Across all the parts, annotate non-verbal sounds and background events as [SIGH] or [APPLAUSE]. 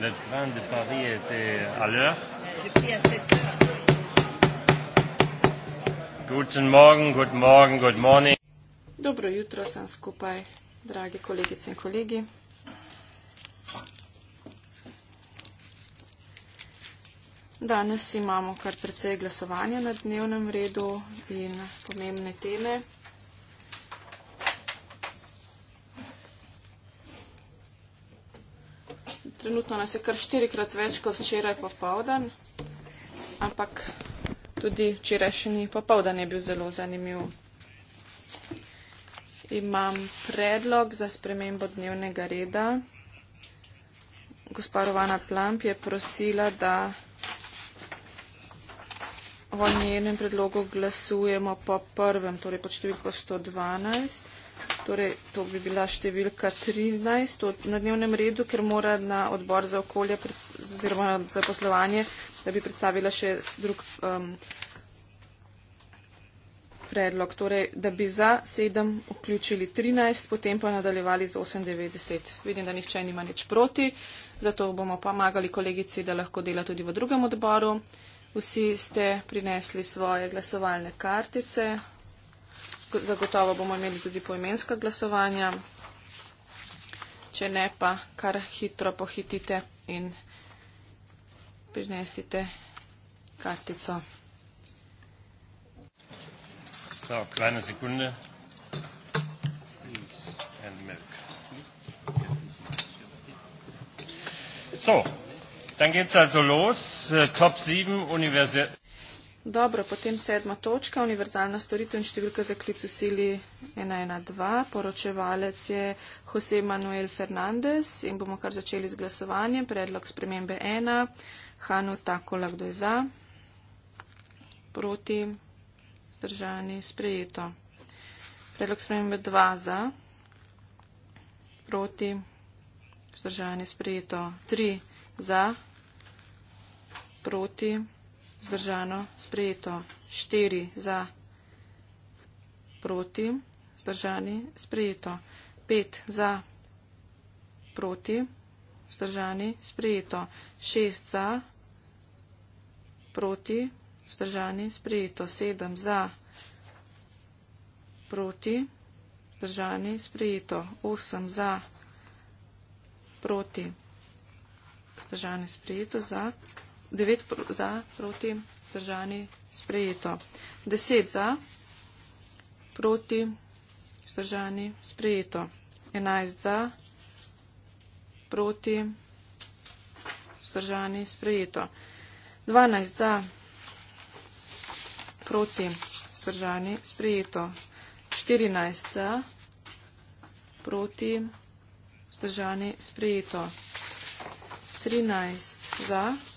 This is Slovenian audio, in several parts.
le train de Paris était à l'heure. Guten Morgen, guten Morgen, guten Morgen. Dobro jutro sem skupaj, dragi kolegice in kolegi. Danes imamo kar precej glasovanja na dnevnem redu in pomembne teme. trenutno nas je kar štirikrat več kot včeraj popovdan, ampak tudi včerajšnji popovdan je bil zelo zanimiv. Imam predlog za spremembo dnevnega reda. Gospa Rovana Plamp je prosila, da o njenem predlogu glasujemo po prvem, torej po številko 112. Torej, to bi bila številka 13 na dnevnem redu, ker mora na odbor za okolje oziroma za poslovanje, da bi predstavila še drug um, predlog. Torej, da bi za 7 vključili 13, potem pa nadaljevali z 98. Vidim, da nihče nima nič proti, zato bomo pomagali kolegici, da lahko dela tudi v drugem odboru. Vsi ste prinesli svoje glasovalne kartice zagotovo bomo imeli tudi poimenska glasovanja. Če ne, pa kar hitro pohitite in prinesite kartico. So, kleine sekunde. And milk. So, dann geht's also los. Äh, Top 7 Universität. Dobro, potem sedma točka, univerzalna storitev in številka za klic v sili 112. Poročevalec je Jose Manuel Fernandez in bomo kar začeli z glasovanjem. Predlog spremembe 1. Hanu Takola, kdo je za? Proti. Zdržani. Sprejeto. Predlog spremembe 2 za. Proti. Zdržani. Sprejeto. 3 za. Proti vzdržano, sprejeto, štiri za, proti, vzdržani, sprejeto, pet za, proti, vzdržani, sprejeto, šest za, proti, vzdržani, sprejeto, sedem za, proti, vzdržani, sprejeto, osem za, proti, vzdržani, sprejeto, za. 9 za, proti, vzdržani, sprejeto. 10 za, proti, vzdržani, sprejeto. 11 za, proti, vzdržani, sprejeto. 12 za, proti, vzdržani, sprejeto. 14 za, proti, vzdržani, sprejeto. 13 za, proti, vzdržani, sprejeto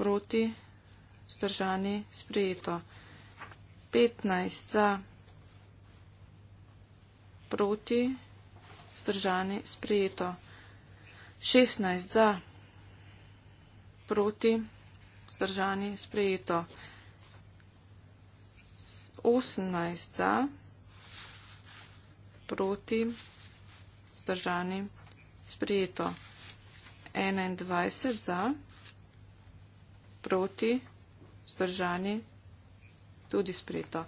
proti, vzdržani, sprejeto. 15 za, proti, vzdržani, sprejeto. 16 za, proti, vzdržani, sprejeto. 18 za, proti, vzdržani, sprejeto. 21 za, proti, vzdržani, sprejeto proti, vzdržani, tudi sprejeto.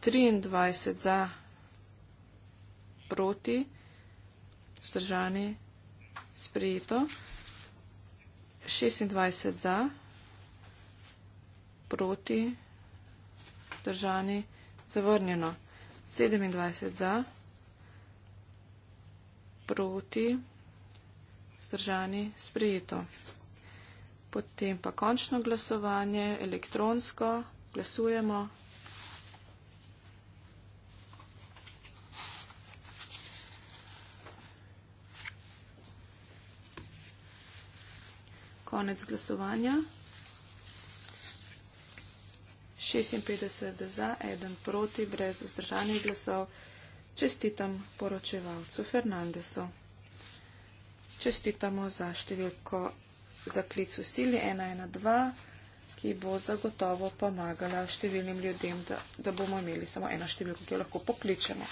23 za, proti, vzdržani, sprejeto. 26 za, proti, vzdržani, zavrnjeno. 27 za, proti, vzdržani, sprejeto. Potem pa končno glasovanje elektronsko. Glasujemo. Konec glasovanja. 56 za, 1 proti, brez vzdržanih glasov. Čestitam poročevalcu Fernandesu. Čestitamo za številko za klic v sili 112, ki bo zagotovo pomagala številnim ljudem, da, da bomo imeli samo eno številko, ki jo lahko pokličemo.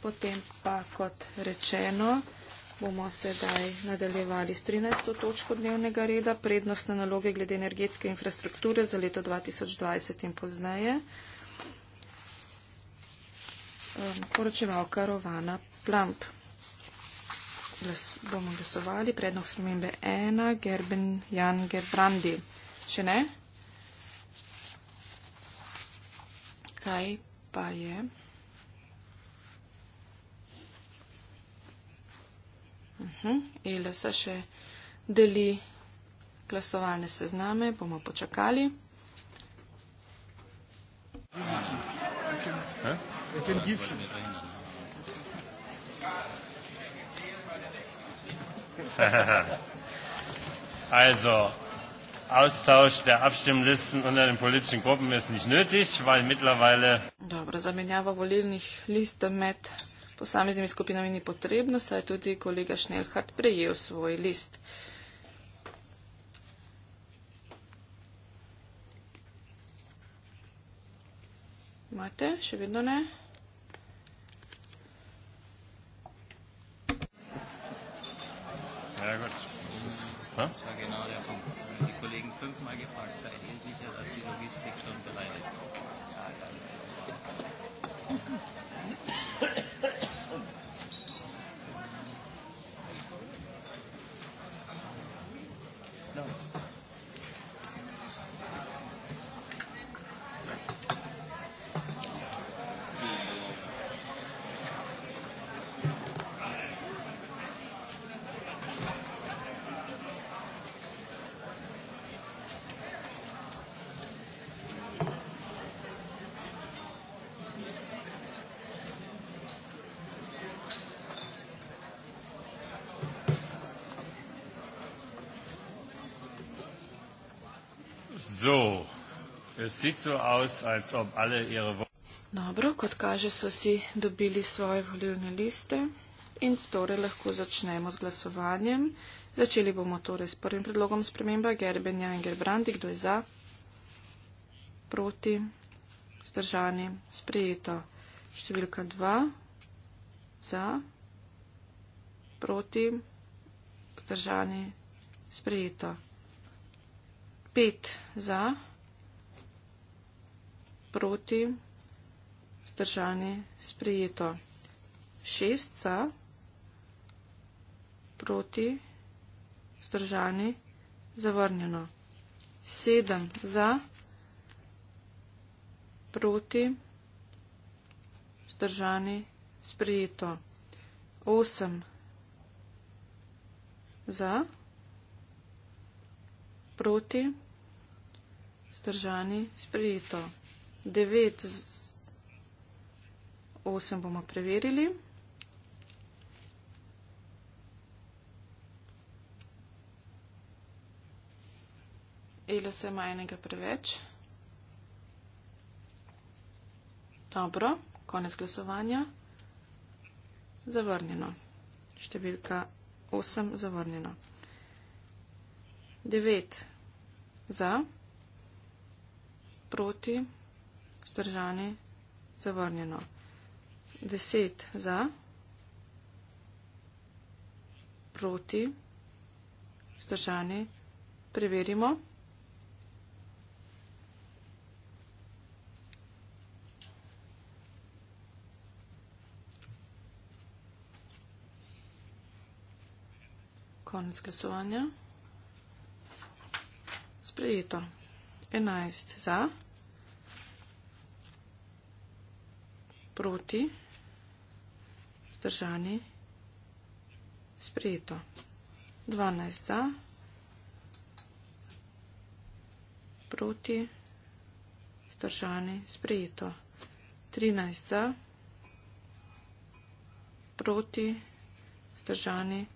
Potem pa, kot rečeno, bomo sedaj nadaljevali s 13. točko dnevnega reda, prednostne naloge glede energetske infrastrukture za leto 2020 in pozneje. Ehm, Poročeval Karovana Plamp glas, bomo glasovali. Predlog spremembe ena, Gerben Jan Gerbrandi. Če ne? Kaj pa je? Uhum, e LS še deli glasovalne sezname, bomo počakali. Ja. [LAUGHS] Also, Austausch der Abstimmlisten unter den politischen Gruppen ist nicht nötig, weil mittlerweile. Dobro, zamenjava volilnih list med posameznimi skupinami ni potrebno, saj tudi kolega Schnellhardt prejel svoj list. Imate? Še vedno ne? Ja, gut. Das, ist, das war genau der Punkt. Die Kollegen fünfmal gefragt, seid ihr sicher, dass die Logistik schon bereit ist? Ja, ja, ja. No. So, es sieht so aus, als ob alle ihre Dobro, kot kaže, so si dobili svoje volilne liste in torej lahko začnemo z glasovanjem. Začeli bomo torej s prvim predlogom sprememba Gerbenja in Gerbrandi, kdo je za, proti, zdržani, sprejeto. Številka 2, za, proti, zdržani, sprejeto. 5 za, proti, vzdržani, sprejeto. 6 za, proti, vzdržani, zavrnjeno. 7 za, proti, vzdržani, sprejeto. 8 za, proti, vzdržani, sprejeto. Proti, Zdržani, sprejeto. 9 z 8 bomo preverili. Ele se ima enega preveč. Dobro, konec glasovanja. Zavrnjeno. Številka 8 zavrnjeno. 9 za proti, vzdržani, zavrnjeno. 10 za, proti, vzdržani, preverimo. Konec glasovanja. Sprejeto. 11 za, proti, vzdržani, sprejeto. 12 za, proti, vzdržani, sprejeto. 13 za, proti, vzdržani,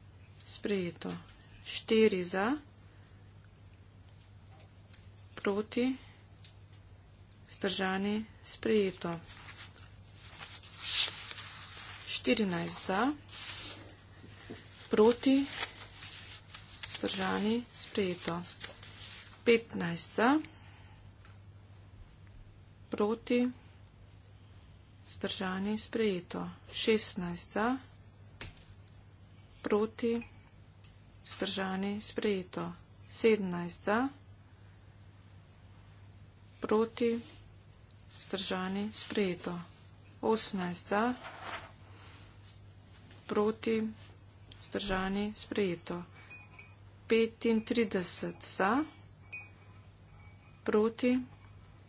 sprejeto. 4 za, proti, vzdržani, sprejeto proti, vzdržani, sprejeto. 14 za, proti, vzdržani, sprejeto. 15 za, proti, vzdržani, sprejeto. 16 za, proti, vzdržani, sprejeto. 17 za, proti, vzdržani, sprejeto proti, vzdržani, sprejeto. 18 za, proti, vzdržani, sprejeto. 35 za, proti,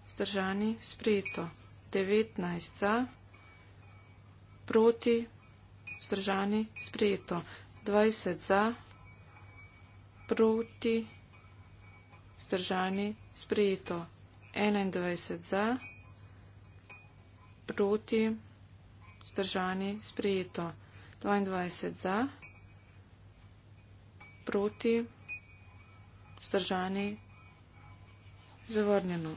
vzdržani, sprejeto. 19 za, proti, vzdržani, sprejeto. 20 za, proti, vzdržani, sprejeto. 21 za, proti, zdržani, sprejeto. 22 za, proti, zdržani, zavrnjeno.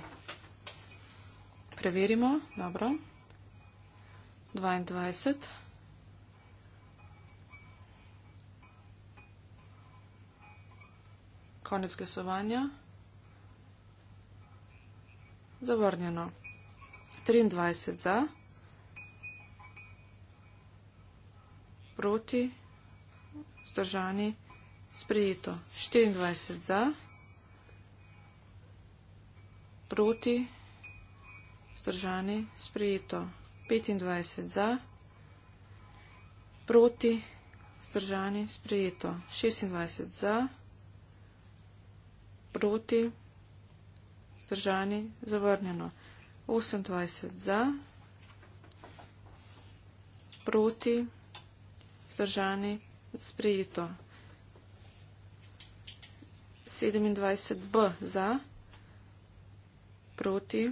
Preverimo, dobro. 22. Konec glasovanja. Zavrnjeno. 23 za. Proti. Zdržani. Sprejeto. 24 za. Proti. Zdržani. Sprejeto. 25 za. Proti. Zdržani. Sprejeto. 26 za. Proti. Zdržani. Sprejeto. 26 za. Proti vzdržani, zavrnjeno. 28 za, proti, vzdržani, sprejeto. 27 b za, proti,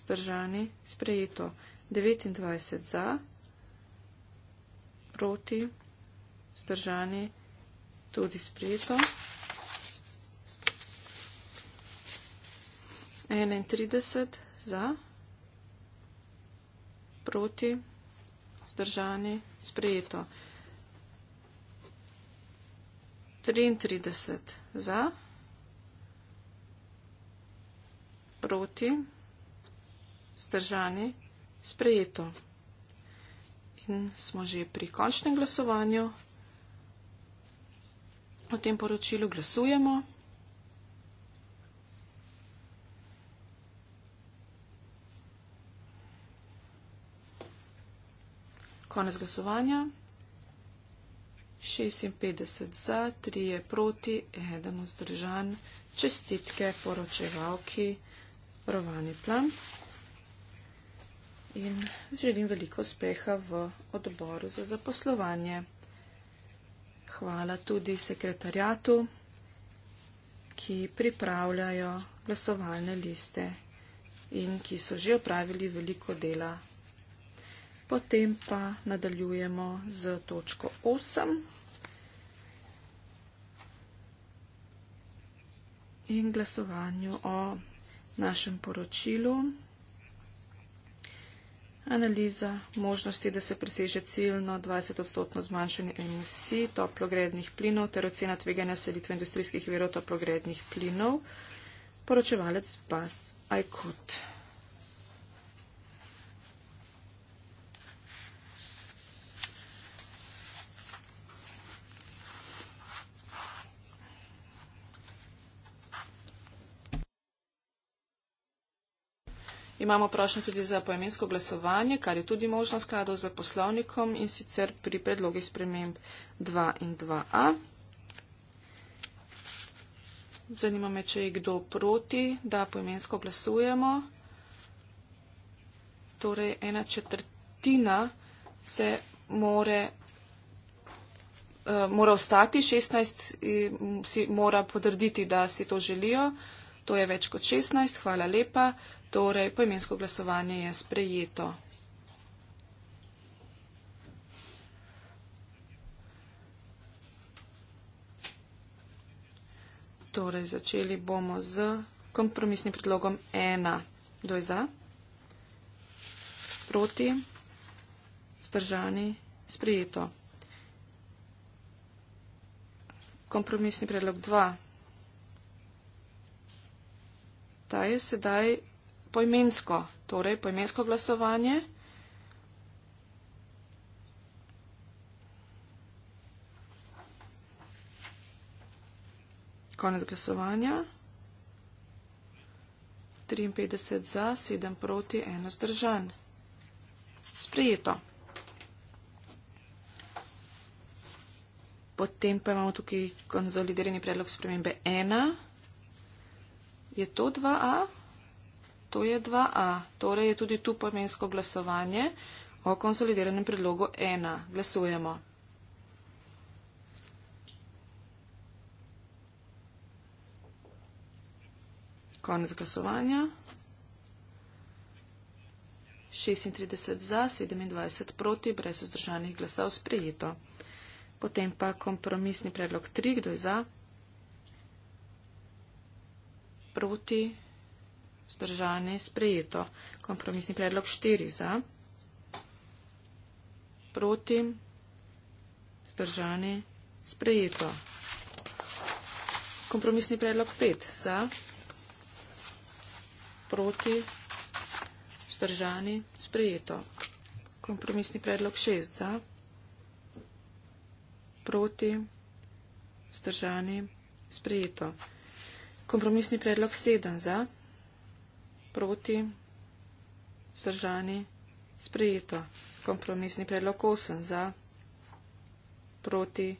vzdržani, sprejeto. 29 za, proti, vzdržani, tudi sprejeto. 31 za, proti, zdržani, sprejeto. 33 za, proti, zdržani, sprejeto. In smo že pri končnem glasovanju. O tem poročilu glasujemo. Konec glasovanja. 56 za, 3 je proti, 1 vzdržan. Čestitke poročevalki Rovani Plam. In želim veliko uspeha v odboru za zaposlovanje. Hvala tudi sekretarjatu, ki pripravljajo glasovalne liste in ki so že opravili veliko dela Potem pa nadaljujemo z točko 8. In glasovanju o našem poročilu. Analiza možnosti, da se preseže ciljno 20 odstotno zmanjšanje emisij toplogrednih plinov ter ocena tveganja selitve industrijskih virov toplogrednih plinov. Poročevalec Bas Aikot. Imamo prošnjo tudi za poemensko glasovanje, kar je tudi možno v skladu z poslovnikom in sicer pri predlogi sprememb 2 in 2a. Zanima me, če je kdo proti, da poemensko glasujemo. Torej, ena četrtina se more, uh, mora ostati, 16 eh, si mora potrditi, da si to želijo. To je več kot 16. Hvala lepa. Torej, poimensko glasovanje je sprejeto. Torej, začeli bomo z kompromisnim predlogom 1. Kdo je za? Proti? Zdržani? Sprejeto. Kompromisni predlog 2. Ta je sedaj poimensko, torej poimensko glasovanje. Konec glasovanja. 53 za, 7 proti, 1 zdržan. Sprejeto. Potem pa imamo tukaj konzoliderni predlog spremembe 1. Je to 2a? to je 2a, torej je tudi tu pomensko glasovanje o konsolideranem predlogu 1. Glasujemo. Konec glasovanja. 36 za, 27 proti, brez vzdržanih glasov sprejeto. Potem pa kompromisni predlog 3, kdo je za? Proti vzdržane sprejeto. Kompromisni predlog 4 za, proti, vzdržane sprejeto. Kompromisni predlog 5 za, proti, vzdržane sprejeto. Kompromisni predlog 6 za, proti, vzdržane sprejeto. Kompromisni predlog 7 za, proti, vzdržane sprejeto proti, vzdržani, sprejeto. Kompromisni predlog 8 za, proti,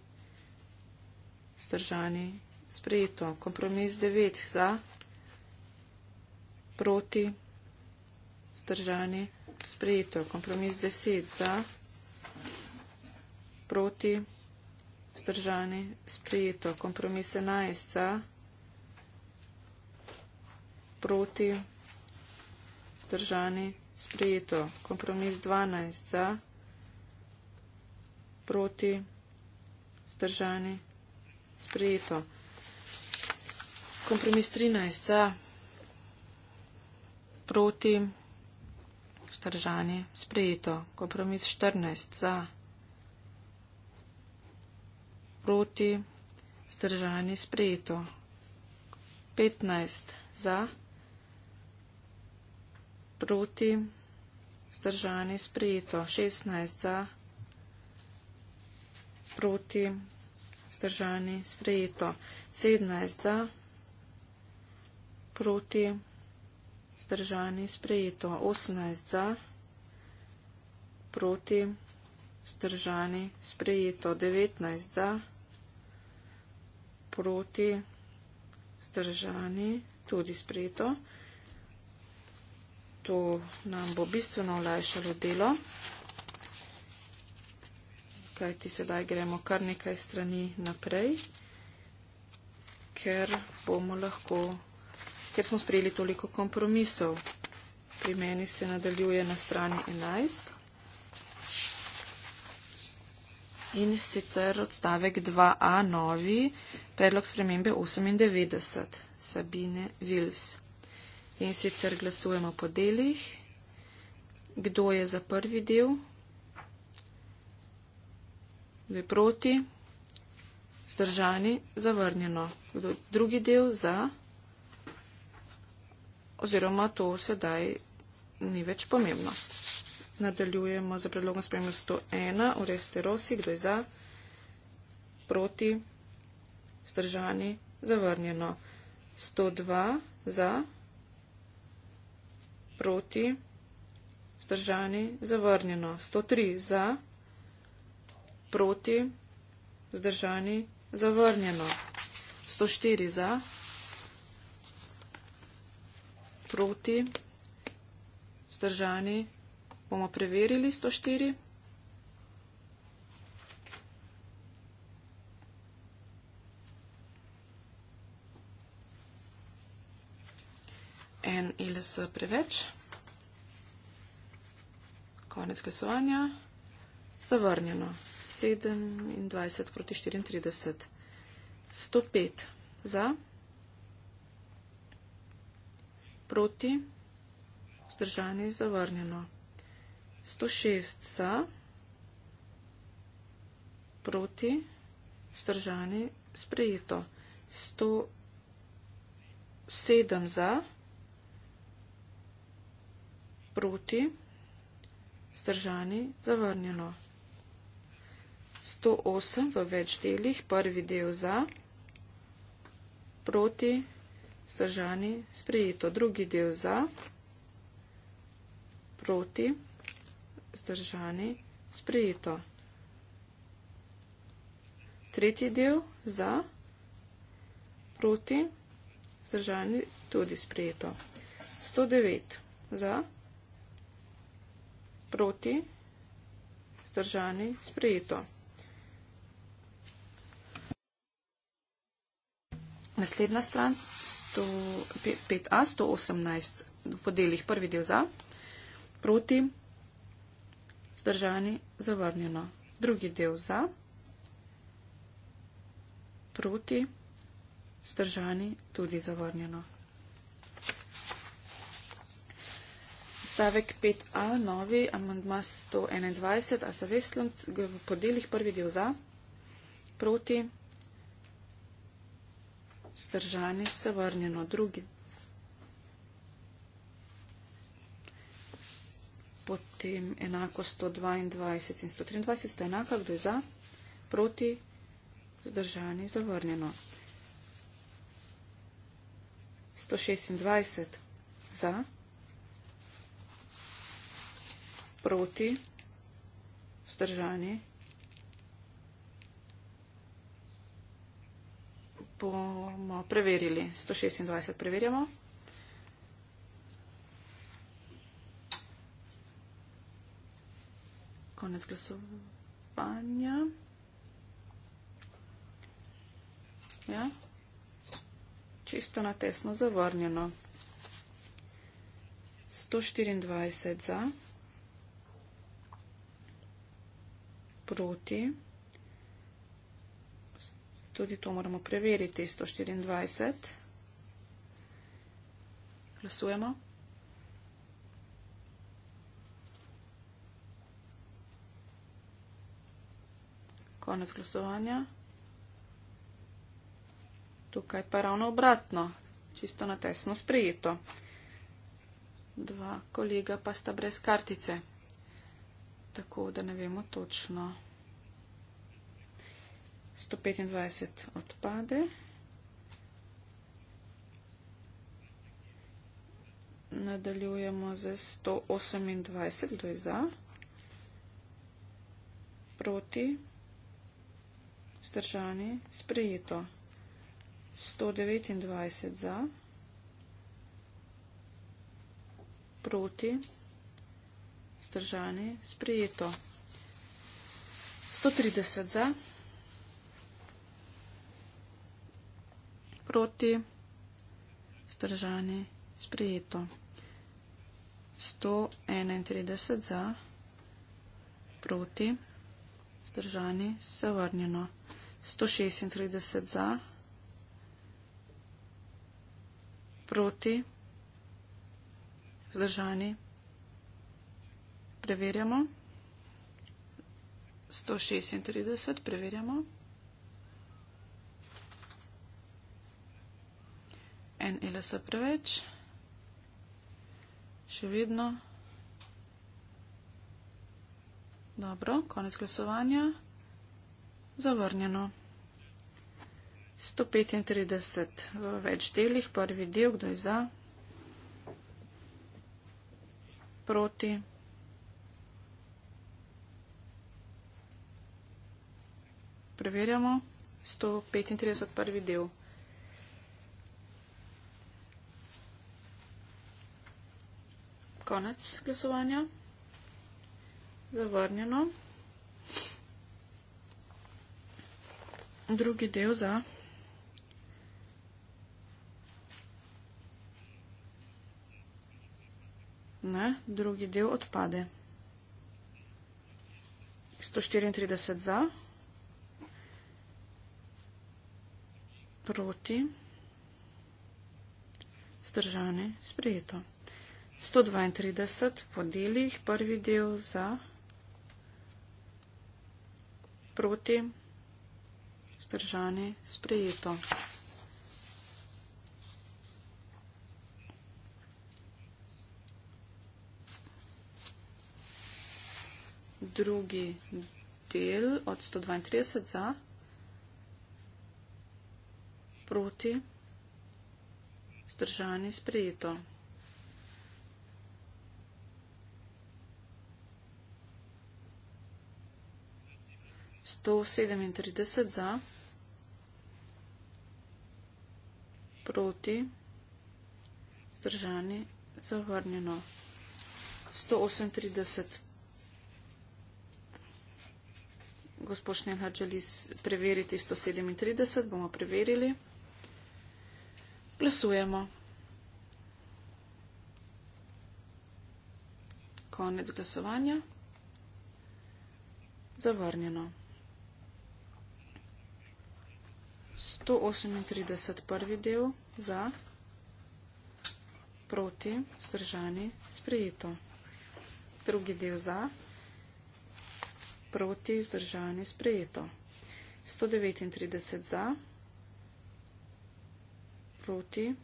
vzdržani, sprejeto. Kompromis 9 za, proti, vzdržani, sprejeto. Kompromis 10 za, proti, vzdržani, sprejeto. Kompromis 11 za, proti, vzdržani, sprejeto vzdržani, sprejeto. Kompromis 12 za, proti, vzdržani, sprejeto. Kompromis 13 za, proti, vzdržani, sprejeto. Kompromis 14 za, proti, vzdržani, sprejeto. 15 za, proti, vzdržani, sprejeto proti, zdržani, sprejeto, 16 za, proti, zdržani, sprejeto, 17 za, proti, zdržani, sprejeto, 18 za, proti, zdržani, sprejeto, 19 za, proti, zdržani, tudi sprejeto, 20 za, to nam bo bistveno olajšalo delo, kajti sedaj gremo kar nekaj strani naprej, ker bomo lahko, ker smo sprejeli toliko kompromisov. Pri meni se nadaljuje na strani 11. In sicer odstavek 2a novi, predlog spremembe 98, Sabine Wils. In sicer glasujemo po delih, kdo je za prvi del, kdo je proti, zdržani, zavrnjeno, kdo je drugi del za, oziroma to sedaj ni več pomembno. Nadaljujemo za predlogom spremljo 101, ureste rosi, kdo je za, proti, zdržani, zavrnjeno, 102 za proti, vzdržani, zavrnjeno. 103 za, proti, vzdržani, zavrnjeno. 104 za, proti, vzdržani, bomo preverili 104. en LS preveč. Konec glasovanja. Zavrnjeno. 27 proti 34. 105 za. Proti. Zdržani. Zavrnjeno. 106 za. Proti. Zdržani. Sprejeto. 107 za proti, vzdržani, zavrnjeno. 108 v več delih, prvi del za, proti, vzdržani, sprejeto, drugi del za, proti, vzdržani, sprejeto. Tretji del za, proti, vzdržani, tudi sprejeto. 109 za, proti, vzdržani, sprejeto. Naslednja stran, 5a, 118 v podeljih, prvi del za, proti, vzdržani, zavrnjeno. Drugi del za, proti, vzdržani, tudi zavrnjeno. stavek 5a, novi amandma 121, a zaveslund gre v podeljih prvi del za, proti, zdržani, zavrnjeno, drugi. Potem enako 122 in 123 sta enaka, kdo je za, proti, zdržani, zavrnjeno. 126 za, sproti, vzdržani. Bomo preverili. 126 preverjamo. Konec glasovanja. Ja. Čisto na tesno zavrnjeno. 124 za. proti. Tudi to moramo preveriti, 124. Glasujemo. Konec glasovanja. Tukaj pa ravno obratno, čisto na tesno sprijeto. Dva kolega pa sta brez kartice tako da ne vemo točno. 125 odpade. Nadaljujemo z 128, kdo je za, proti, stržani, sprejeto. 129 za, proti, stržani. Vzdržani, sprijeto. 130 za. Proti. Vzdržani, sprijeto. 131 za. Proti. Vzdržani, zavrnjeno. 136 za. Proti. Vzdržani, sprijeto preverjamo. 136 preverjamo. En LS preveč. Še vedno. Dobro, konec glasovanja. Zavrnjeno. 135 v več delih. Prvi del, kdo je za? Proti. Preverjamo 135 prvi del. Konec glasovanja. Zavrnjeno. Drugi del za. Ne, drugi del odpade. 134 za. proti, zdržane, sprejeto. 132 po delih, prvi del za, proti, zdržane, sprejeto. Drugi del od 132 za, proti, zdržane, sprejeto. Proti. Zdržani sprejeto. Sto sedemintrideset za. Proti. Zdržani zavrnjeno. Sto osemintrideset. Gospod Šnelhač želi preveriti 137, bomo preverili. Glasujemo. Konec glasovanja. Zavrnjeno. 138 prvi del za, proti, vzdržani, sprejeto. Drugi del za, proti, vzdržani, sprejeto. 139 za, proti, vzdržani, sprejeto proti,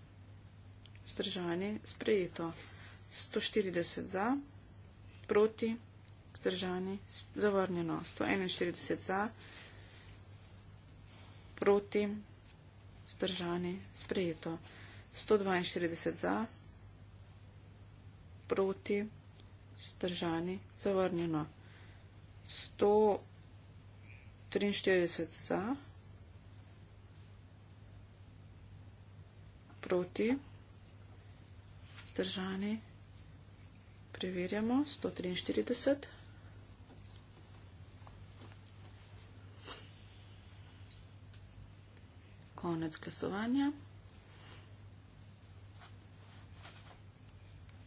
vzdržani, sprejeto. 140 za, proti, vzdržani, zavrnjeno. 141 za, proti, vzdržani, sprejeto. 142 za, proti, vzdržani, zavrnjeno. 143 za, proti, vzdržani, sprejeto. proti, zdržani, preverjamo, 143. Konec glasovanja.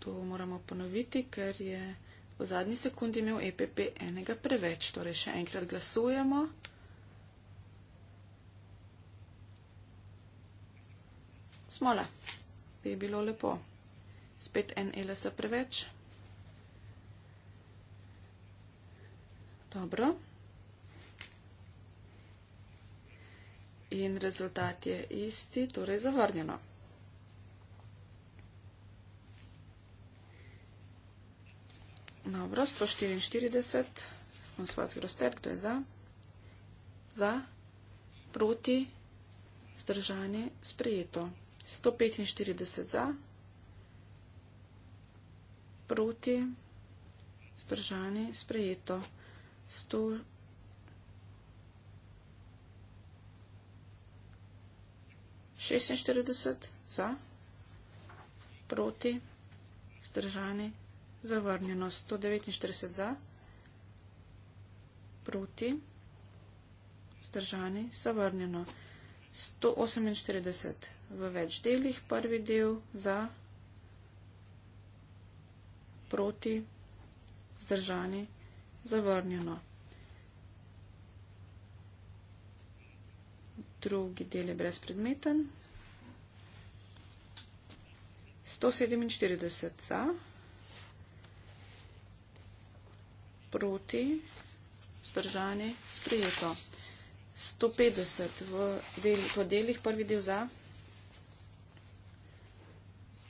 To moramo ponoviti, ker je v zadnji sekundi imel EPP enega preveč. Torej še enkrat glasujemo. smole, bi bilo lepo. Spet en LS preveč. Dobro. In rezultat je isti, torej zavrnjeno. Dobro, 144, on sva zgrostet, kdo je za? Za, proti, zdržanje, sprejeto. Zdržanje. 145 za, proti, zdržani, sprejeto. 146 za, proti, zdržani, zavrnjeno. 149 za, proti, zdržani, zavrnjeno. 148 za v več delih. Prvi del za proti zdržani zavrnjeno. Drugi del je brezpredmeten. 147 za proti zdržani sprejeto. 150 v, del, v delih, prvi del za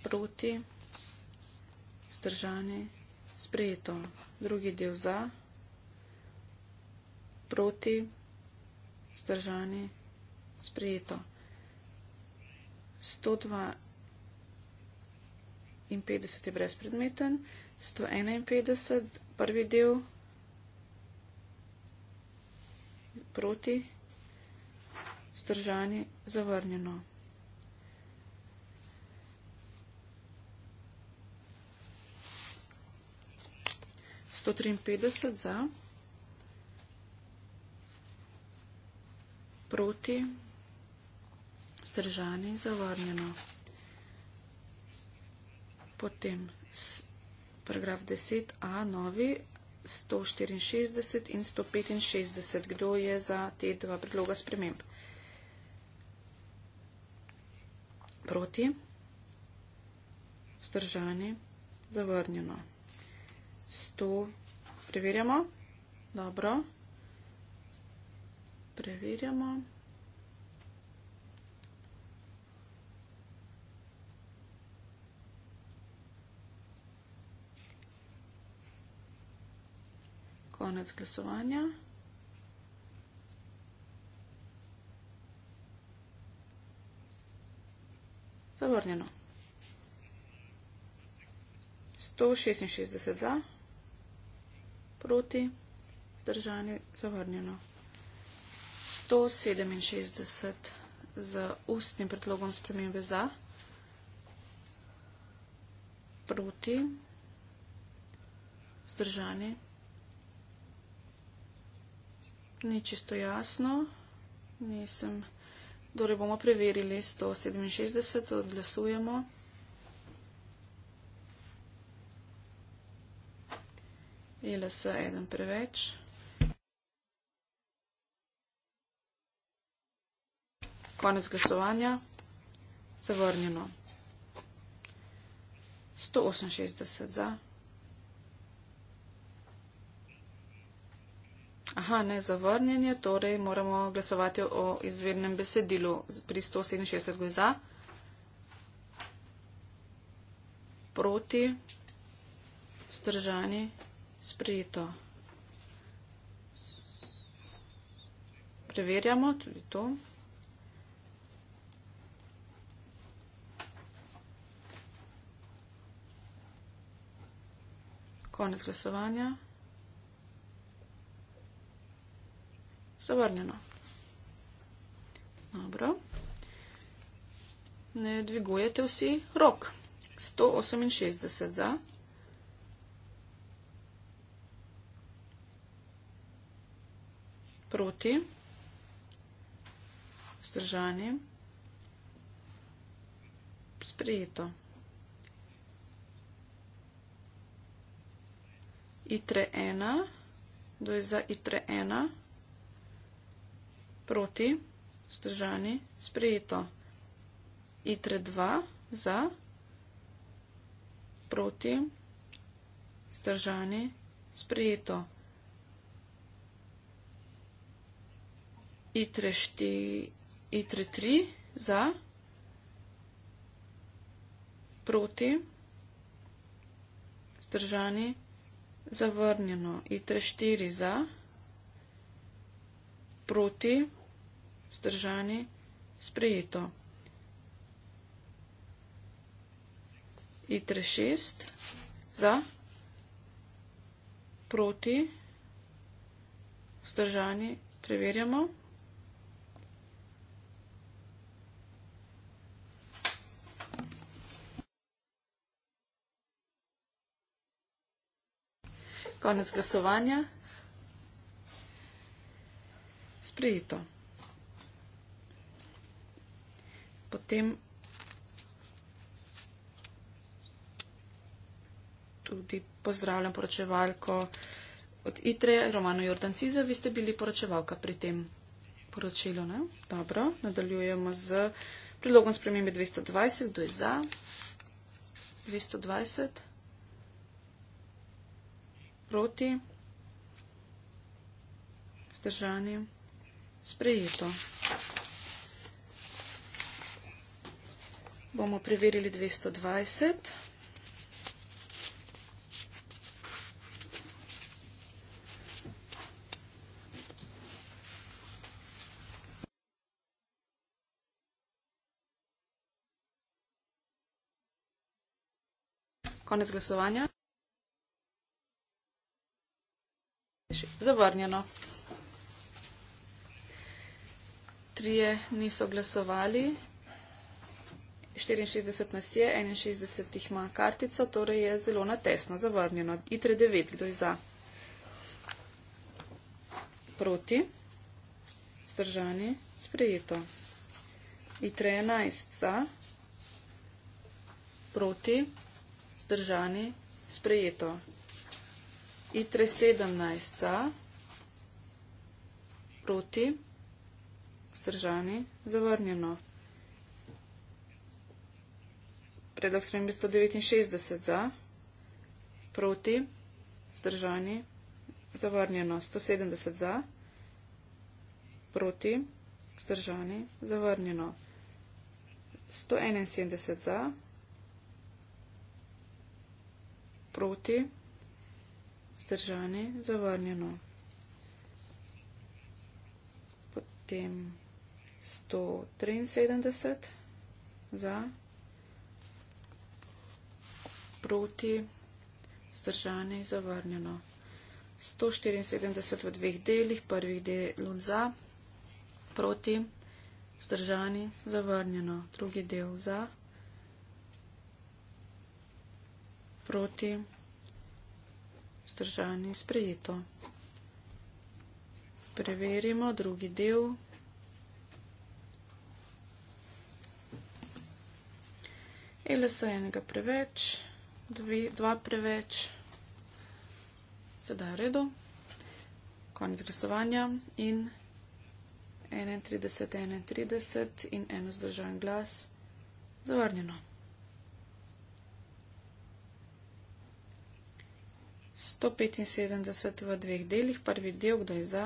proti, zdržani, sprejeto. Drugi del za, proti, zdržani, sprejeto. 152 je brezpredmeten, 151, prvi del, proti, zdržani, zavrnjeno. 153 za, proti, zdržani, zavrnjeno. Potem paragraf 10a, novi, 164 in 165, kdo je za te dva predloga sprememb. Proti, vzdržani, zavrnjeno. 100, preverjamo, dobro, preverjamo. Konec glasovanja. Zavrnjeno. 166 za proti, zdržani zavrnjeno. 167 z ustnim predlogom spremembe za, proti, zdržani. Ni čisto jasno, nisem. Torej bomo preverili 167, odglasujemo. ILS eden preveč. Konec glasovanja. Zavrnjeno. 168 za. Aha, ne, zavrnjenje, torej moramo glasovati o izvednem besedilu pri 167 za. Proti, vzdržani, sprejeto. Preverjamo tudi to. Konec glasovanja. Zavrnjeno. Dobro. Ne dvigujete vsi rok. 168 za. proti, vzdržani, sprejeto. ITRE 1, kdo je za ITRE 1, proti, vzdržani, sprejeto. ITRE 2, za, proti, vzdržani, sprejeto. Sprejeto. ITRE 4, ITRE 3 za, proti, zdržani, zavrnjeno. ITRE 4 za, proti, zdržani, sprejeto. ITRE 6 za, proti, zdržani, preverjamo. Konec glasovanja. Sprejeto. Potem tudi pozdravljam poročevalko od ITRE, Romano Jordan Siza. Vi ste bili poročevalka pri tem poročilu. Ne? Dobro, nadaljujemo z predlogom spremembe 220. Kdo je za? 220 proti, vzdržani, sprejeto. Bomo preverili 220. Konec glasovanja. Zavrnjeno. Trije niso glasovali, 64 nas je, 61 jih ima kartico, torej je zelo natesno zavrnjeno. ITRE 9, kdo je za? Proti? Zdržani? Sprejeto. ITRE 11, za? Proti? Zdržani? Sprejeto i3 17 za, proti, vzdržani, zavrnjeno. Predlog spremembe 169 za, proti, vzdržani, zavrnjeno. 170 za, proti, vzdržani, zavrnjeno. 171 za, proti, vzdržani, zavrnjeno vzdržane, zavrnjeno. Potem 173 za, proti, vzdržane, zavrnjeno. 174 v dveh delih, prvih delov za, proti, vzdržani, zavrnjeno, drugi del za, proti, vzdržani in sprejeto. Preverimo drugi del. LSA enega preveč, dve, dva preveč, sedaj v redu, konec glasovanja in 31, 31 in eno zdržan glas, zavrnjeno. 175 v dveh delih, prvi del, kdo je za,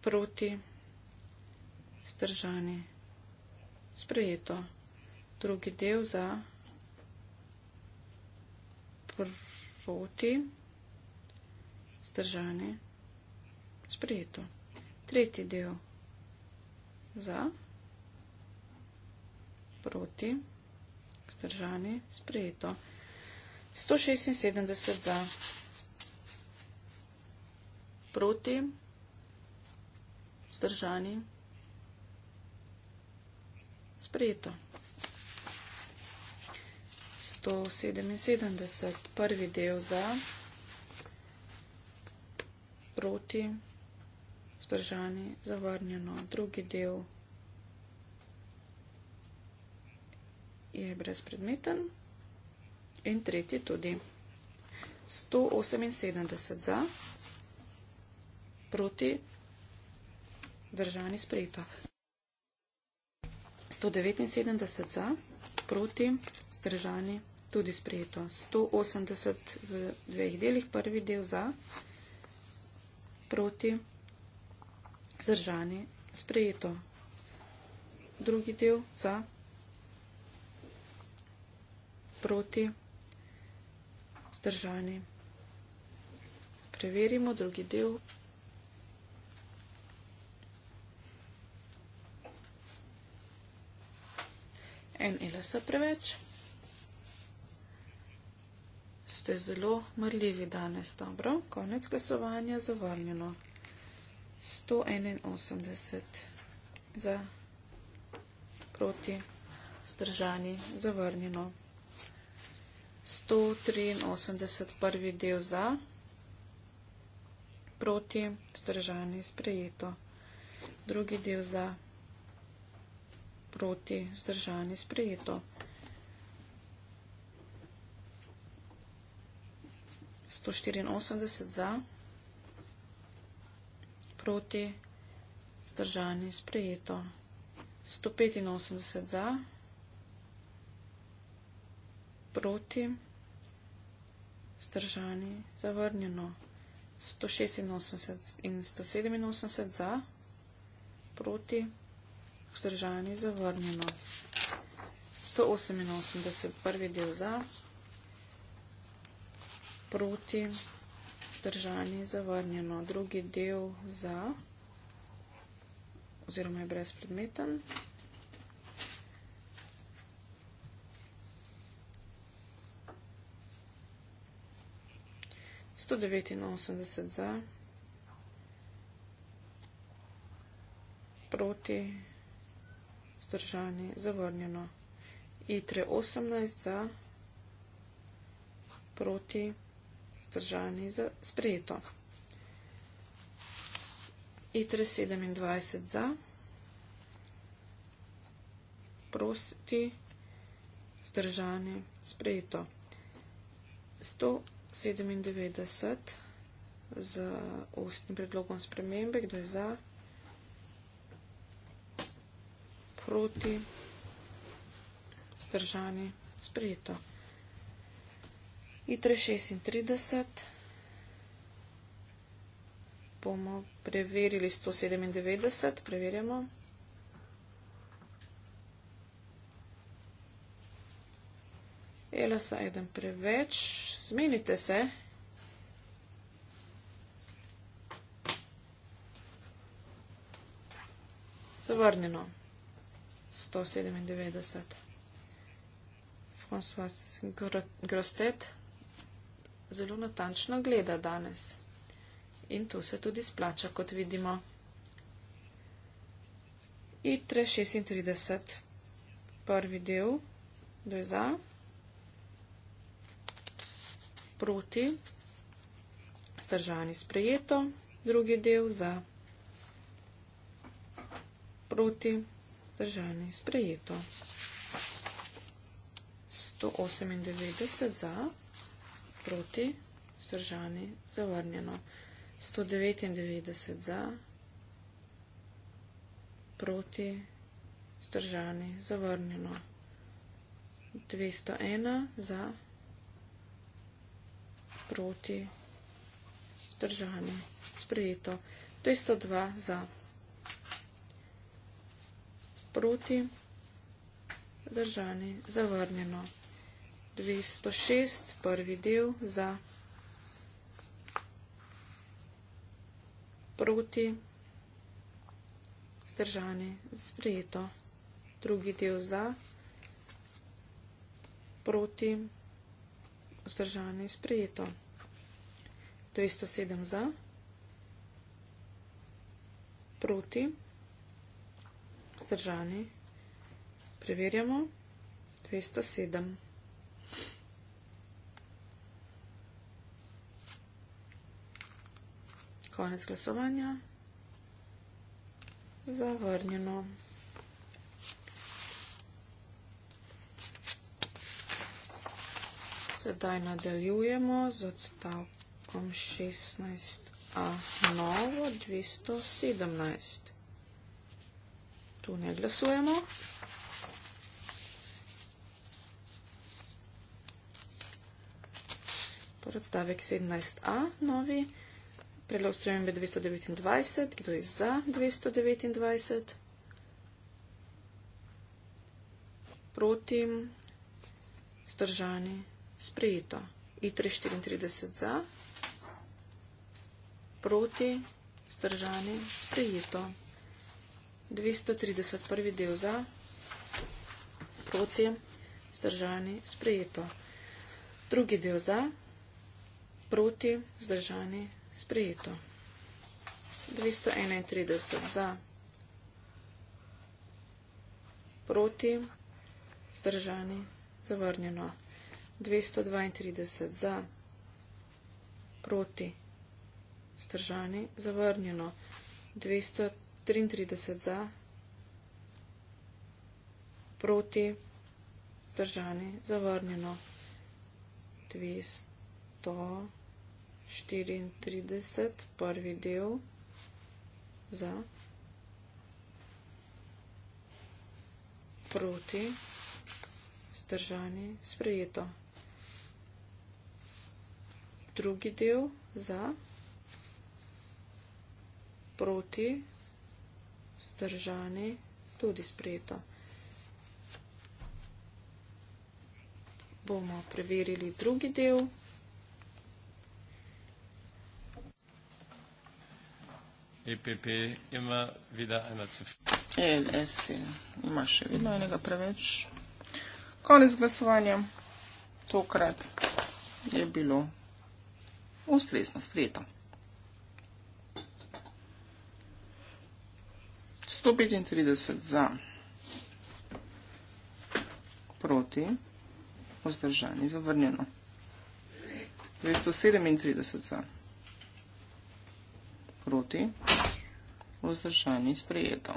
proti, zdržani, sprejeto, drugi del za, proti, zdržani, sprejeto, tretji del za, proti, zdržani, sprejeto, vzdržani, sprejeto. 176 za, proti, vzdržani, sprejeto. 177, prvi del za, proti, vzdržani, zavrnjeno, drugi del za. je brezpredmeten in tretji tudi. 178 za, proti, držani sprejeto. 179 za, proti, zdržani tudi sprejeto. 180 v dveh delih, prvi del za, proti, zdržani sprejeto. Drugi del za, proti, zdržani. Preverimo drugi del. En LS preveč. Ste zelo mrljivi danes, dobro. Konec glasovanja zavrnjeno. 181 za proti, zdržani, zavrnjeno. 183 prvi del za, proti, vzdržani, sprejeto. Drugi del za, proti, vzdržani, sprejeto. 184 za, proti, vzdržani, sprejeto. 185 za, proti, vzdržani, sprejeto proti, vzdržani, zavrnjeno 186 in 187 za, proti, vzdržani, zavrnjeno 188, prvi del za, proti, vzdržani, zavrnjeno drugi del za, oziroma je brezpredmeten. 189 za, proti, zdržani, zavrnjeno. ITRE 18 za, proti, zdržani, sprejeto. ITRE 27 za, proti, zdržani, sprejeto. 100 za. 97 z ustnim predlogom spremembe. Kdo je za? Proti? Zdržani? Sprejeto. ITRE 36 bomo preverili 197. Preverjamo. Elasa, eden preveč. Zmenite se. Zavrnjeno. 197. François Grostet zelo natančno gleda danes. In tu se tudi splača, kot vidimo. I336, prvi del, drža proti, stržani sprejeto, drugi del za, proti, stržani sprejeto, 198 za, proti, stržani zavrnjeno, 199 za, proti, stržani zavrnjeno, 201 za, proti, proti držanju. Sprejeto. 202 za. Proti držanje. Zavrnjeno. 206, prvi del, za. Proti držanje. Sprejeto. Drugi del za. Proti držanje vzdržano in sprejeto. To je 107 za, proti, vzdržani. Preverjamo 207. Konec glasovanja. Zavrnjeno. Sedaj nadaljujemo z odstavkom 16a novo 217. Tu ne glasujemo. Torej odstavek 17a novi. Predlog strojem je 229. Kdo je za 229? Proti. Stržani sprejeto. I 34 za, proti, zdržani, sprejeto. 230 prvi del za, proti, zdržani, sprejeto. Drugi del za, proti, zdržani, sprejeto. 231 za, proti, zdržani, zavrnjeno. 232 za, proti, stržani, zavrnjeno, 233 za, proti, stržani, zavrnjeno, 234, prvi del, za, proti, stržani, sprejeto drugi del za, proti, zdržani, tudi sprejeto. Bomo preverili drugi del. EPP ima vida ena cifra. E LS ima še vedno enega preveč. Konec glasovanja. Tokrat je bilo ustrezno sprejeto. 135 za proti, vzdržani, zavrnjeno. 237 za proti, vzdržani, sprejeto.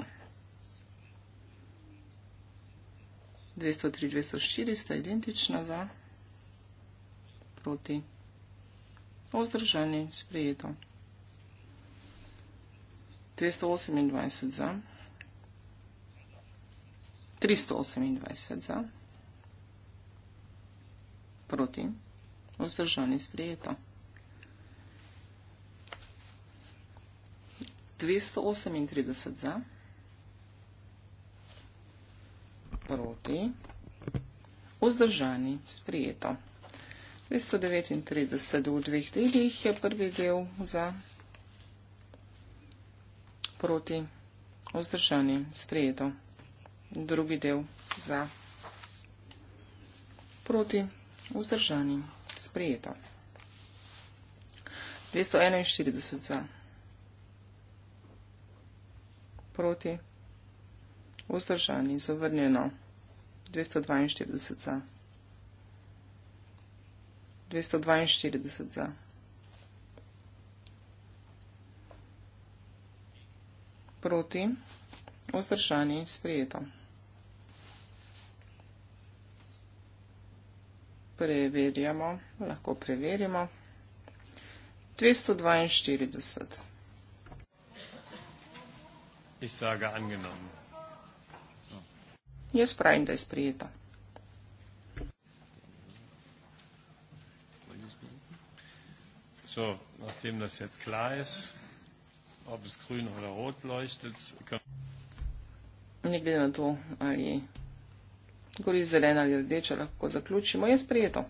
203, 204 sta identična za proti, vzdržani. Vzdržani, sprejeto. 328 za. 328 za. Proti. Vzdržani, sprejeto. 238 za. Proti. Vzdržani, sprejeto. 239 v dveh delih je prvi del za proti vzdržanje sprejeto. Drugi del za proti vzdržanje sprejeto. 241 za proti vzdržanje zavrnjeno. 242 za proti vzdržanje. 242 za. Proti, vzdržani in sprijeto. Preverjamo, lahko preverimo. 242. Ich sage angenommen. Jaz pravim, da je sprijeto. So, nachdem das jetzt klar ist, ob es grün oder rot leuchtet, können na to, ali gori zelena ali rdeča, lahko zaključimo. Je sprejeto.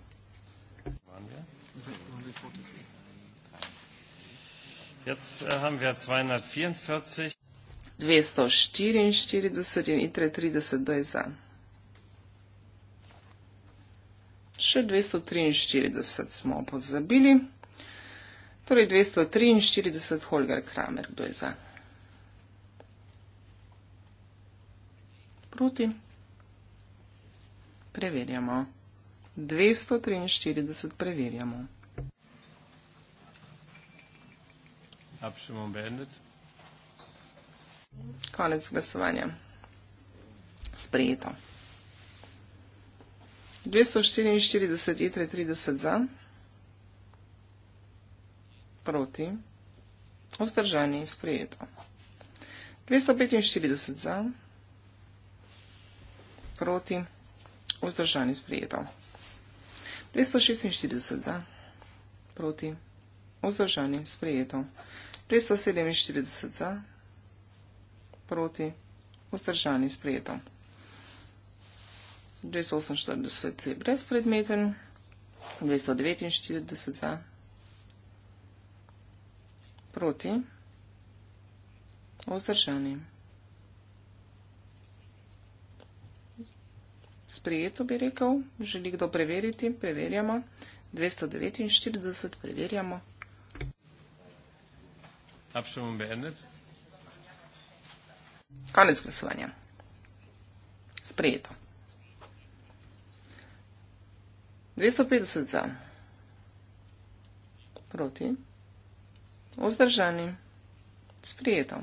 Jetzt äh, haben wir 244. 244 in 33 do je za. Še 243 smo pozabili. Torej 243 Holger Kramer, kdo je za? Proti? Preverjamo. 243 preverjamo. Absolutno bendet. Konec glasovanja. Sprejeto. 244 je 30 za proti, vzdržani in sprejeto. 245 za, proti, vzdržani in sprejeto. 246 za, proti, vzdržani in sprejeto. 247 za, proti, vzdržani in sprejeto. 248 je brezpredmeten, 249 za, proti, proti, vzdržani. Sprijeto bi rekel, želi kdo preveriti, preverjamo. 249 preverjamo. Abstimmung beendet. Konec glasovanja. Sprijeto. 250 za. Proti vzdržani, sprijeto.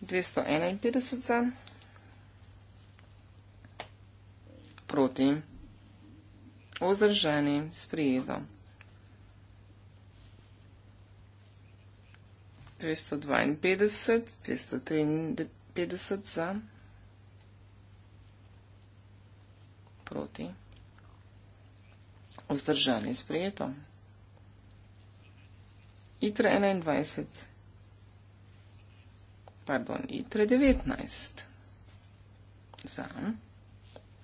251 za, proti, vzdržani, sprijeto. 252, 253 za, proti, vzdržani, sprijeto itre 21, pardon, itre 19, za,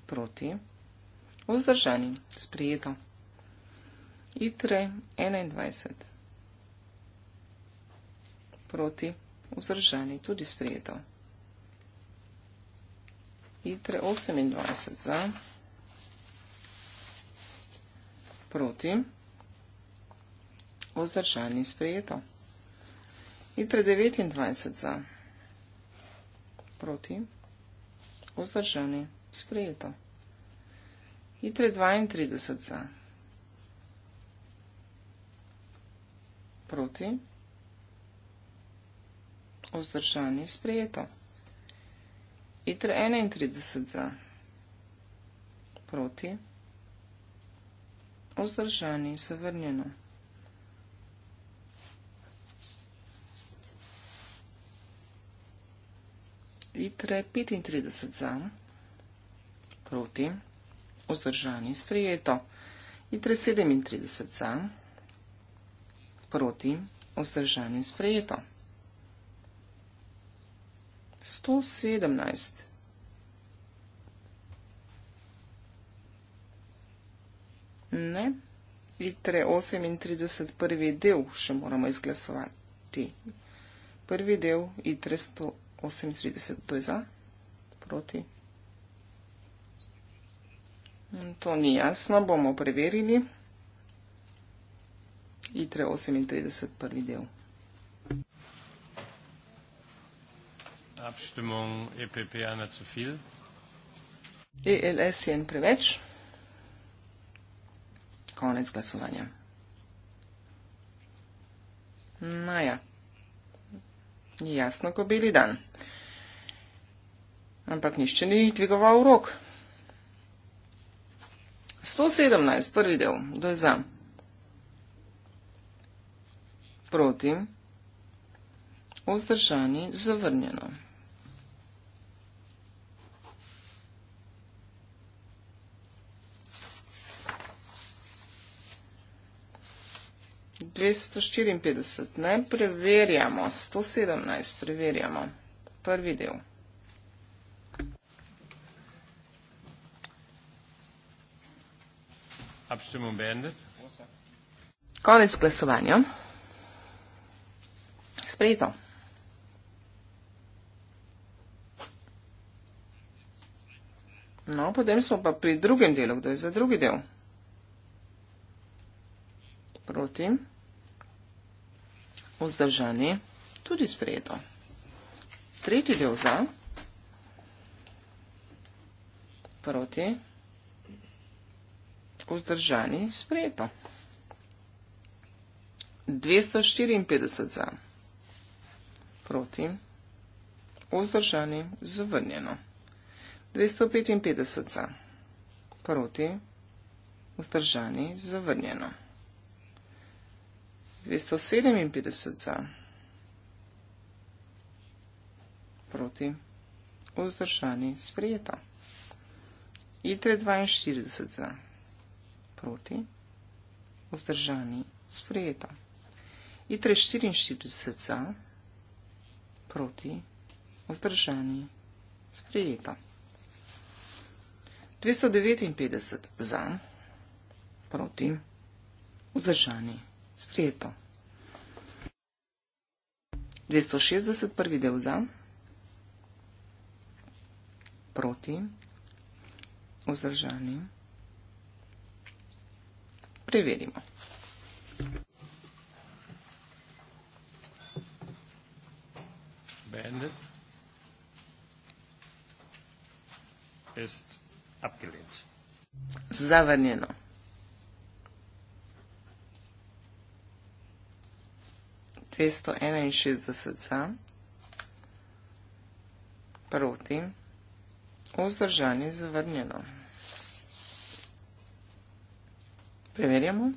proti, vzdržani, sprijeto, itre 21, proti, vzdržani, tudi sprijeto, itre 28, za, proti, vzdržani, vzdržani sprejeto. Itre 29 za. Proti. Vzdržani sprejeto. Itre 32 za. Proti. Vzdržani sprejeto. Itre 31 za. Proti. Vzdržani zavrnjeno. litre 35 zam, proti, vzdržani, sprijeto, litre 37 zam, proti, vzdržani, sprijeto, 117 zam, Ne, litre 38, prvi del še moramo izglasovati. Prvi del, litre 100, 38, to je za, proti. To ni jasno, bomo preverili. ITRE 38, prvi del. Abstimmung EPP ena zu viel. ELS je en preveč. Konec glasovanja. Naja. No, jasno, ko bili dan. Ampak nišče ni dvigoval rok. 117, prvi del, kdo je za? Proti. Vzdržani, zavrnjeno. 254, ne, preverjamo, 117, preverjamo, prvi del. Abstimmung beendet. Konec glasovanja. Sprejeto. No, potem smo pa pri drugem delu. Kdo je za drugi del? Proti vzdržani, tudi spredo. Tretji del za, proti, vzdržani, spredo. 254 za, proti, vzdržani, zavrnjeno. 255 za, proti, vzdržani, zavrnjeno. 257 za, proti, vzdržani, sprijeta. ITRE 42 za, proti, vzdržani, sprijeta. ITRE 44 za, proti, vzdržani, sprijeta. 259 za, proti, vzdržani, sprijeta. Sprijeto. 260 prvi del za, proti, vzdržani. Preverimo. Beendet. Ist abgelehnt. Zavrnjeno. 261 za, proti, vzdržani zavrnjeno. Preverjamo.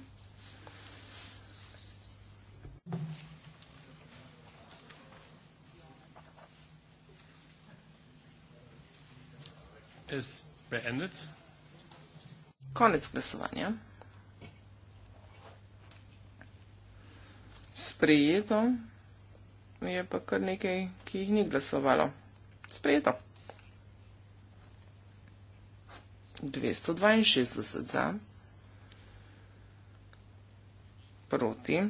Konec glasovanja. sprejeto, je pa kar nekaj, ki jih ni glasovalo. Sprejeto. 262 za, proti,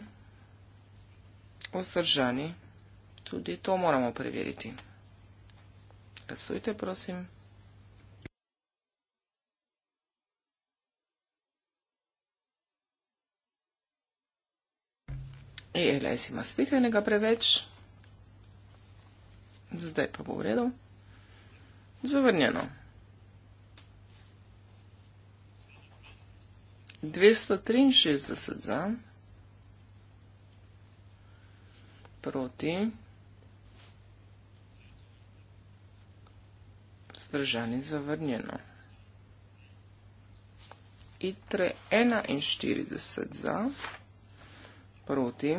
osržani, tudi to moramo preveriti. Glasujte, prosim. E, Elias ima spet enega preveč. Zdaj pa bo v redu. Zavrnjeno. 263 za. Proti. Zdržani zavrnjeno. I 3, 41 za proti.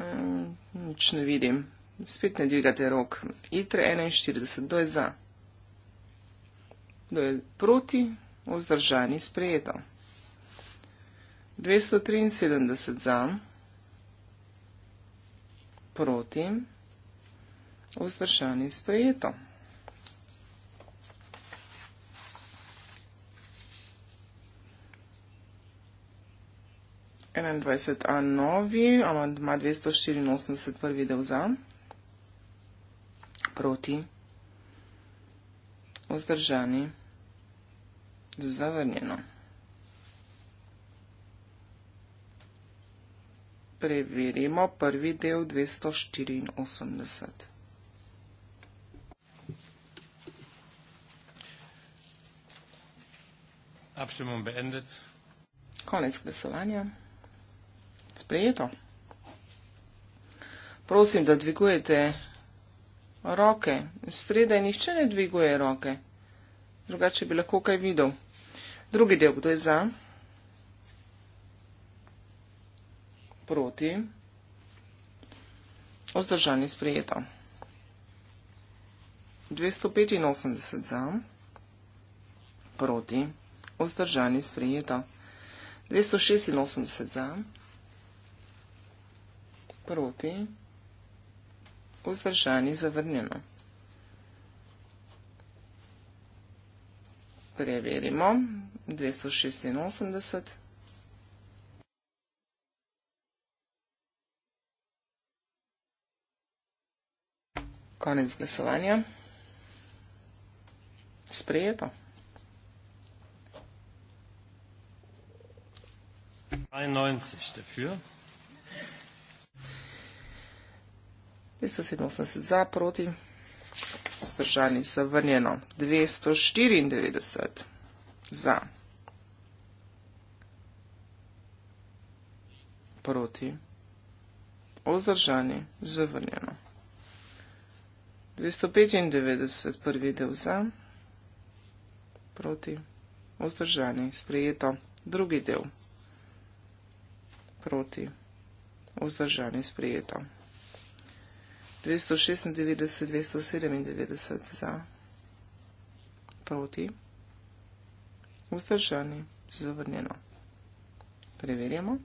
Ehm, nič ne vidim. Spet ne dvigate rok. Itre 41, kdo je za? Kdo je proti? Vzdržani sprejeto. 273 za, proti, vzdržani sprejeto. 21 a novi, amandma 284, prvi del za, proti, vzdržani, zavrnjeno. Preverimo prvi del 284. Abstimmung beendet. Konec glasovanja sprejeto. Prosim, da dvigujete roke. Spredaj nihče ne dviguje roke. Drugače bi lahko kaj videl. Drugi del, kdo je za? Proti. Ozdržani sprejeto. 285 za. Proti. Ozdržani sprejeto. 286 za proti, vzdržani zavrnjeno. Preverimo, 286. Konec glasovanja. Sprejeto. Dreiundneunzig dafür. 287 za, proti, vzdržani zavrnjeno, 294 za, proti, vzdržani zavrnjeno, 295 prvi del za, proti, vzdržani sprejeto, drugi del, proti, vzdržani sprejeto. 297, 297 za. Proti. Vzdržani. Zavrnjeno. Preverjamo.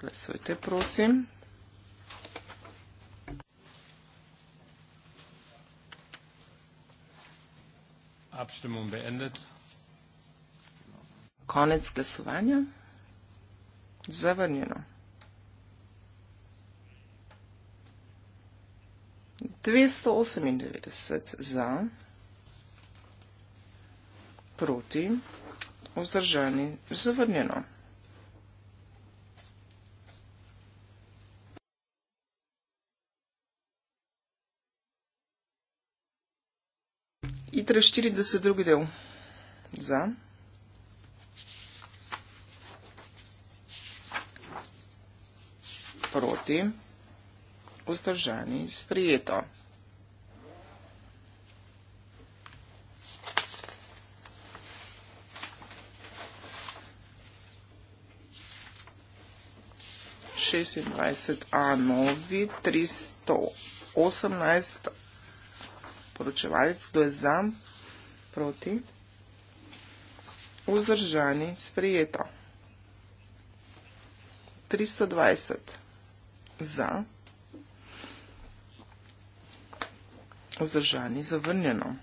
Glasujte, prosim. Abstimum beendet. Konec glasovanja. Zavrnjeno. 298 za, proti, vzdržani, zavrnjeno. ITRE 42 del za. Proti vzdržani sprijeto. A novi 318 poročevalec, kdo je za, proti, vzdržani, sprijeto. 320 za, proti, vzdržani zavrnjeno.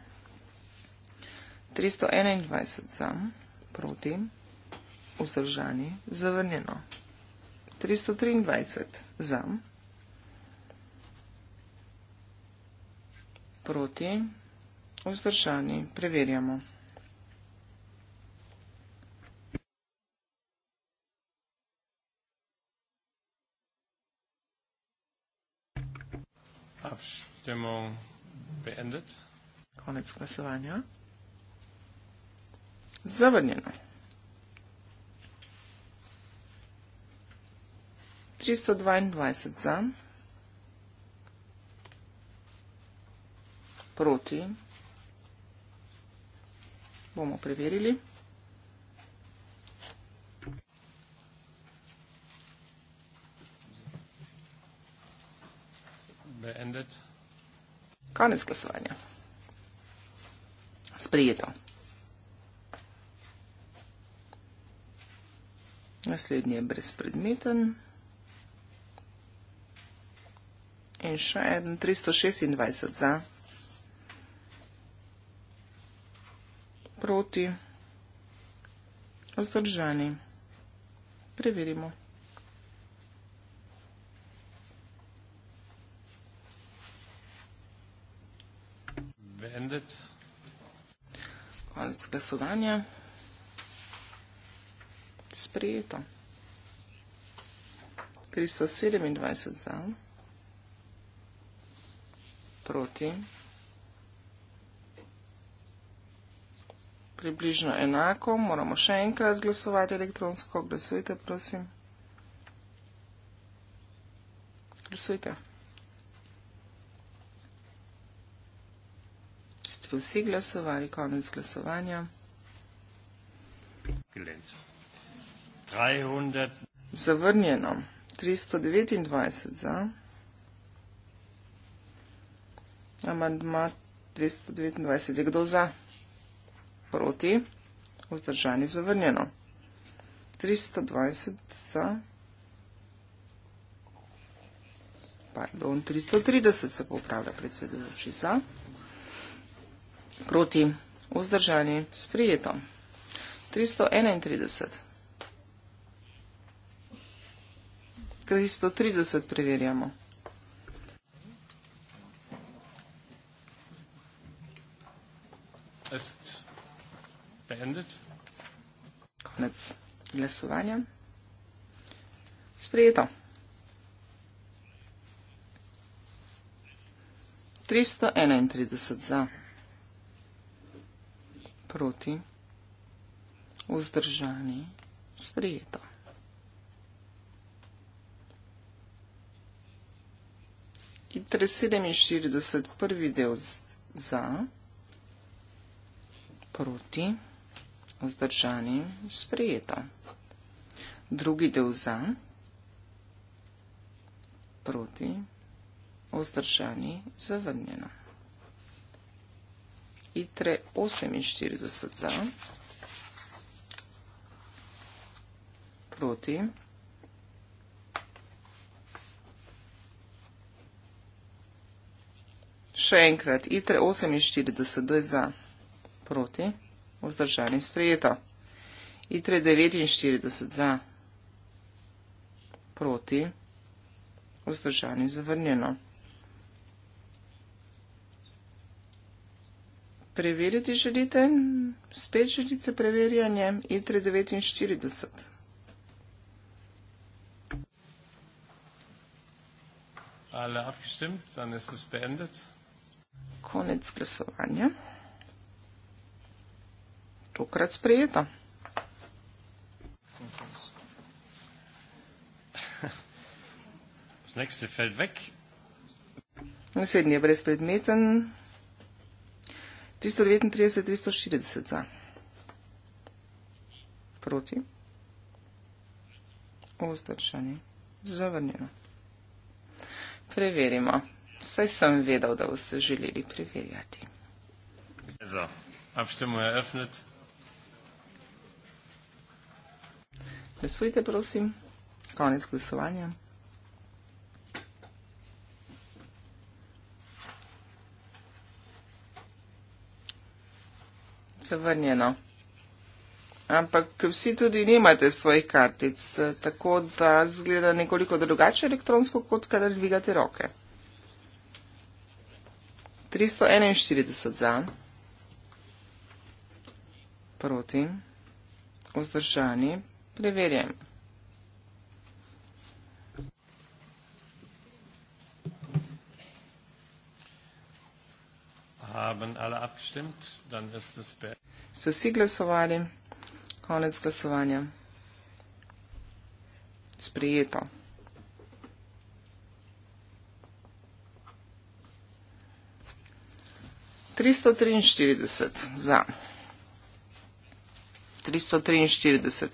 321 za, proti, vzdržani zavrnjeno. 323 za, proti, vzdržani preverjamo. beendet. Konec glasovanja. Zavrnjeno. 322 za, proti, bomo preverili. Beendet. Konec glasovanja. Sprejeto. Naslednji je brezpredmeten. In še eden, 326 za. Proti. Vzdržani. Preverimo. beendet. Konec glasovanja. Sprejeto. 327 za. Proti. Približno enako. Moramo še enkrat glasovati elektronsko. Glasujte, prosim. Glasujte. Glasujte. bistvu vsi glasovali, konec glasovanja. Zavrnjeno. 329 za. Amandma 229. Je kdo za? Proti. Vzdržani zavrnjeno. 320 za. Pardon, 330 se popravlja predsedujoči za proti vzdržanje sprijeto. 331. 330 preverjamo. 10. Beendet. Konec glasovanja. Sprijeto. 331 za proti, vzdržani, sprijeto. Itre 47, prvi del za, proti, vzdržani, sprijeto. Drugi del za, proti, vzdržani, zavrnjeno. ITRE 48 za, proti, še enkrat, ITRE 48 za, proti, vzdržani sprejeto, ITRE 49 za, proti, vzdržani zavrnjeno. preveriti želite, spet želite preverjanje I349. Alle abgestimmt, dann ist es beendet. Konec glasovanja. Tokrat sprejeta. Das nächste fällt weg. Naslednji je brezpredmeten. 339, 340 za. Proti. Ostržani. Zavrnjeno. Preverimo. Saj sem vedel, da boste želeli preverjati. Abstimmung eröffnet. Glasujte, prosim. Konec glasovanja. zavrnjeno. Ampak vsi tudi nimate svojih kartic, tako da zgleda nekoliko drugače elektronsko, kot kadar dvigate roke. 341 za. Proti. Vzdržani. Preverjamo. haben alle abgestimmt, dann ist es Ste vsi glasovali? Konec glasovanja. Sprejeto. Tristo triinštirideset za. Tristo triinštirideset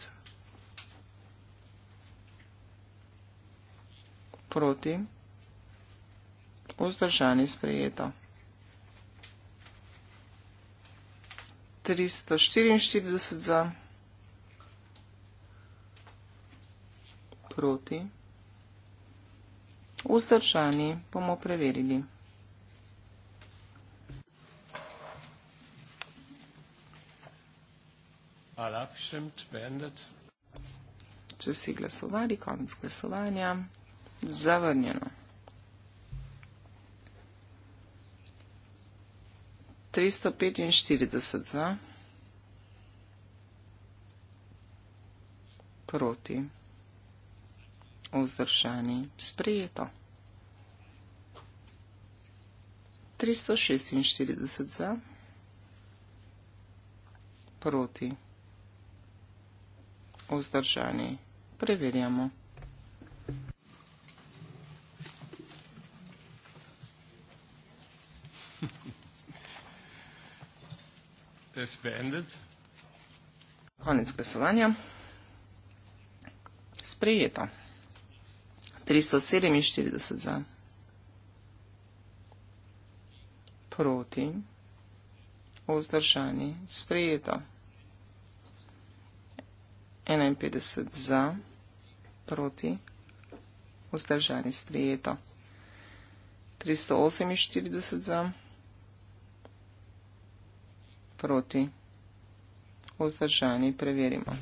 proti. Vzdržani sprejeto. 344 za, proti, vzdržani, bomo preverili. Če vsi glasovali, konec glasovanja, zavrnjeno. 345 za, proti, vzdržani, sprejeto. 346 za, proti, vzdržani, preverjamo. es beendet. Konec glasovanja. Sprejeto. 347 za. Proti. Ozdržani. Sprejeto. 51 za. Proti. Ozdržani. Sprejeto. 348 za. Proti proti. Vzdržani preverimo.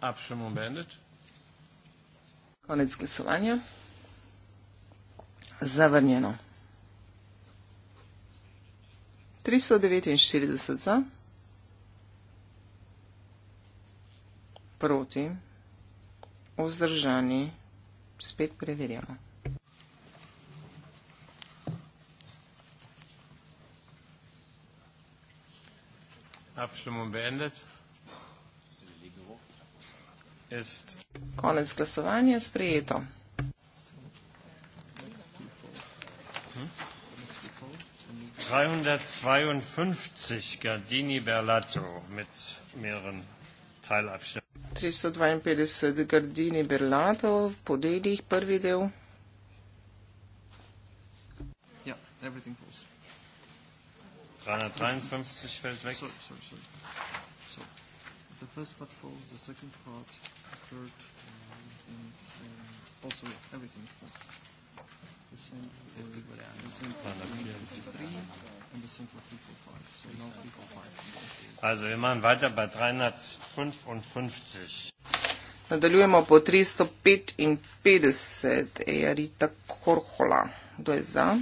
Apšemo bendeč. Konec glasovanja. Zavrnjeno. 349 za. Proti. Vzdržani. Spet preverjamo. Abstimmung beendet. Ist Konec glasovanja je sprejeto. Gardini Berlato mit mehreren Teilabstimmungen. 352 Gardini Berlato, Podedich, Parvideu. Ja, yeah, everything for. 353 fällt weg. Sorry, sorry, sorry. So, the first part falls, the second part, the third, um, and uh, also yeah, everything falls. The same for the same for 353 and the same for 345. So now 345. Also, wir machen weiter bei 355. Nadaljujemo po 355, Erita Korhola. Kdo je za?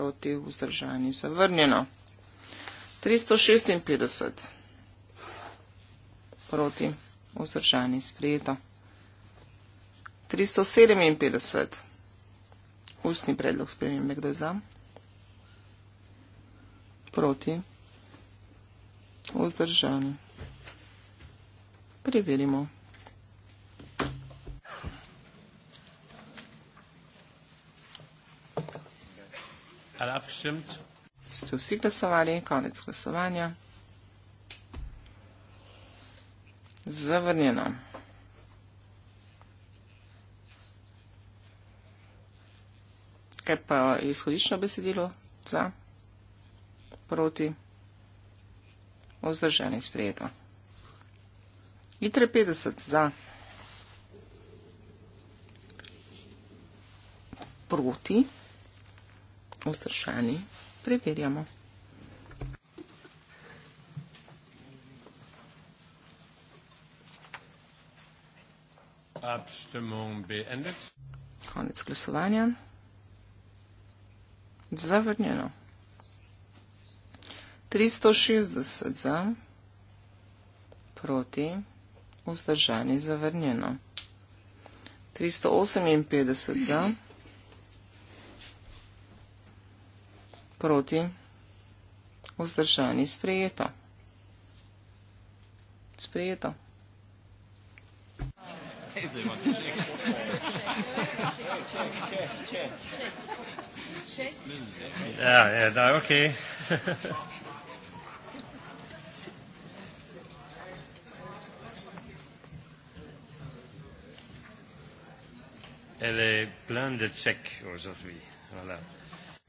proti vzdržani zavrnjeno. 356 proti vzdržani sprijeto. 357 ustni predlog spremembe, kdo je za? Proti vzdržani. Preverimo. Ste vsi glasovali? Konec glasovanja. Zavrnjeno. Kaj pa izhodično besedilo za? Proti? Ozdržen in sprejeto. Itre 50 za. Proti? vzdržani. Preverjamo. Konec glasovanja. Zavrnjeno. 360 za, proti, vzdržani, zavrnjeno. 358 za. proti vzdržani sprejeto. Sprejeto. Ja, ja, da, ok. [LAUGHS] Elle est pleine de tchèques aujourd'hui. Voilà.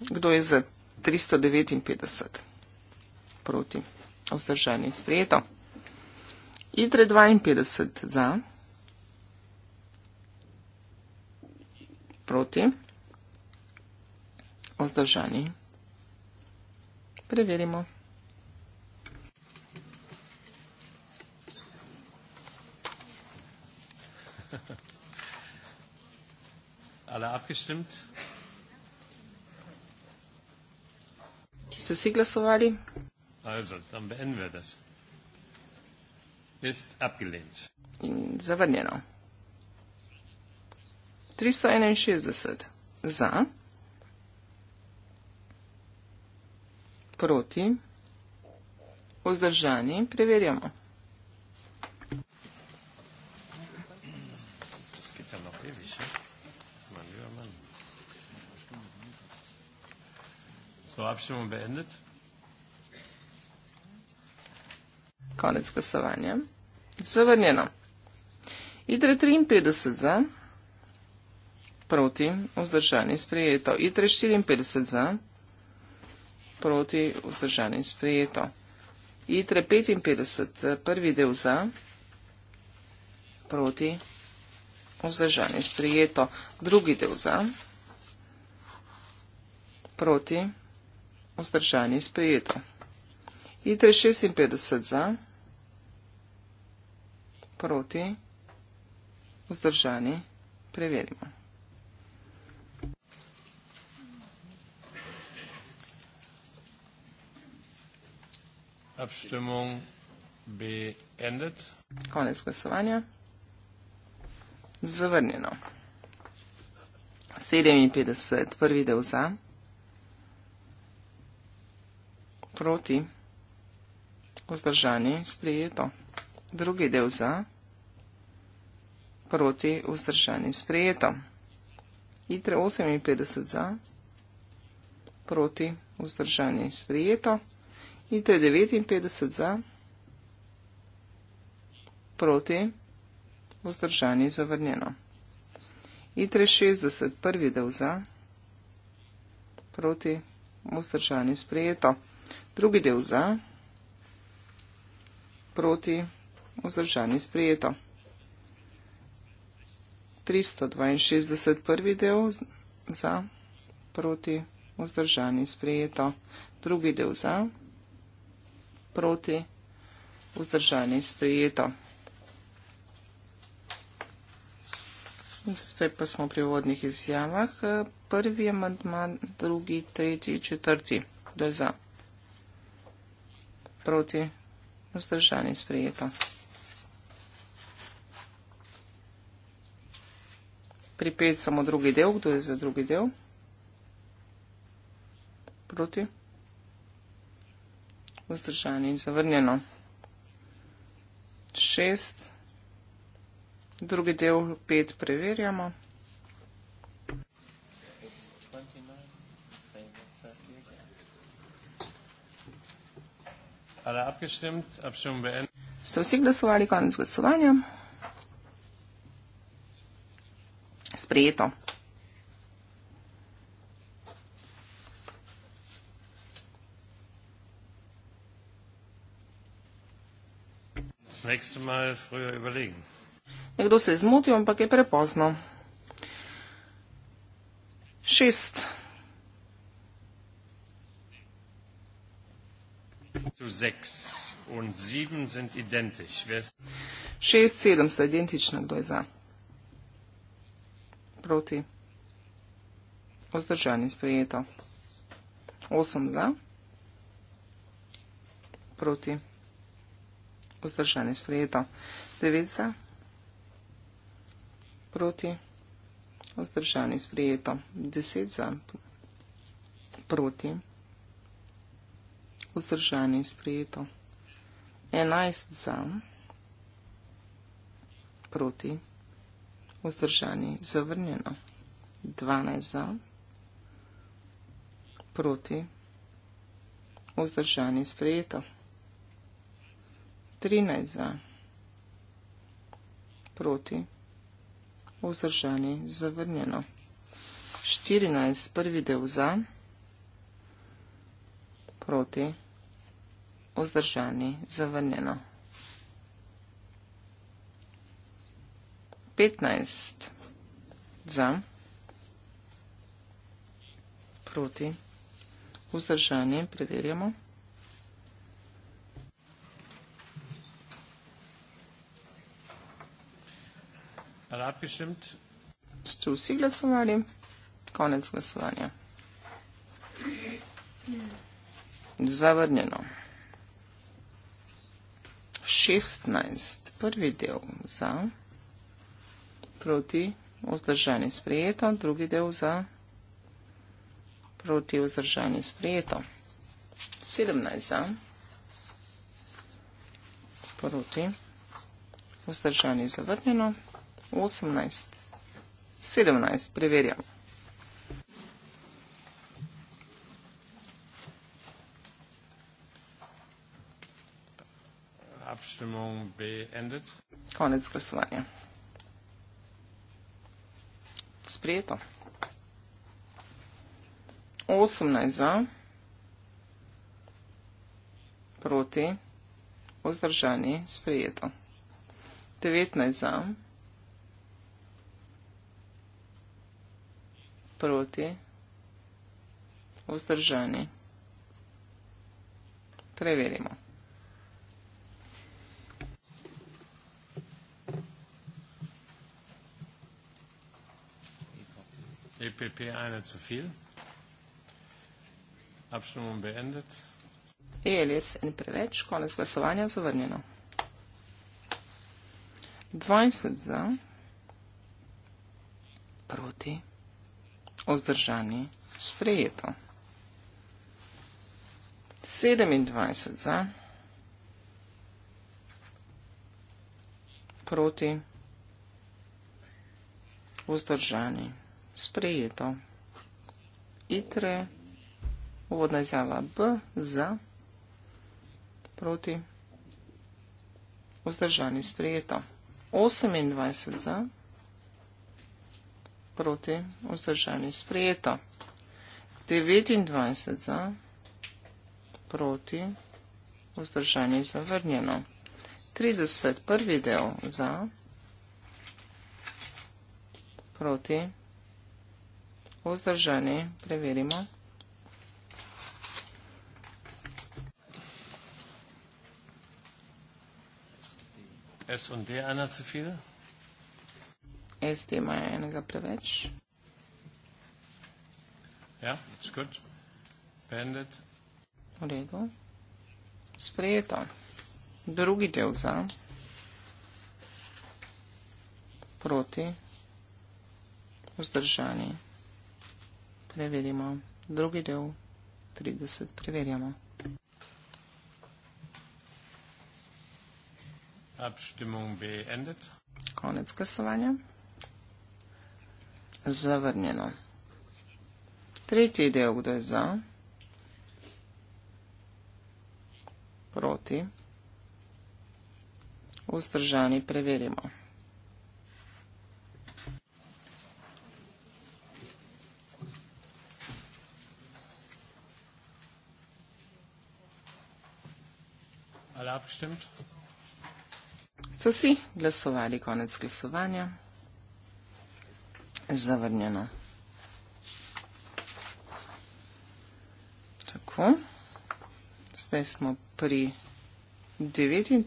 Kdo je za 359 proti? Vzdržan je sprejeto. Idre 52 za. Proti. Vzdržani. Preverimo. Alle abgestimmt? Ki ste vsi glasovali? Also, dann beenden wir das. Ist abgelehnt. In zavrnjeno. 361 za, proti, vzdržani, preverjamo. So Abstimmung beendet. Konec glasovanja. Zavrnjeno. Idre 53 za, proti, vzdržani, sprejeto. Idre 54 za, proti, vzdržani, sprejeto. Idre 55, prvi del za, proti, vzdržani, sprejeto. Drugi del za, proti, vzdržani, sprejeto vzdržani in sprejeto. Idre 56 za, proti, vzdržani, preverimo. Abstimmung beendet. Konec glasovanja. Zavrnjeno. 57, prvi del za. proti, vzdržani, sprejeto. Drugi del za, proti, vzdržani, sprejeto. Itre 58 za, proti, vzdržani, sprejeto. Itre 59 za, proti, vzdržani, zavrnjeno. Itre 60, prvi del za, proti, vzdržani, sprejeto. Drugi del za, proti, vzdržani sprejeto. 362 prvi del za, proti, vzdržani sprejeto. Drugi del za, proti, vzdržani sprejeto. Zdaj pa smo pri vodnih izjavah. Prvi je madman, drugi, tretji, četrti. Da je za proti vzdržani sprijeta. Pri pet samo drugi del, kdo je za drugi del? Proti vzdržani in zavrnjeno. Šest, drugi del pet preverjamo. Ste vsi glasovali konec glasovanja? Sprejeto. Nekdo se je zmotil, ampak je prepozno. Šest. Šest, sedem sta identična, kdo je za? Proti. Ozdržani, sprejeto. Osem za. Proti. Ozdržani, sprejeto. Devet za. Proti. Ozdržani, sprejeto. Deset za. Proti vzdržanje sprejeto. 11 za, proti, vzdržanje zavrnjeno. 12 za, proti, vzdržanje sprejeto. 13 za, proti, vzdržanje zavrnjeno. 14 prvi del za, proti, proti, vzdržani, zavrnjeno. 15 za, proti, vzdržani, preverjamo. 15. Ste vsi glasovali? Konec glasovanja. Yeah zavrnjeno. 16. Prvi del za, proti, vzdržani sprejeto, drugi del za, proti, vzdržani sprejeto. 17. za, proti, vzdržani zavrnjeno, 18. 17. Preverjamo. bomo beendet. Konec glasovanja. Sprijeto. 18 za, proti, vzdržani, sprijeto. 19 za, proti, vzdržani. Preverimo. EPP 1 zu viel. Abstimmung beendet. ELS in preveč, konec glasovanja zavrnjeno. 20 za, proti, ozdržani, sprejeto. 27 za, proti, ozdržani, sprejeto sprejeto. Itre, uvodna izjava B, za, proti, vzdržani, sprejeto. 28 za, proti, vzdržani, sprejeto. 29 za, proti, vzdržani, zavrnjeno. 30, prvi del, za, proti, vzdržani, zavrnjeno lahko vzdržani. Preverimo. SD ima enega preveč. Ja, it's good. Bandit. V redu. Sprejeto. Drugi del za. Proti. Vzdržani preverimo. Drugi del 30 preverjamo. Abstimmung beendet. Konec glasovanja. Zavrnjeno. Tretji del, kdo je za? Proti. Vzdržani preverimo. stimmt. So vsi glasovali konec glasovanja? Zavrnjeno. Tako. Zdaj smo pri 39 in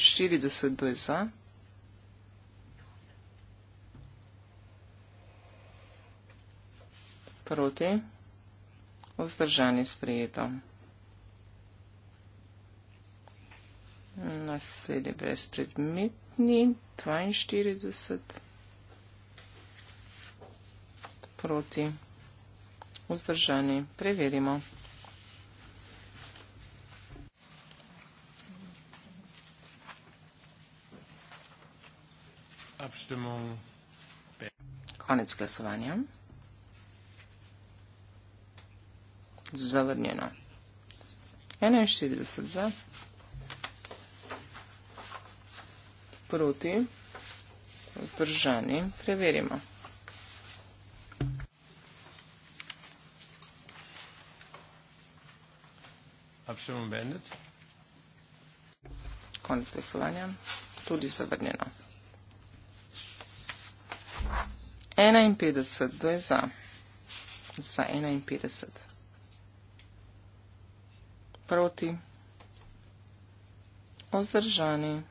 40, kdo je za? Proti? Vzdržani sprejeto. Naselje brezpredmetni, 42 proti vzdržani. Preverimo. Konec glasovanja. Zavrnjeno. 41 za. proti, vzdržani, preverimo. Abstimum vendet. Konec glasovanja. Tudi zavrnjeno. 51, kdo je za? Za 51. Proti. Ozdržani.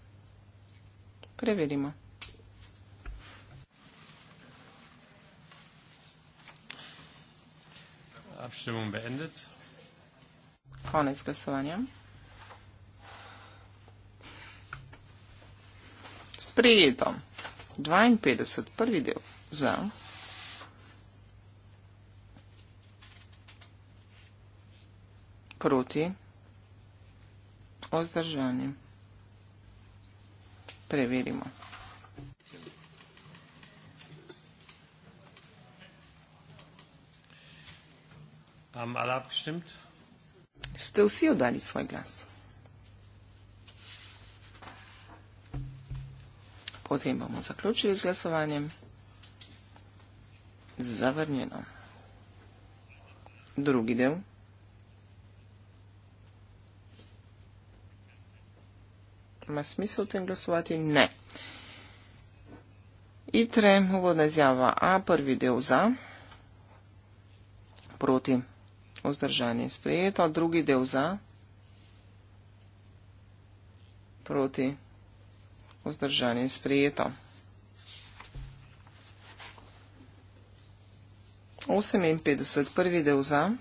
Preverimo. Abstimmung beendet. Konec glasovanja. Sprejeto. 52. Prvi del. Za. Proti. Ozdržanje preverimo. Ste vsi oddali svoj glas? Potem bomo zaključili z glasovanjem. Zavrnjeno. Drugi del. ima smisel v tem glasovati? Ne. Itre, uvodna izjava A, prvi del za, proti, vzdržan in sprejeto, drugi del za, proti, vzdržan in sprejeto. Osem in petdeset, prvi del za,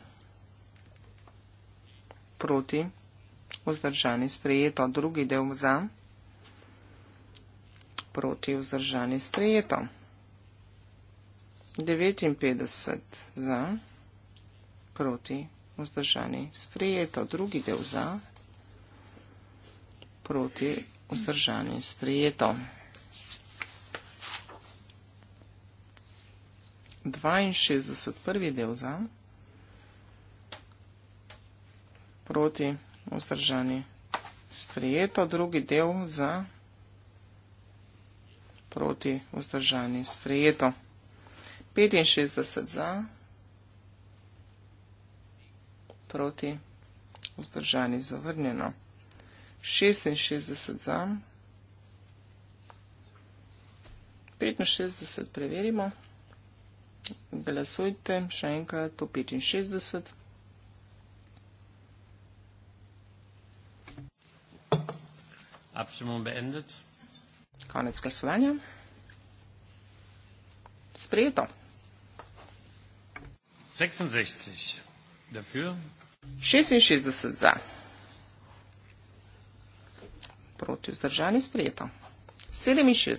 proti, vzdržan in sprejeto vzdržani sprejeto, drugi del za, proti vzdržani sprejeto. 59 za, proti vzdržani sprejeto, drugi del za, proti vzdržani sprejeto. 62 prvi del za, proti vzdržani sprejeto vzdržani. Sprijeto drugi del za proti vzdržani. Sprijeto. 65 za proti vzdržani. Zavrnjeno. 66 za. 65 preverimo. Glasujte še enkrat. To 65. Abstimmung beendet. Konec glasovanja. Sprejeto. 66 dafür. 66 za. Proti vzdržani sprejeto. 67.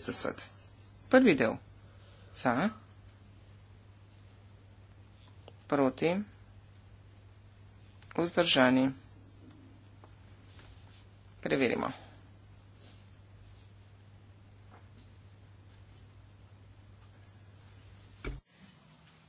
Prvi del. Za. Proti. Vzdržani. Preverimo.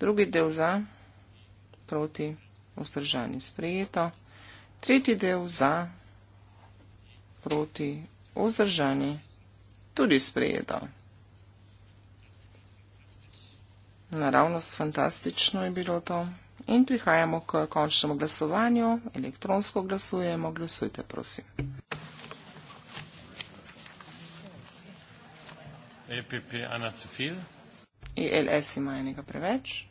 drugi del za, proti, vzdržani, sprejeto, tretji del za, proti, vzdržani, tudi sprejeto. Naravnost fantastično je bilo to in prihajamo k končnemu glasovanju, elektronsko glasujemo, glasujte prosim. EPP Anna Zofil. ELS ima enega preveč.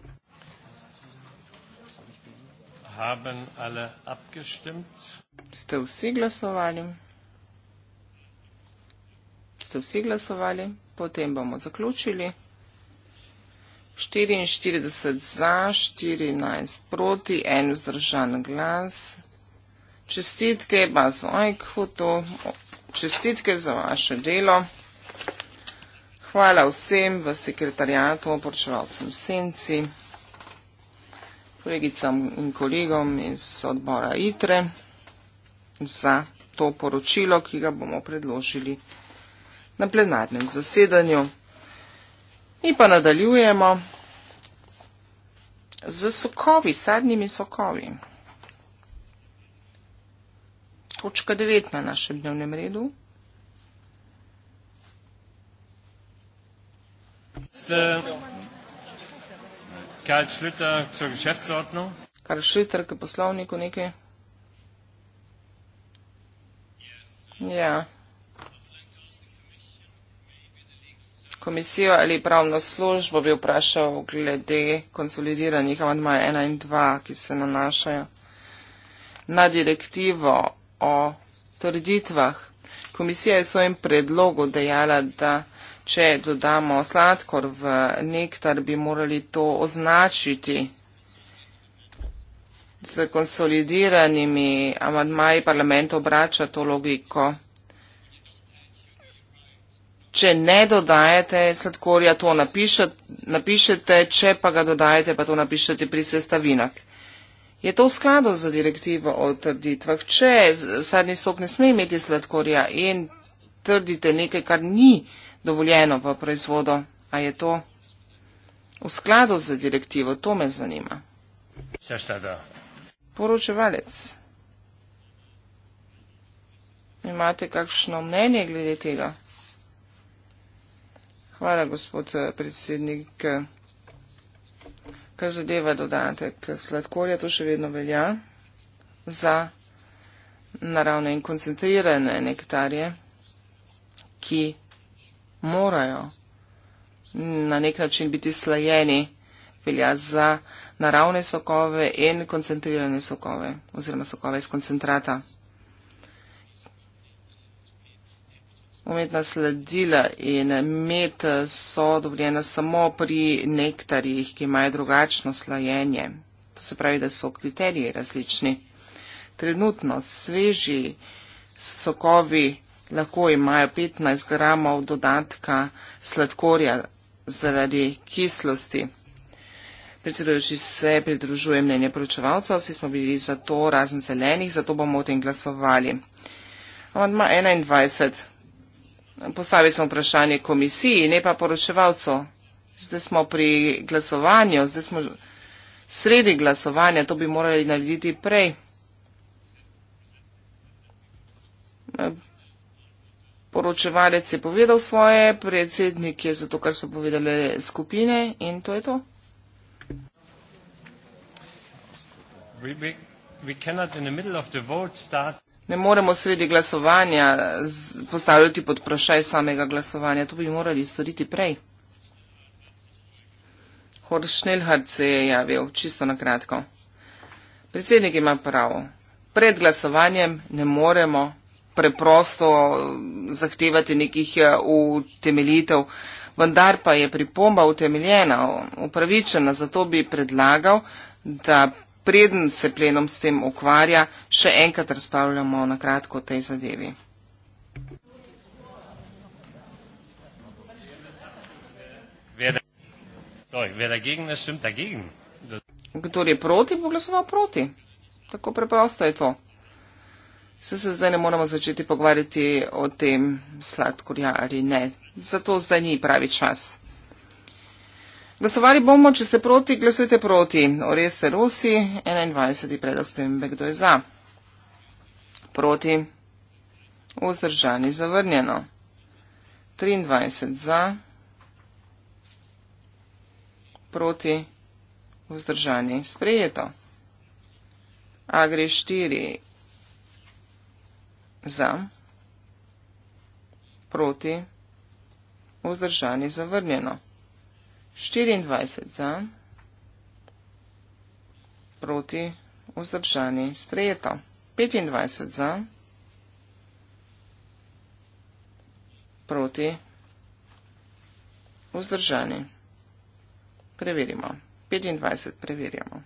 Haben alle abgestimmt? Ste vsi glasovali? Ste vsi glasovali? Potem bomo zaključili. 44 za, 14 proti, en vzdržan glas. Čestitke, Bas Oikfutu, čestitke za vaše delo. Hvala vsem v sekretarijatu, poročevalcem Senci, kolegicam in kolegom iz odbora ITRE za to poročilo, ki ga bomo predložili na plenarnem zasedanju. Mi pa nadaljujemo z sokovi, sadnimi sokovi. Točka 9 na našem dnevnem redu. Letzte. Karl Schlüter zur Geschäftsordnung. Karl Schlüter, Geposlovniku, Niki. Ja. Komisijo ali pravno službo bi vprašal glede konsolidiranih amandmaja 1 in 2, ki se nanašajo na direktivo o trditvah. Komisija je svojim predlogu dejala, da Če dodamo sladkor v nektar, bi morali to označiti z konsolidiranimi amadmaji parlamentu obrača to logiko. Če ne dodajete sladkorja, to napišete, če pa ga dodajete, pa to napišete pri sestavinah. Je to v skladu z direktivo o trditvah? Če sadni sok ne sme imeti sladkorja in trdite nekaj, kar ni dovoljeno v proizvodu. A je to v skladu z direktivo? To me zanima. Poročevalec, imate kakšno mnenje glede tega? Hvala, gospod eh, predsednik. Kar zadeva dodatek sladkorja, to še vedno velja za naravne in koncentrirane nektarje, ki morajo na nek način biti slajeni, velja za naravne sokove in koncentrirane sokove oziroma sokove iz koncentrata. Umetna sladila in med so dovoljena samo pri nektarjih, ki imajo drugačno slajenje. To se pravi, da so kriteriji različni. Trenutno sveži sokovi lahko imajo 15 gramov dodatka sladkorja zaradi kislosti. Predsedujoči se pridružuje mnenje poročevalcev, vsi smo bili za to razen zelenih, zato bomo o tem glasovali. Amandma 21. Postavili smo vprašanje komisiji, ne pa poročevalcev. Zdaj smo pri glasovanju, zdaj smo sredi glasovanja, to bi morali narediti prej poročevalec je povedal svoje, predsednik je zato, kar so povedali skupine in to je to. Ne moremo sredi glasovanja postavljati pod vprašaj samega glasovanja. To bi morali storiti prej. Horst Schnellhardt se je javil čisto na kratko. Predsednik ima pravo. Pred glasovanjem ne moremo preprosto zahtevati nekih eh, utemeljitev. Vendar pa je pripomba utemeljena, upravičena, zato bi predlagal, da preden se plenom s tem ukvarja, še enkrat razpravljamo na kratko o tej zadevi. Kdo je proti, bo glasoval proti. Tako preprosto je to se, se zdaj ne moramo začeti pogovarjati o tem sladkorja ali ne. Zato zdaj ni pravi čas. Glasovali bomo, če ste proti, glasujte proti. Oreste Rusi, 21. predal spremembe, kdo je za. Proti. Vzdržani, zavrnjeno. 23 za. Proti. Vzdržani, sprejeto. Agri 4 za, proti, vzdržani, zavrnjeno. 24 za, proti, vzdržani, sprejeto. 25 za, proti, vzdržani. Preverimo. 25 preverjamo.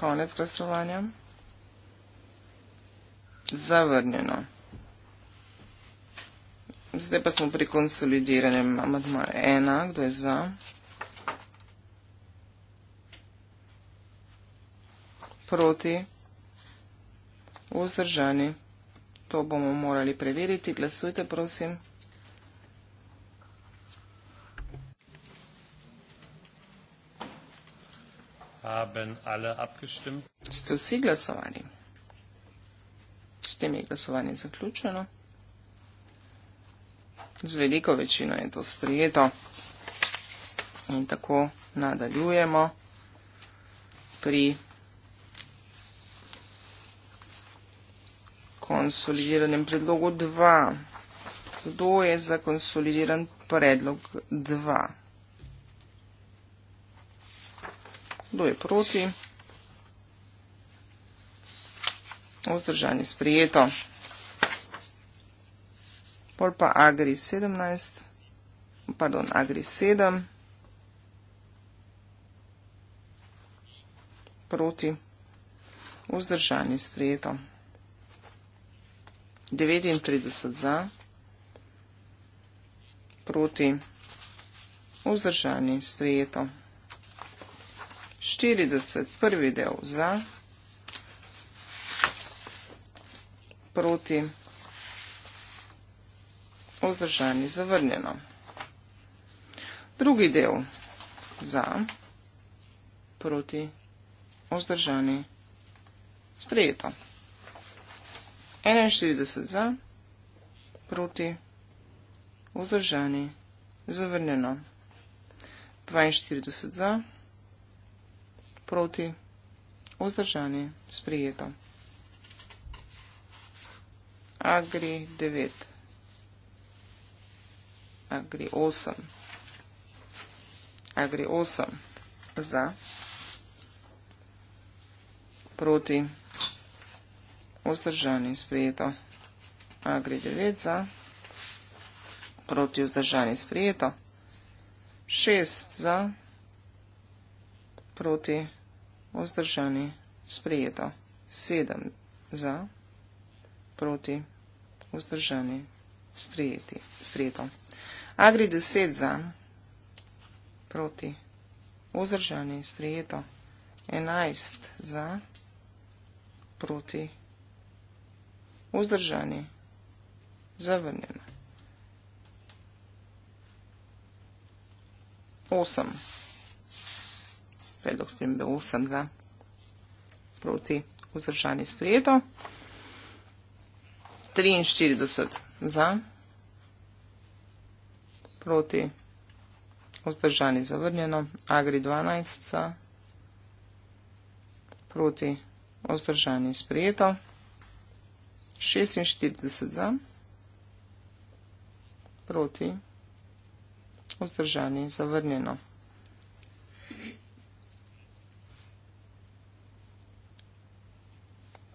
Konec glasovanja. Zavrnjeno. Zdaj pa smo pri konsolidiranem amatmaja ena, kdo je za. Proti. Vzdržani. To bomo morali preveriti. Glasujte, prosim. Glasujte, prosim. haben alle abgestimmt. Ste vsi glasovali? S tem je glasovanje zaključeno. Z veliko večino je to sprijeto. In tako nadaljujemo pri konsolidiranem predlogu 2. Kdo je za konsolidiran predlog 2? Kdo je proti? Ozdržanje sprijeto. Pol pa Agri 17, pardon, Agri 7. Proti. Vzdržanje sprijeto. 39 za. Proti. Vzdržanje sprijeto. 40, prvi del za, proti, vzdržani, zavrnjeno. Drugi del za, proti, vzdržani, sprejeto. 41 za, proti, vzdržani, zavrnjeno. 42 za, proti, vzdržani, zavrnjeno proti, vzdržanje, sprijeto. Agri 9. Agri 8. Agri 8. Za. Proti. Vzdržanje sprijeto. Agri 9. Za. Proti. Vzdržanje sprijeto. 6. Za. Proti. Vzdržanje sprijeto vzdržani, sprejeto. Sedem za, proti, vzdržani, sprejeti, sprejeto. Agri deset za, proti, vzdržani, sprejeto. Enajst za, proti, vzdržani, zavrnjeno. Osem. Awesome predlog spremembe 8 za proti vzdržanje sprejeto. 43 za proti vzdržanje zavrnjeno. Agri 12 za proti vzdržanje sprejeto. 46 za proti vzdržanje zavrnjeno.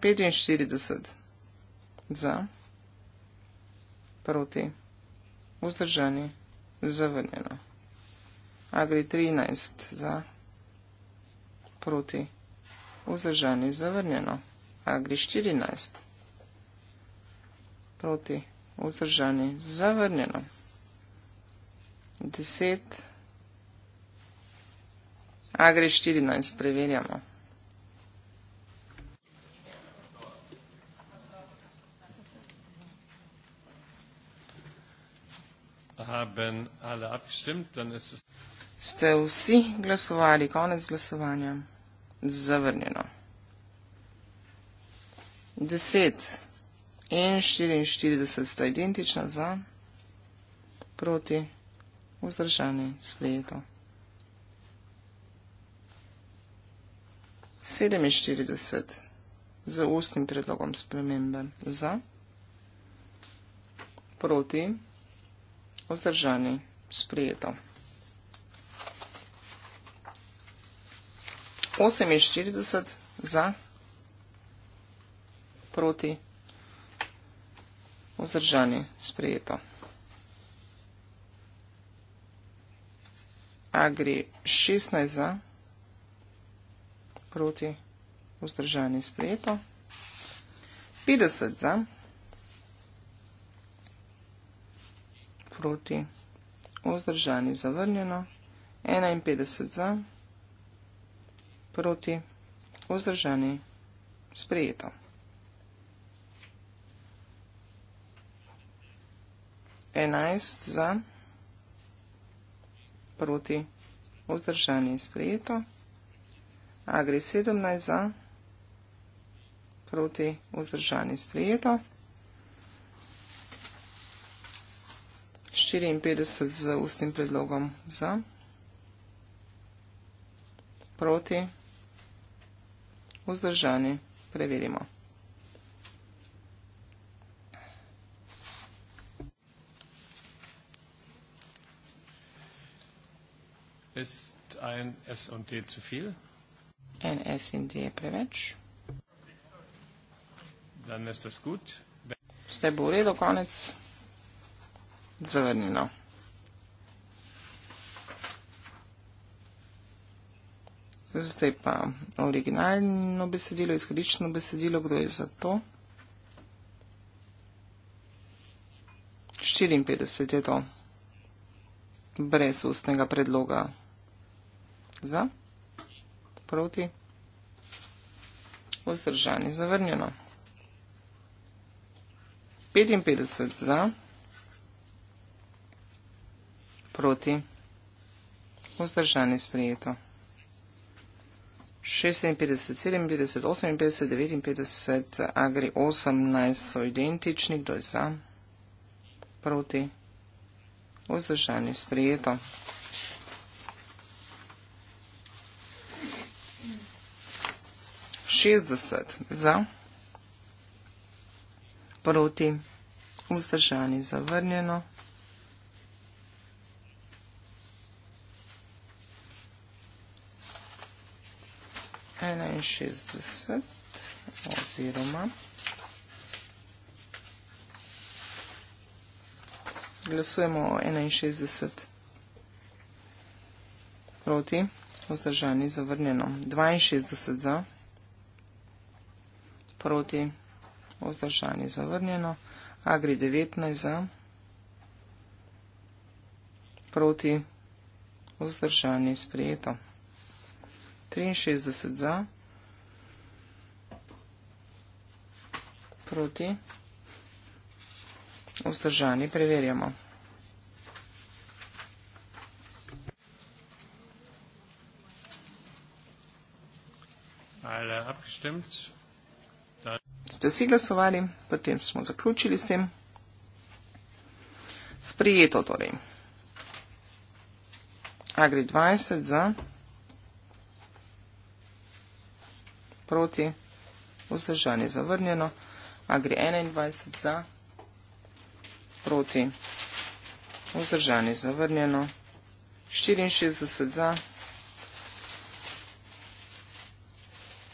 45 za, proti, vzdržani, zavrnjeno. Agri 13 za, proti, vzdržani, zavrnjeno. Agri 14 proti, vzdržani, zavrnjeno. 10 Agri 14 preverjamo. Ste vsi glasovali, konec glasovanja, zavrnjeno. 10 in 44 sta identična za, proti, vzdržani, sprejeto. 47 za ustnim predlogom spremembe za, proti, vzdržani vzdržani, sprijeto. 48 za, proti, vzdržani, sprijeto. A gre 16 za, proti, vzdržani, sprijeto. 50 za, proti, vzdržani, sprijeto. proti, vzdržani zavrnjeno, 51 za, proti, vzdržani sprejeto. Enajst za, proti, vzdržani sprejeto. Agri sedemnaj za, proti, vzdržani sprejeto. 54 z ustnim predlogom za, proti, vzdržani, preverimo. Ist ein S und D zu viel? Ein S und D preveč. Dann ist das gut. Ste bo redo, konec zrnino. Zdaj pa originalno besedilo, izhodično besedilo, kdo je za to. 54 je to. Brez ustnega predloga. Za? Proti? Vzdržani, zavrnjeno. 55 za proti, vzdržani sprejeto. 56, 57, 58, 59, agri 18 so identični, kdo je za, proti, vzdržani sprejeto. 60 za, proti, vzdržani zavrnjeno. 61 oziroma glasujemo 61 proti, vzdržani zavrnjeno, 62 za, proti, vzdržani zavrnjeno, agri 19 za, proti, vzdržani sprijeto. 63 za, proti, vzdržani, preverjamo. Ste vsi glasovali, potem smo zaključili s tem. Sprijeto torej. Agri 20 za. proti, vzdržanje zavrnjeno, agri 21 za, proti, vzdržanje zavrnjeno, 64 za,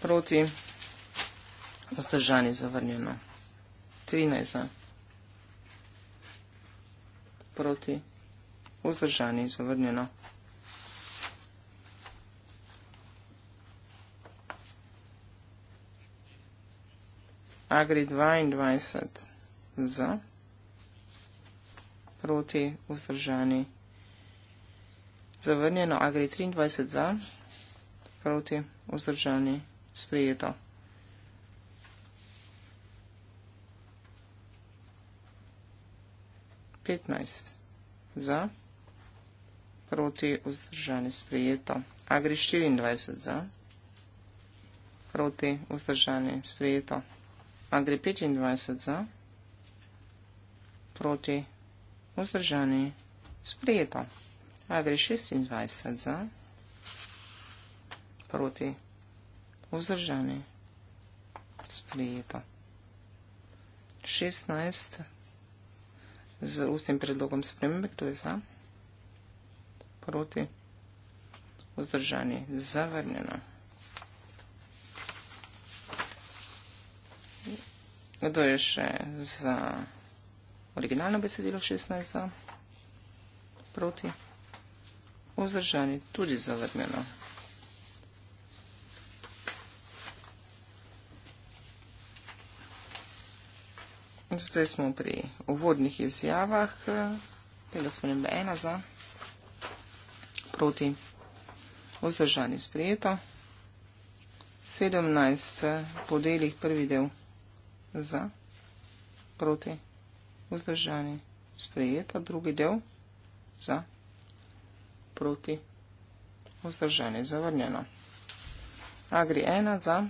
proti, vzdržanje zavrnjeno, 13 za, proti, vzdržanje zavrnjeno, 13 za. Agri 22 za, proti vzdržani zavrnjeno, Agri 23 za, proti vzdržani sprijeto. Petnajst za, proti vzdržani sprijeto. Agri 24 za, proti vzdržani sprijeto gre 25 za, proti, vzdržani, sprijeto. A gre 26 za, proti, vzdržani, sprijeto. 16 z ustnim predlogom spremembe, kdo je za, proti, vzdržani, zavrnjeno. 17. Kdo je še za originalno besedilo 16 za? Proti. Vzdržani tudi zavrnjeno. Zdaj smo pri uvodnih izjavah. Pela smo nebe ena za. Proti. Vzdržani sprijeto. 17 podelih prvi del za, proti, vzdržani, sprejeta, drugi del, za, proti, vzdržani, zavrnjeno. Agri ena, za,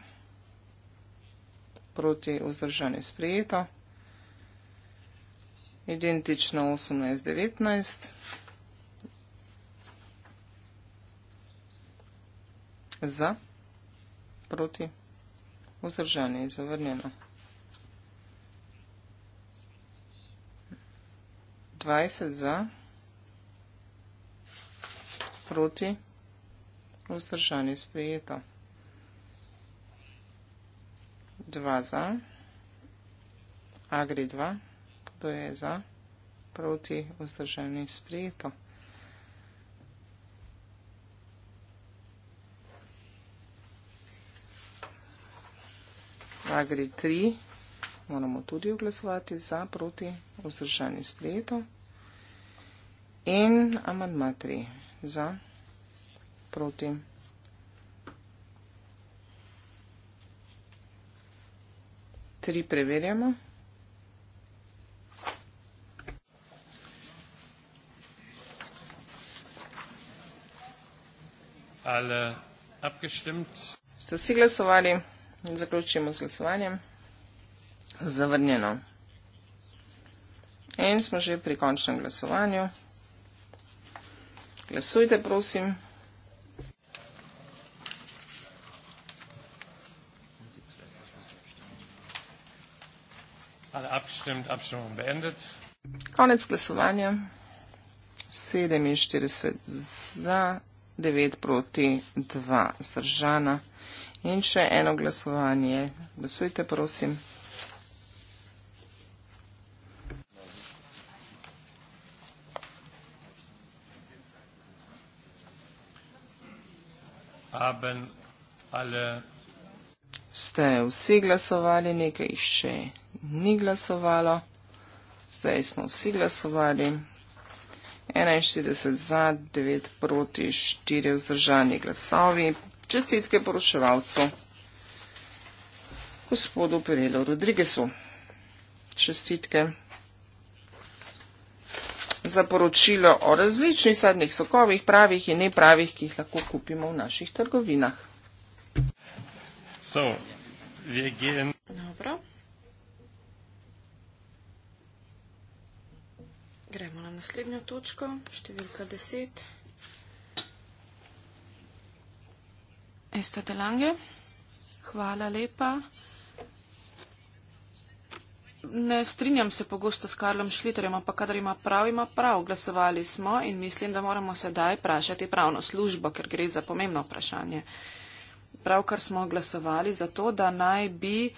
proti, vzdržani, sprejeta, identično 18-19, za, proti, vzdržanje je zavrnjeno. 20 za, proti, vzdržanje sprejeto. 2 za, agri 2, kdo je za, proti, vzdržanje sprejeto. Agri 3, moramo tudi oglasovati za, proti, vzdržani sprejeto. In amandma 3 za, proti. Tri preverjamo. Ste si glasovali? Zaključimo z glasovanjem zavrnjeno. In smo že pri končnem glasovanju. Glasujte, prosim. Alle abgestimmt, Abstimmung beendet. Konec glasovanja. 47 za, 9 proti, 2 zdržana. In še eno glasovanje. Glasujte, prosim. haben alle. Ste vsi glasovali, nekaj jih še ni glasovalo. Zdaj smo vsi glasovali. 41 za, 9 proti, 4 vzdržani glasovi. Čestitke poroševalcu, gospodu Perelu Rodrigesu. Čestitke za poročilo o različnih sadnih sokovih, pravih in nepravih, ki jih lahko kupimo v naših trgovinah. So, vegan. Dobro. Gremo na naslednjo točko, številka 10. Esta Delange, hvala lepa. Ne strinjam se pogosto s Karlom Šliterjem, ampak kadar ima prav, ima prav. Glasovali smo in mislim, da moramo sedaj vprašati pravno službo, ker gre za pomembno vprašanje. Pravkar smo glasovali za to, da naj bi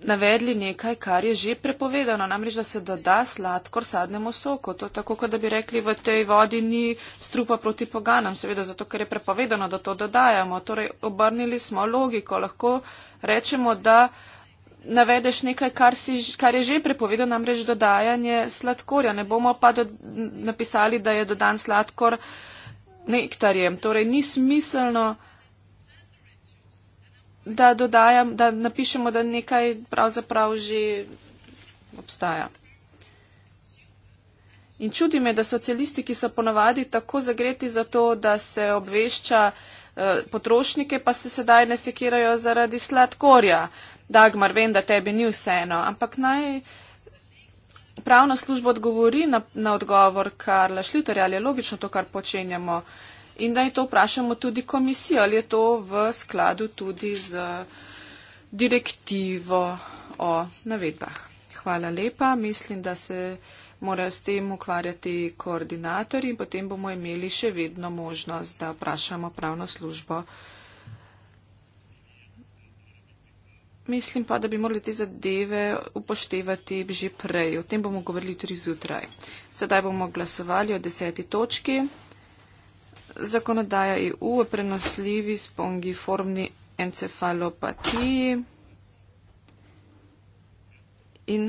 navedli nekaj, kar je že prepovedano, namreč, da se doda sladkor sadnemu soku. To je tako, kot da bi rekli, v tej vodi ni strupa proti poganam, seveda zato, ker je prepovedano, da to dodajamo. Torej, obrnili smo logiko. Lahko rečemo, da uh, navedeš nekaj, kar, si, kar je že prepovedal, namreč dodajanje sladkorja. Ne bomo pa do, napisali, da je dodan sladkor nektarjem. Torej ni smiselno, da, dodajam, da napišemo, da nekaj pravzaprav že obstaja. In čudi me, da socialisti, ki so ponavadi tako zagreti za to, da se obvešča eh, potrošnike, pa se sedaj ne sekirajo zaradi sladkorja. Eh, Dagmar, vem, da tebi ni vseeno, ampak naj pravna služba odgovori na, na odgovor Karla Šljutarja, ali je logično to, kar počenjamo. In da je to vprašamo tudi komisijo, ali je to v skladu tudi z direktivo o navedbah. Hvala lepa. Mislim, da se morajo s tem ukvarjati koordinatorji in potem bomo imeli še vedno možnost, da vprašamo pravno službo. Mislim pa, da bi morali te zadeve upoštevati že prej. O tem bomo govorili tudi zjutraj. Sedaj bomo glasovali o deseti točki. Zakonodaja EU o prenosljivi spongiformni encefalopatiji in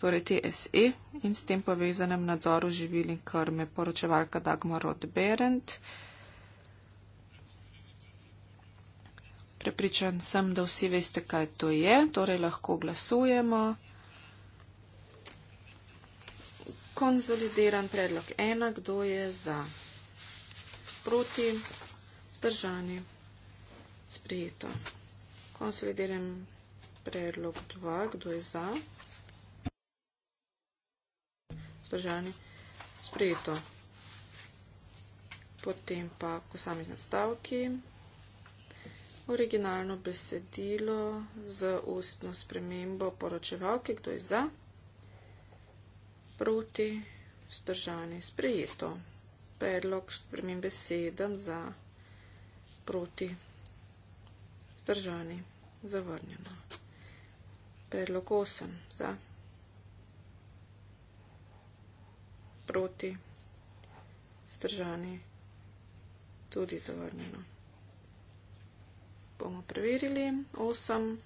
torej TSE in s tem povezanem nadzoru živil in krme. Poročevalka Dagmar Rodberend. Prepričan sem, da vsi veste, kaj to je, torej lahko glasujemo. Konzolidiran predlog ena, kdo je za, proti, zdržani, sprijeto. Konsolidiran predlog dva, kdo je za, zdržani, sprijeto. Potem pa posamezni stavki originalno besedilo z ustno spremembo poročevalke, kdo je za, proti, vzdržani, sprejeto. Predlog spremembe 7 za, proti, vzdržani, zavrnjeno. Predlog 8 za, proti, vzdržani, tudi zavrnjeno bomo preverili. 8.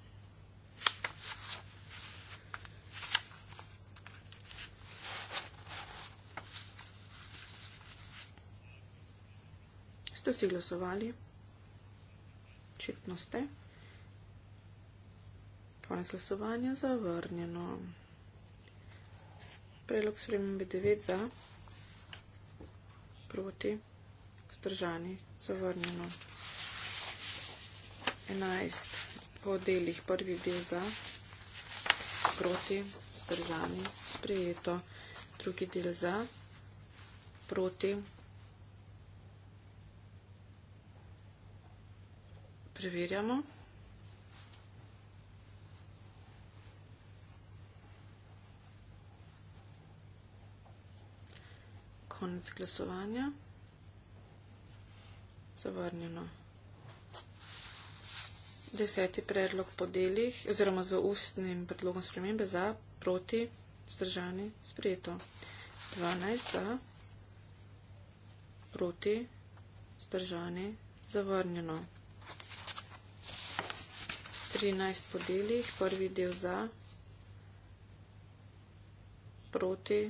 Ste vsi glasovali? Očitno ste. Konec glasovanja zavrnjeno. Predlog spremembe 9 za, proti, zdržani, zavrnjeno. 11 po delih, prvi del za, proti, zdržani, sprejeto, drugi del za, proti, preverjamo. Konec glasovanja. Zavrnjeno. Deseti predlog po delih oziroma z ustnim predlogom spremembe za, proti, zdržani, sprejeto. 12 za, proti, zdržani, zavrnjeno. 13 po delih, prvi del za, proti,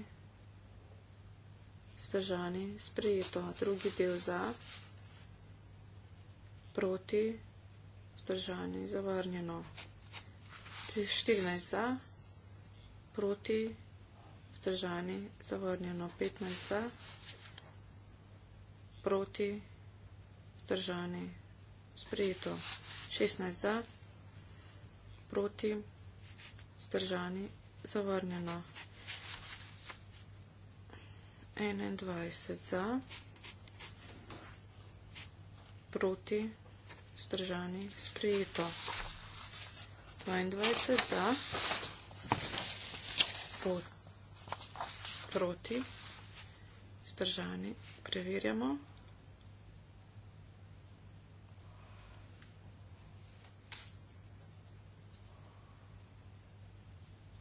zdržani, sprejeto. Drugi del za, proti, zdržani vzdržani, zavrnjeno. 14 za, proti, vzdržani, zavrnjeno. 15 za, proti, vzdržani, sprejeto. 16 za, proti, vzdržani, zavrnjeno. 21 za, proti, vzdržani, zavrnjeno vzdržanih. Sprejeto. 22 za. Pot. Proti. Vzdržani. Preverjamo.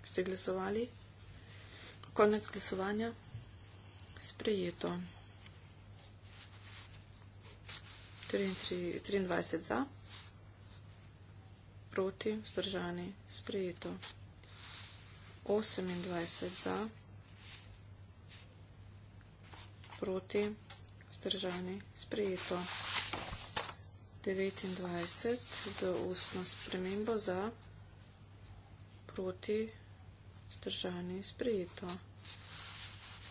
Ste glasovali? Konec glasovanja. Sprejeto. 23 za, proti, vzdržani, sprejeto. 28 za, proti, vzdržani, sprejeto. 29 z ustno spremembo za, proti, vzdržani, sprejeto. 32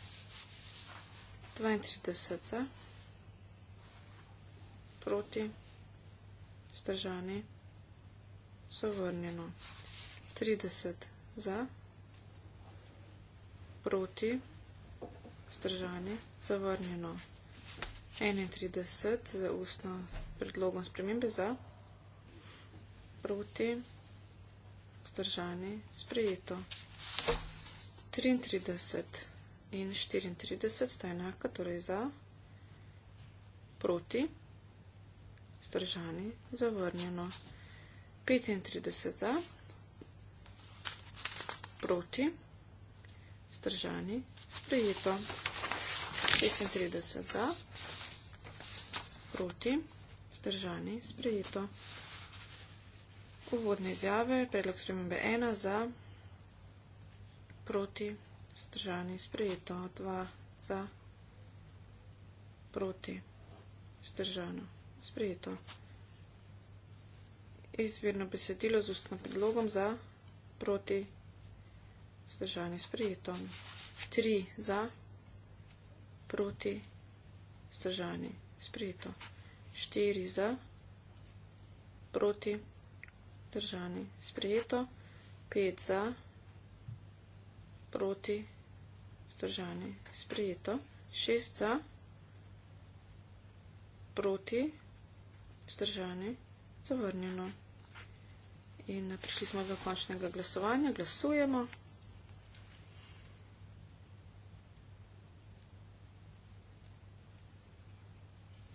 za, proti, vzdržani, sprejeto proti, vzdržani, zavrnjeno. 30 za, proti, vzdržani, zavrnjeno. 31 za ustno predlogom spremembe za, proti, vzdržani, sprejeto. 33 in 34 sta enaka, torej za, proti, vzdržani vzdržani, zavrnjeno. 35 za, proti, vzdržani, sprejeto. 36 za, proti, vzdržani, sprejeto. Uvodne izjave, predlog spremembe 1 za, proti, vzdržani, sprejeto. 2 za, proti, vzdržano sprejeto. Izvirno besedilo z ustno predlogom za, proti, vzdržanje sprejeto. Tri za, proti, vzdržanje sprejeto. Štiri za, proti, vzdržanje sprejeto. Pet za, proti, vzdržanje sprejeto. Šest za, proti, vzdržanje sprejeto vzdržani, zavrnjeno. In prišli smo do končnega glasovanja, glasujemo.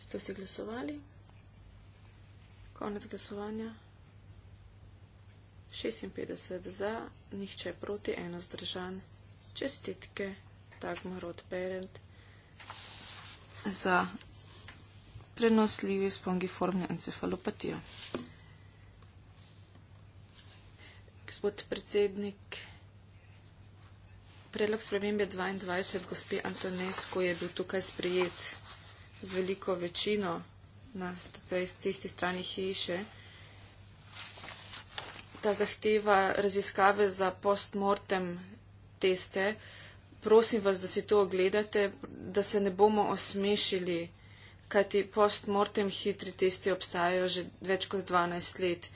Ste vsi glasovali? Konec glasovanja. 56 za, nihče proti, eno zdržan. Čestitke, Dagmar od Berend za prenosljivi spongiformni encefalopatijo. Gospod predsednik, predlog spremembe 22 gospe Antonesko je bil tukaj sprejet z veliko večino na tisti strani hiše. Ta zahteva raziskave za postmortem teste. Prosim vas, da si to ogledate, da se ne bomo osmešili kajti postmortem hitri testi obstajajo že več kot 12 let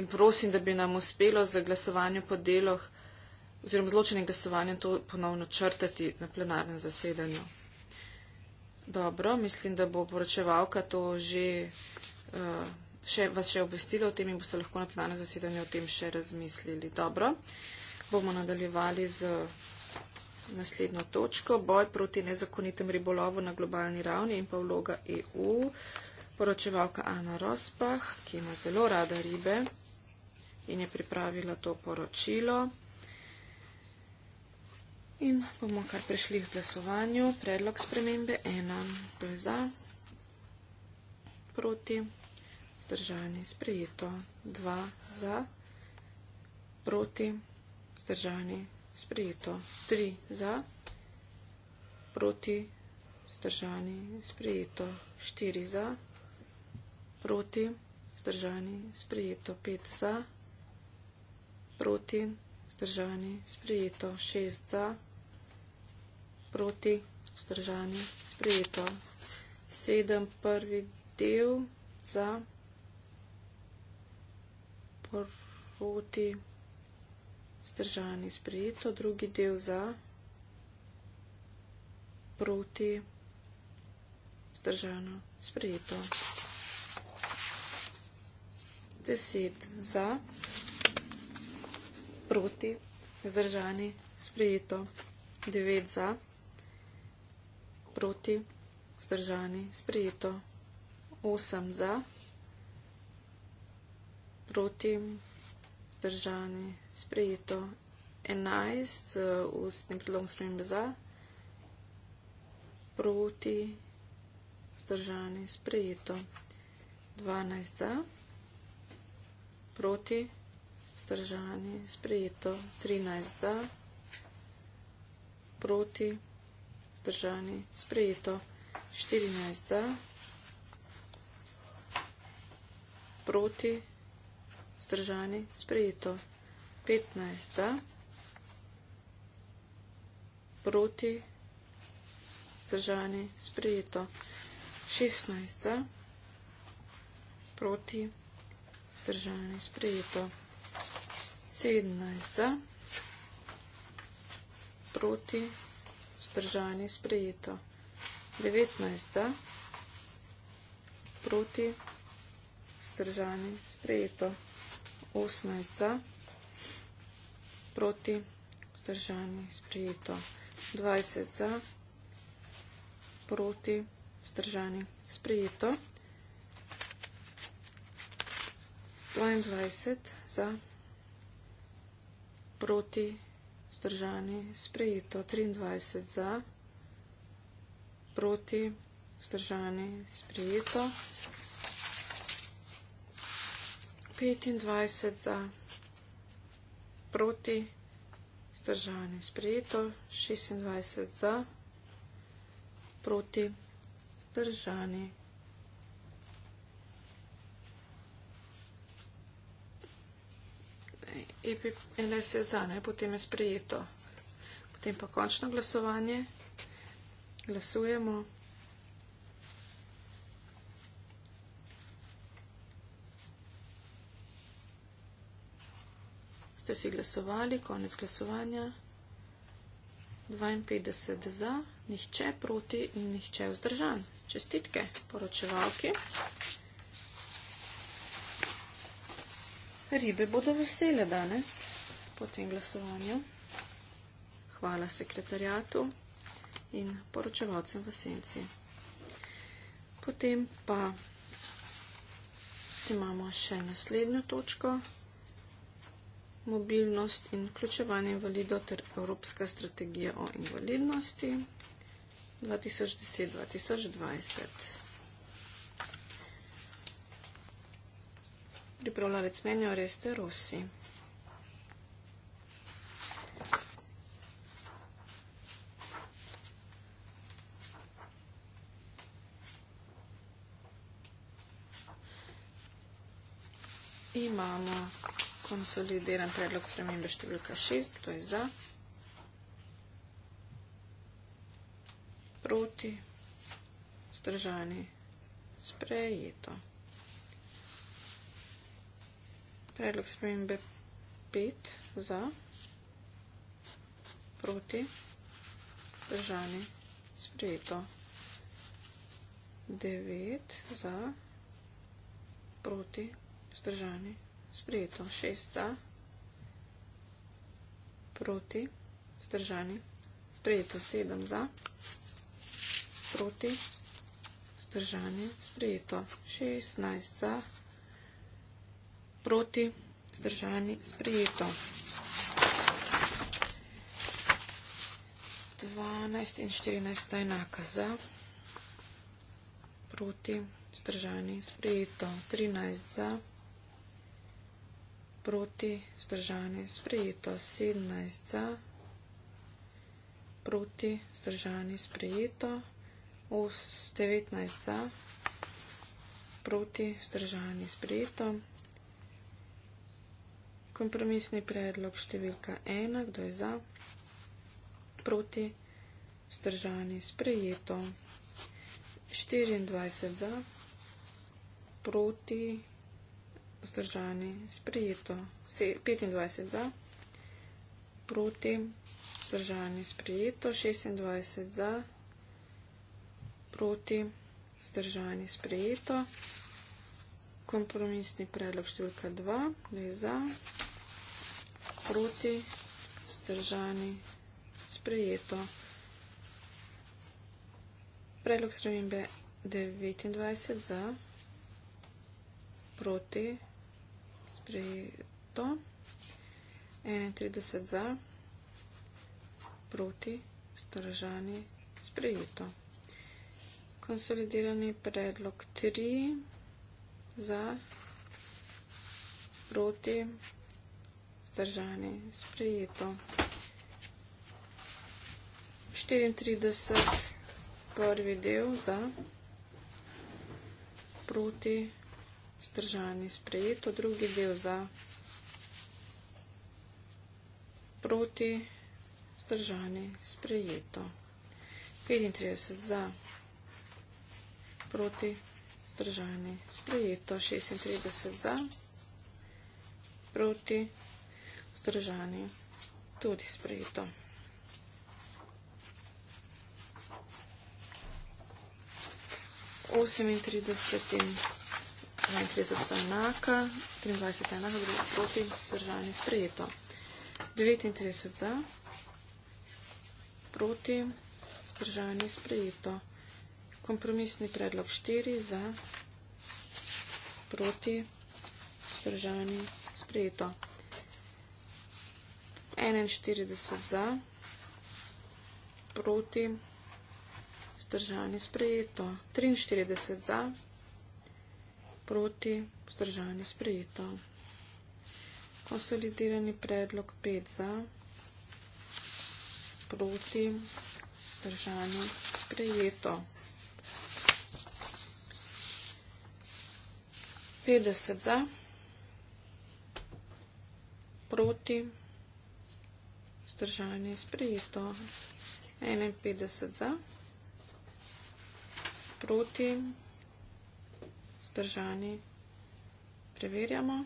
in prosim, da bi nam uspelo za glasovanje po deloh oziroma zločenim glasovanjem to ponovno črtati na plenarnem zasedanju. Dobro, mislim, da bo poročevalka to že, eh, še, vas še obvestila o tem in boste lahko na plenarnem zasedanju o tem še razmislili. Dobro, bomo nadaljevali z naslednjo točko. Boj proti nezakonitem ribolovu na globalni ravni in pa vloga EU. Poročevalka Ana Rospah, ki ima zelo rada ribe in je pripravila to poročilo. In bomo kar prišli v glasovanju. Predlog spremembe ena. To je za, proti, zdržani, sprejeto. Dva za, proti, zdržani, sprejeto. Tri za, proti, zdržani, sprejeto. Štiri za, proti, zdržani, sprejeto. Pet za, proti, zdržani, sprejeto. Šest za, proti, zdržani, sprejeto. Sedem prvi del za, proti, zdržani, sprejeto vzdržani, sprijeto, drugi del za, proti, vzdržano, sprijeto. Deset za, proti, vzdržani, sprijeto. Devet za, proti, vzdržani, sprijeto. Osem za, proti, vzdržani, sprijeto. Sprejeto. 11 ustnim predlogom spremembe za, proti, vzdržani, sprejeto. 12 za, proti, vzdržani, sprejeto. 13 za, proti, vzdržani, sprejeto. 14 za, proti, vzdržani, sprejeto. 15. 15 za, proti, zdržani, sprejeto. 16 za, proti, zdržani, sprejeto. 17 za, proti, zdržani, sprejeto. 19 za, proti, zdržani, sprejeto. 18 za, proti, zdržani, sprejeto proti, vzdržani, sprejeto. 20 za, proti, vzdržani, sprejeto. 22 za, proti, vzdržani, sprejeto. 23 za, proti, vzdržani, sprejeto. 25 za, proti, vzdržani, sprejeto proti, vzdržanje sprejeto, 26 za, proti, vzdržanje. EPLS je za, ne, potem je sprejeto. Potem pa končno glasovanje. Glasujemo. Glasujemo. Ste vsi glasovali, konec glasovanja. 52 za, nihče proti in nihče vzdržan. Čestitke poročevalki. Ribe bodo vesele danes po tem glasovanju. Hvala sekretarjatu in poročevalcem v senci. Potem pa imamo še naslednjo točko mobilnost in vključevanje invalidov ter Evropska strategija o invalidnosti 2010-2020. Pripravljalec menijo res te Rusi. Imamo konsolidiran predlog spremembe številka 6, kdo je za? Proti, zdržani, sprejeto. Predlog spremembe 5, za, proti, zdržani, sprejeto. 9, za, proti, zdržani, sprejeto sprejeto, šest za, proti, vzdržani, sprejeto, sedem za, proti, vzdržani, sprejeto, šestnajst za, proti, vzdržani, sprejeto. 12 in 14 sta enaka za, proti, vzdržani, sprejeto, 13 za, proti, vzdržani, sprejeto proti, vzdržane, sprejeto, 17 za, proti, vzdržane, sprejeto, 19 za, proti, vzdržane, sprejeto. Kompromisni predlog številka 1, kdo je za, proti, vzdržane, sprejeto, 24 za, proti, vzdržane, sprejeto vzdržani, sprejeto, 25 za, proti, vzdržani, sprejeto, 26 za, proti, vzdržani, sprejeto, kompromisni predlog številka 2, za, proti, vzdržani, sprejeto, predlog spremembe 29 za, proti, vzdržani, sprejeto, sprejeto. 31 za, proti, vzdržani, sprejeto. Konsolidirani predlog 3 za, proti, vzdržani, sprejeto. 34 prvi del za, proti, vzdržani, sprejeto. Zdržani sprejeto, drugi del za proti, zdržani sprejeto. 35 za proti, zdržani sprejeto. 36 za proti, zdržani tudi sprejeto. Osemintrideset in 32 enaka, 23 enaka, druga proti, vzdržanje sprejeto. 39 za, proti, vzdržanje sprejeto. Kompromisni predlog 4 za, proti, vzdržanje sprejeto. 41 za, proti, vzdržanje sprejeto. 43 za, proti, vzdržanje sprejeto proti, vzdržani sprejeto. Konsolidirani predlog 5 za, proti, vzdržani sprejeto. 50 za, proti, vzdržani sprejeto. 51 za, proti, vzdržani sprejeto zdržani. Preverjamo.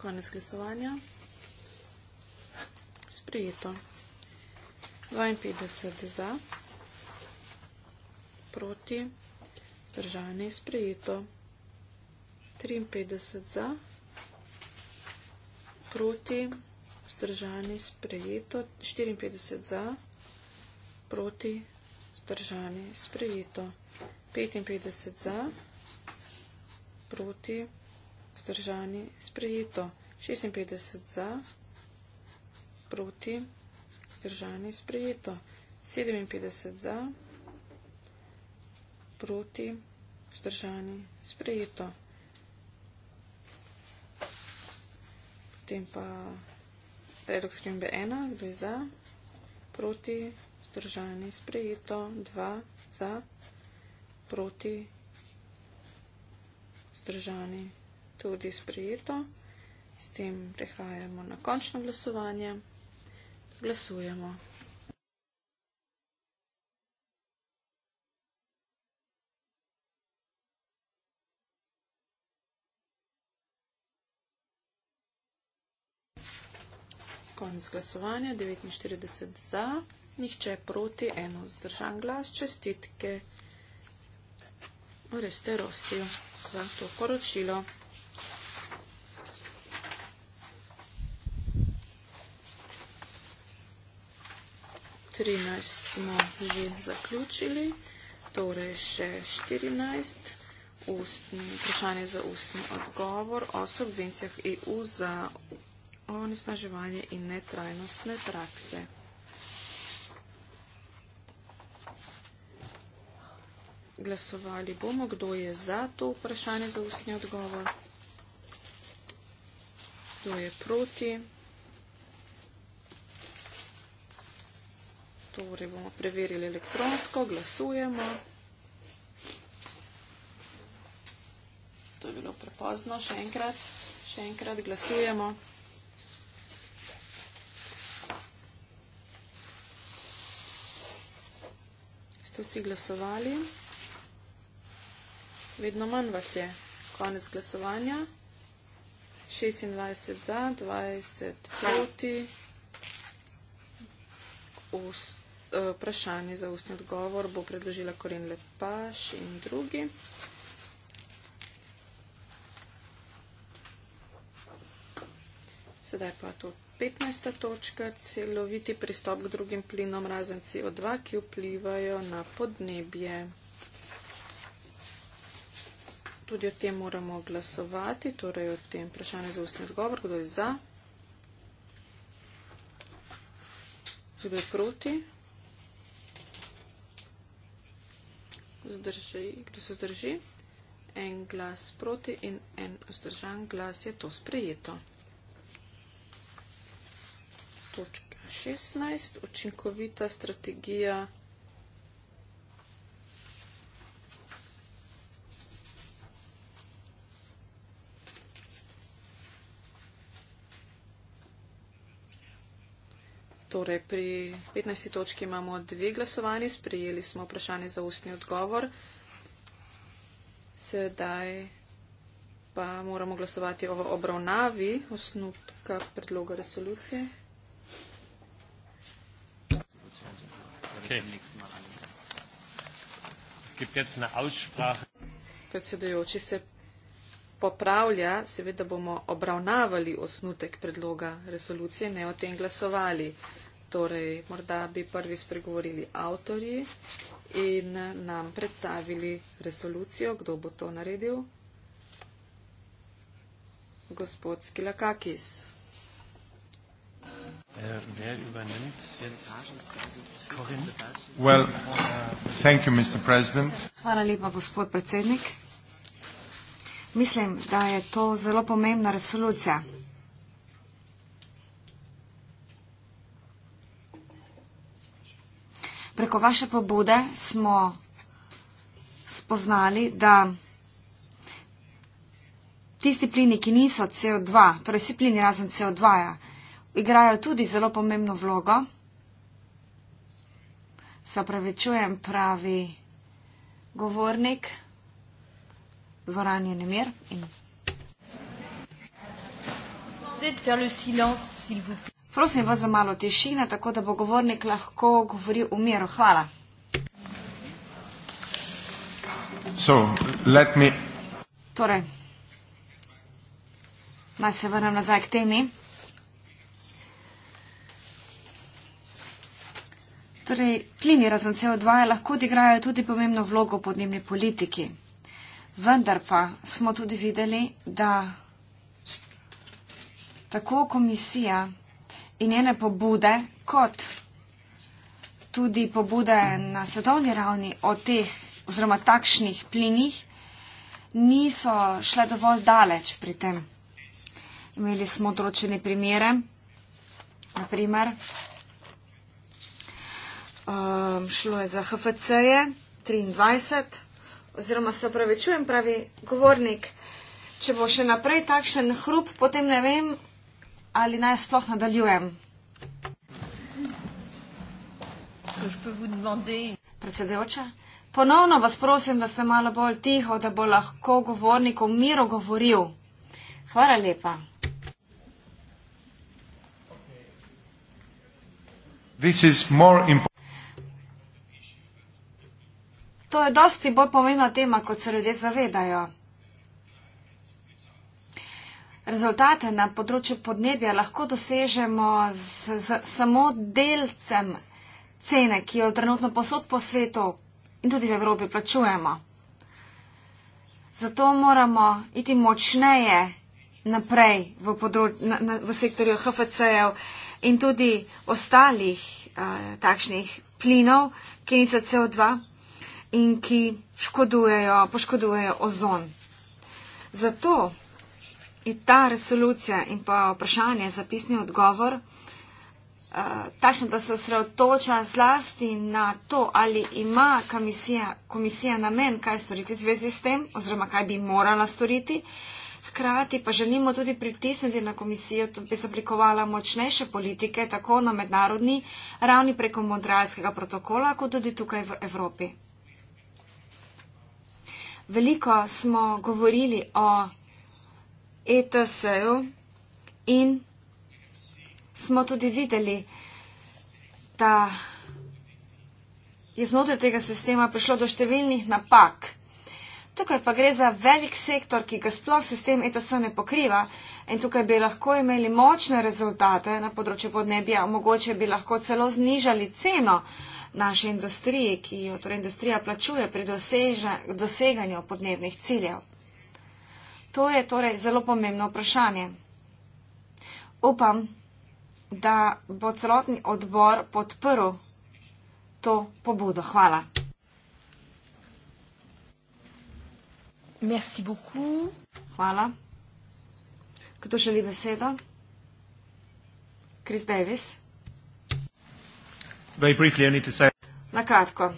Konec glasovanja. Sprijeto. 52 za. Proti. Zdržani. Sprijeto. 53 za proti, vzdržani, sprejeto, 54 za, proti, vzdržani, sprejeto, 55 za, proti, vzdržani, sprejeto, 56 za, proti, vzdržani, sprejeto, 57 za, proti, vzdržani, sprejeto. Potem pa predlog skrembe 1, kdo je za, proti, zdržani, sprejeto, 2, za, proti, zdržani, tudi sprejeto. S tem prehajamo na končno glasovanje. Glasujemo. konec glasovanja, 49 za, nihče proti, eno zdržan glas, čestitke Oreste Rosijo za to poročilo. Trinajst smo že zaključili, torej še štirinajst vprašanje za ustni odgovor o subvencijah EU za upravljanje onesnaževanje in netrajnostne prakse. Glasovali bomo, kdo je za to vprašanje za ustni odgovor, kdo je proti. Torej bomo preverili elektronsko, glasujemo. To je bilo prepozno, še enkrat, še enkrat glasujemo. so vsi glasovali. Vedno manj vas je. Konec glasovanja. 26 za, 20 proti. Eh, vprašanje za ustni odgovor bo predložila Korin Lepaš in drugi. Sedaj pa tudi. 15. točka je celoviti pristop k drugim plinom, razen CO2, ki vplivajo na podnebje. Tudi o tem moramo glasovati, torej o tem vprašanju za ustni odgovor, kdo je za, kdo je proti, zdrži, kdo se zdrži, en glas proti in en vzdržan glas je to sprejeto točka 16, učinkovita strategija. Torej, pri 15. točki imamo dve glasovanji, sprejeli smo vprašanje za ustni odgovor. Sedaj pa moramo glasovati o obravnavi osnutka predloga resolucije. Predsedujoči se popravlja, seveda bomo obravnavali osnutek predloga resolucije, ne o tem glasovali. Torej, morda bi prvi spregovorili avtori in nam predstavili resolucijo. Kdo bo to naredil? Gospod Skilakakis. Äh, well, thank you, Mr. President. Hvala lepa, gospod predsednik. Mislim, da je to zelo pomembna resolucija. Preko vaše pobude smo spoznali, da tisti plini, ki niso CO2, torej vsi plini razen CO2-ja, igrajo tudi zelo pomembno vlogo. Se pravičujem, pravi govornik, vranje nemir. In... Prosim vas za malo tišine, tako da bo govornik lahko govoril v miru. Hvala. So, me... Torej, naj se vrnem nazaj k temi. Torej, plini razen CO2 lahko odigrajo tudi pomembno vlogo v podnebni politiki. Vendar pa smo tudi videli, da tako komisija in njene pobude, kot tudi pobude na svetovni ravni o teh oziroma takšnih plinih, niso šle dovolj daleč pri tem. Imeli smo določene primere, naprimer um, šlo je za HFC -je, 23, oziroma se opravičujem, pravi govornik, če bo še naprej takšen hrup, potem ne vem, ali naj sploh nadaljujem. Predsedujoča, ponovno vas prosim, da ste malo bolj tiho, da bo lahko govornik v miru govoril. Hvala lepa. This is more important. To je dosti bolj pomembna tema, kot se ljudje zavedajo. Rezultate na področju podnebja lahko dosežemo z, z samo delcem cene, ki jo trenutno posod po svetu in tudi v Evropi plačujemo. Zato moramo iti močneje naprej v, področ, na, na, v sektorju HFC-jev in tudi ostalih uh, takšnih plinov, ki niso CO2 in ki škodujejo, poškodujejo ozon. Zato je ta resolucija in pa vprašanje za pisni odgovor eh, takšno, da se osredotoča zlasti na to, ali ima komisija, komisija namen, kaj storiti v zvezi s tem oziroma kaj bi morala storiti. Hkrati pa želimo tudi pritisniti na komisijo, da bi se oblikovala močnejše politike tako na mednarodni ravni preko Montrealskega protokola, kot tudi tukaj v Evropi veliko smo govorili o ETS-ju in smo tudi videli, da je znotraj tega sistema prišlo do številnih napak. Tukaj pa gre za velik sektor, ki ga sploh sistem ETS ne pokriva in tukaj bi lahko imeli močne rezultate na področju podnebja, mogoče bi lahko celo znižali ceno uh, naše industrije, ki jo torej industrija plačuje pri doseža, doseganju podnebnih ciljev? To je torej zelo pomembno vprašanje. Upam, da bo celotni odbor podprl to pobudo. Hvala. Merci beaucoup. Hvala. Kdo želi besedo? Chris Davis briefly, Na kratko.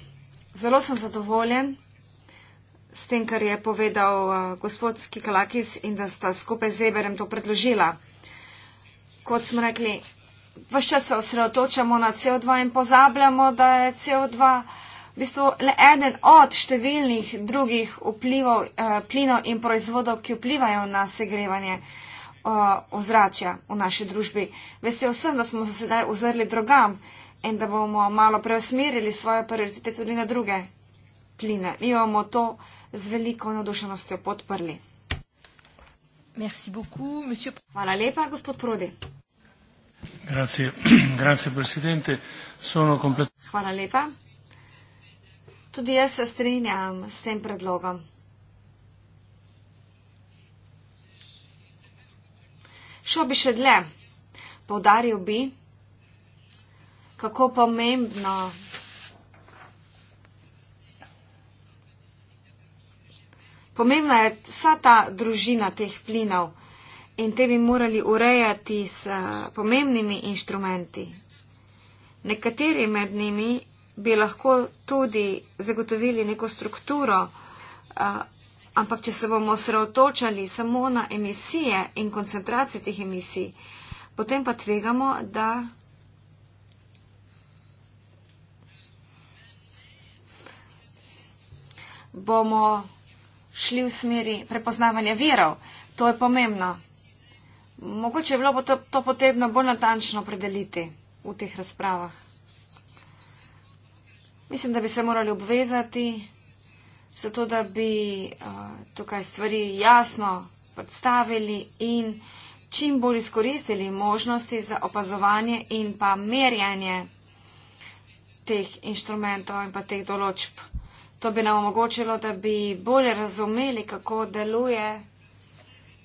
Zelo sem zadovoljen s tem, kar je povedal eh, gospod Kikalakis in da sta skupaj z Eberem to predložila. Kot smo rekli, vse čas se osredotočamo na CO2 in pozabljamo, da je CO2 v bistvu le eden od številnih drugih vplivov, eh, plinov in proizvodov, ki vplivajo na segrevanje eh, ozračja v naši družbi. Vesel sem, da smo se sedaj ozrli drugam in da bomo malo preusmerili svoje prioritete tudi na druge pline. Mi bomo to z veliko navdušenostjo podprli. Merci beaucoup, monsieur... Hvala lepa, gospod Prodi. Grazie. [CLEARS THROAT] Grazie, presidente. Sono komplet... Hvala lepa. Tudi jaz se strinjam s tem predlogom. Šel bi še dlje. Povdaril bi, kako pomembno. Pomembna je vsa ta družina teh plinov in te bi morali urejati s eh, pomembnimi inštrumenti. Nekateri med njimi bi lahko tudi zagotovili neko strukturo, eh, ampak če se bomo sreotočali samo na emisije in koncentracije teh emisij, potem pa tvegamo, da bomo šli v smeri prepoznavanja verov. To je pomembno. Mogoče je bilo to, to potrebno bolj natančno opredeliti v teh razpravah. Mislim, da bi se morali obvezati, zato da bi uh, tukaj stvari jasno predstavili in čim bolj izkoristili možnosti za opazovanje in pa merjanje teh inštrumentov in pa teh določb to bi nam omogočilo, da bi bolje razumeli, kako deluje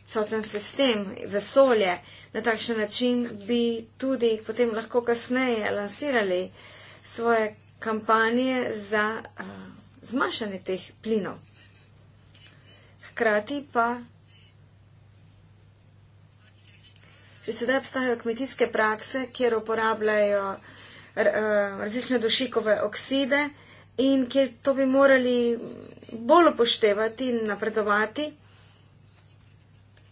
celoten sistem, vesolje. Na takšen način bi tudi potem lahko kasneje lansirali svoje kampanje za uh, zmanjšanje teh plinov. Hkrati pa. Že sedaj obstajajo kmetijske prakse, kjer uporabljajo eh, različne dušikove okside, in kjer to bi morali bolj upoštevati in napredovati,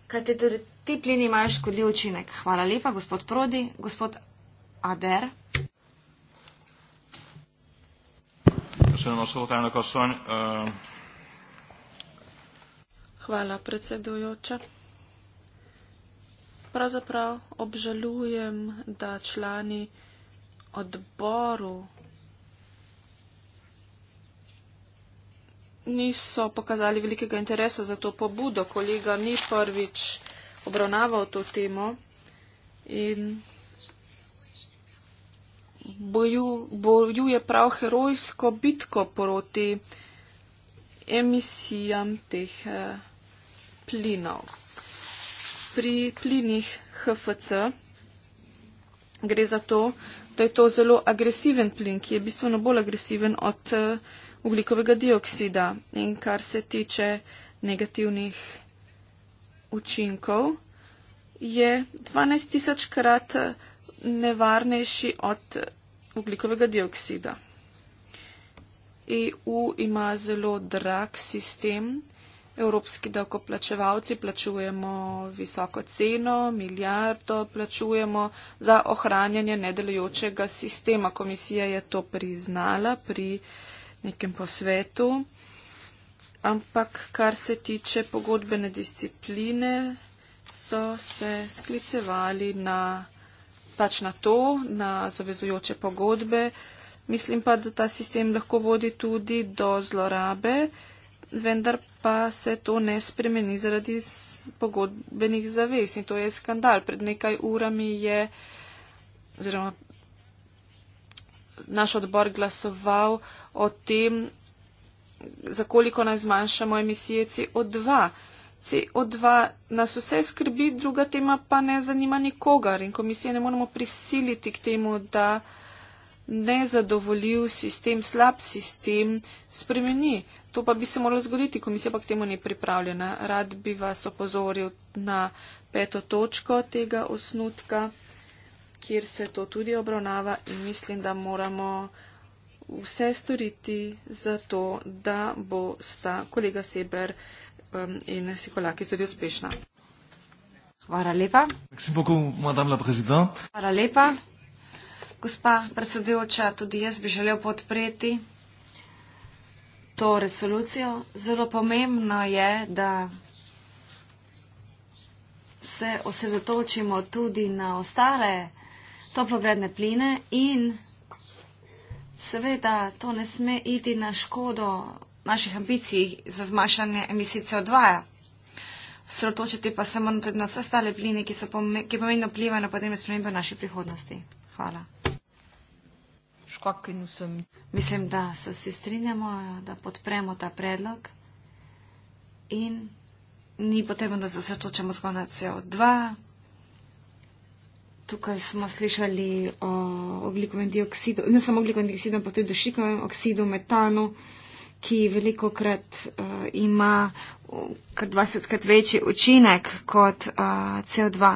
kajte tudi ti plini imajo škodljiv učinek. Hvala lepa, gospod Prodi, gospod Ader. Hvala, predsedujoča. Pravzaprav obžalujem, da člani odboru niso pokazali velikega interesa za to pobudo. Kolega ni prvič obravnaval to temo in boju, bojuje prav herojsko bitko proti emisijam teh eh, plinov. Pri plinih HFC gre za to, da je to zelo agresiven plin, ki je bistveno bolj agresiven od eh, ugljikovega dioksida. In kar se tiče negativnih učinkov, je 12 tisoč krat nevarnejši od ugljikovega dioksida. EU ima zelo drag sistem. Evropski davkoplačevalci plačujemo visoko ceno, milijardo plačujemo za ohranjanje nedelujočega sistema. Komisija je to priznala pri uh, nekem posvetu. Ampak kar se tiče pogodbene discipline, so se sklicevali na, pač na to, na zavezujoče pogodbe. Mislim pa, da ta sistem lahko vodi tudi do zlorabe, vendar pa se to ne spremeni zaradi pogodbenih zavez in to je skandal. Pred nekaj urami je oziroma, naš odbor glasoval o tem, zakoliko naj zmanjšamo emisije CO2. CO2 nas vse skrbi, druga tema pa ne zanima nikogar in komisije ne moramo prisiliti k temu, da nezadovoljiv sistem, slab sistem spremeni. To pa bi se moralo zgoditi, komisija pa k temu ni pripravljena. Rad bi vas opozoril na peto točko tega osnutka, kjer se to tudi obravnava in mislim, da moramo vse storiti za to, da bo sta kolega Seber um, in Sikolaki tudi uspešna. Hvala lepa. Hvala lepa. Gospa predsedujoča, tudi jaz bi želel podpreti to resolucijo. Zelo pomembno je, da se osredotočimo tudi na ostale toplogredne pline in Seveda, to ne sme iti na škodo naših ambicij za zmanjšanje emisij CO2. Srotočiti pa samo tudi na vse stale pline, ki, pome ki pomembno plivajo na podnebne spremembe naše prihodnosti. Hvala. Škakinusem. Mislim, da se vsi strinjamo, da podpremo ta predlog in ni potrebno, da se osredotočamo zgolj na CO2, tukaj smo slišali o oglikovem dioksidu, ne samo oglikovem dioksidu, ampak tudi dušikovem oksidu, metanu, ki veliko krat uh, eh, ima kar 20 krat večji učinek kot uh, eh, CO2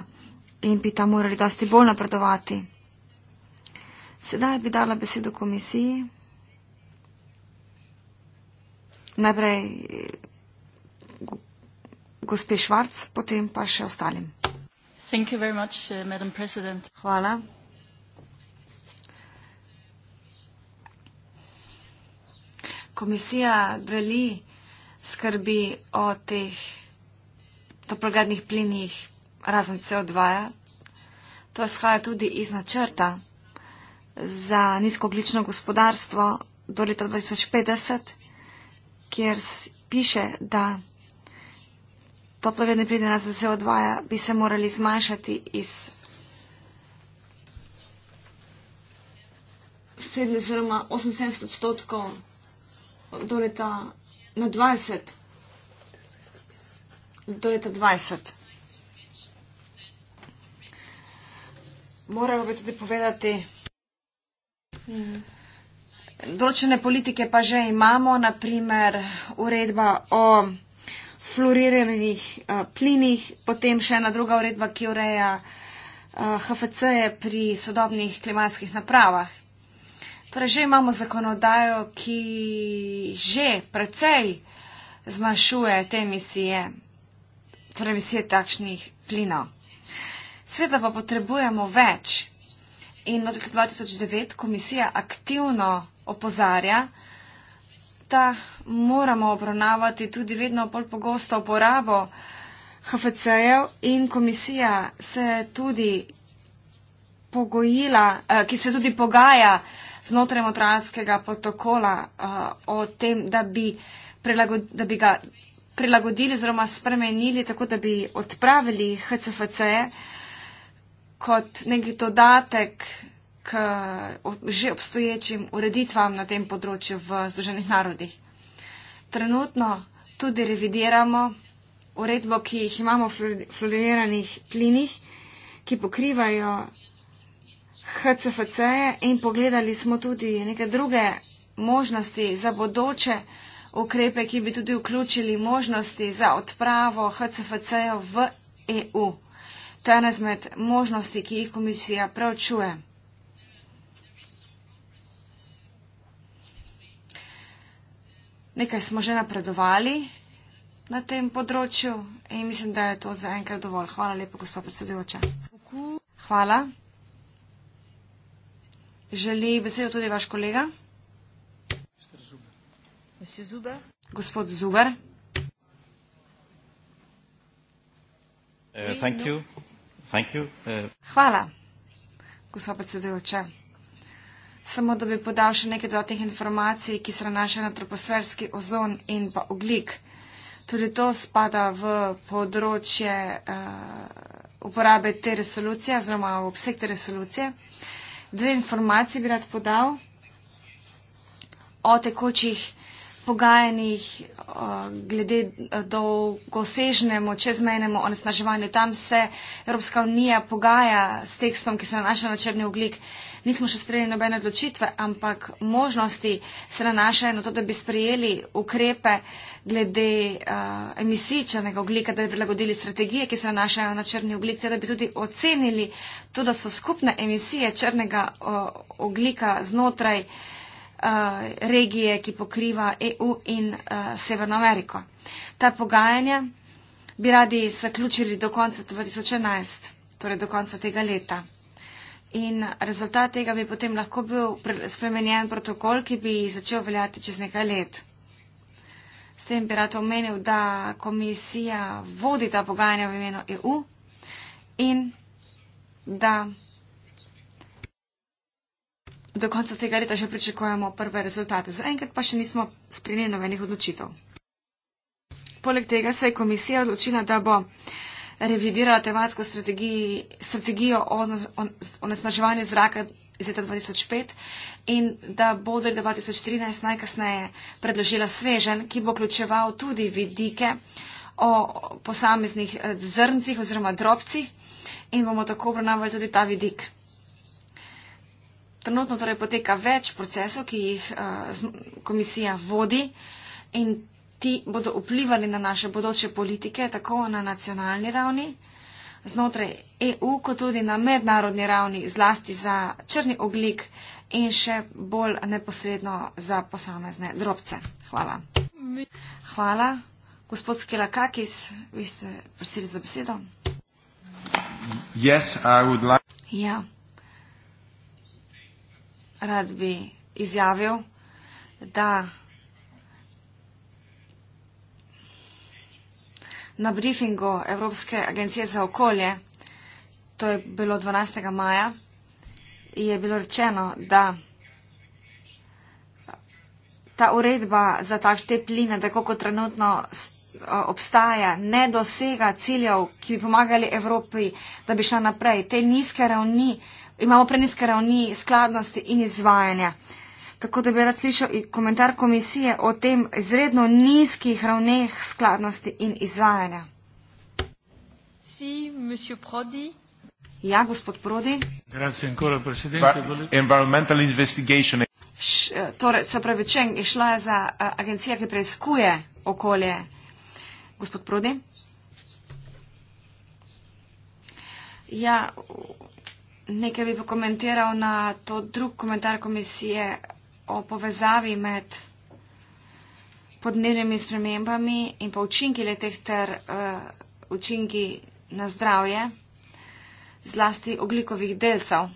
in bi tam morali dosti bolj napredovati. Sedaj bi dala besedo komisiji. Najprej eh, gospe Švarc, potem pa še ostalim. Uh, Hvala. Komisija deli skrbi o teh toplogrednih plinjih razen CO2. To izhaja tudi iz načrta za nizkoglično gospodarstvo do leta 2050, kjer piše, da toplogredni pridelek, razen CO2, bi se morali zmanjšati iz 78 odstotkov do leta na 20. Do leta 20. Moramo bi tudi povedati, določene politike pa že imamo, naprimer uredba o fluoriranih eh, plinih, potem še ena druga uredba, ki ureja HFC-je eh, pri sodobnih klimatskih napravah. Torej, že imamo zakonodajo, ki že precej zmanjšuje te emisije, torej emisije takšnih plinov. Sveda pa potrebujemo več. In od leta 2009 komisija aktivno opozarja, leta moramo obravnavati tudi vedno bolj pogosto uporabo HFC-jev in komisija se je tudi pogojila, eh, ki se tudi pogaja znotraj motranskega protokola eh, o tem, da bi, da bi ga prilagodili oziroma spremenili tako, da bi odpravili HCFC kot neki dodatek k že obstoječim ureditvam na tem področju v Združenih narodih. Trenutno tudi revidiramo uredbo, ki jih imamo v fluoriranih plinih, ki pokrivajo HCFC-je in pogledali smo tudi neke druge možnosti za bodoče ukrepe, ki bi tudi vključili možnosti za odpravo HCFC-jo v EU. To je ena izmed možnosti, ki jih komisija preučuje. nekaj smo že napredovali na tem področju in mislim, da je to za enkrat dovolj. Hvala lepa, gospod predsedujoča. Hvala. Želi besedo tudi vaš kolega? Gospod Zuber. Eh, eh, Hvala, gospod predsedujoča samo da bi podal še nekaj dodatnih informacij, ki se nanašajo na troposferski ozon in pa oglik. Tudi to spada v področje uh, uporabe te resolucije oziroma v obseg te resolucije. Dve informacije bi rad podal o tekočih pogajanjih eh, glede eh, dolgosežnemu, čezmejnemu onesnaževanju. Tam se Evropska unija pogaja s tekstom, ki se nanaša na črni oglik. Uh, nismo še sprejeli nobene odločitve, ampak možnosti se nanašajo na to, da bi sprejeli ukrepe glede uh, emisij črnega oglika, da bi prilagodili strategije, ki se nanašajo na črni oglik, da bi tudi ocenili to, da so skupne emisije črnega uh, oglika znotraj uh, regije, ki pokriva EU in uh, Severno Ameriko. Ta pogajanja bi radi zaključili do konca 2011, torej do konca tega leta. In rezultat tega bi potem lahko bil spremenjen protokol, ki bi začel veljati čez nekaj let. S tem bi rad omenil, da komisija vodi ta pogajanja v imenu EU in da do konca tega leta že pričakujemo prve rezultate. Zaenkrat pa še nismo sprejeli nobenih odločitev. Poleg tega se je komisija odločila, da bo revidirala tematsko strategijo onesnaževanja zraka iz leta 2005 in da bo do 2013 najkasneje predložila svežen, ki bo vključeval tudi vidike o posameznih eh, zrncih oziroma drobcih in bomo tako obravnavali tudi ta vidik. Trenutno torej poteka več procesov, ki jih eh, komisija vodi in ti bodo vplivali na naše bodoče politike, tako na nacionalni ravni, znotraj EU, kot tudi na mednarodni ravni, zlasti za črni oglik in še bolj neposredno za posamezne drobce. Hvala. Hvala. Gospod Skela Kakis, vi ste prosili za besedo. Yes, like... Ja, rad bi izjavil, da na briefingu Evropske agencije za okolje, to je bilo 12. maja, je bilo rečeno, da ta uredba za takšne pline, tako kot trenutno obstaja, ne dosega ciljev, ki bi pomagali Evropi, da bi šla naprej. Te nizke ravni, imamo preniske ravni skladnosti in izvajanja. Uh, Tako da bi rad slišal komentar komisije o tem izredno nizkih ravneh skladnosti in izvajanja. Si, ja, gospod Prodi. Eh, torej, se pravi, če je šla za eh, agencija, ki preizkuje okolje. Gospod Prodi. Ja, nekaj bi pa komentiral na to drug komentar komisije o povezavi med podnebnimi spremembami in pa učinki leteh ter uh, učinki na zdravje, zlasti oglikovih delcev.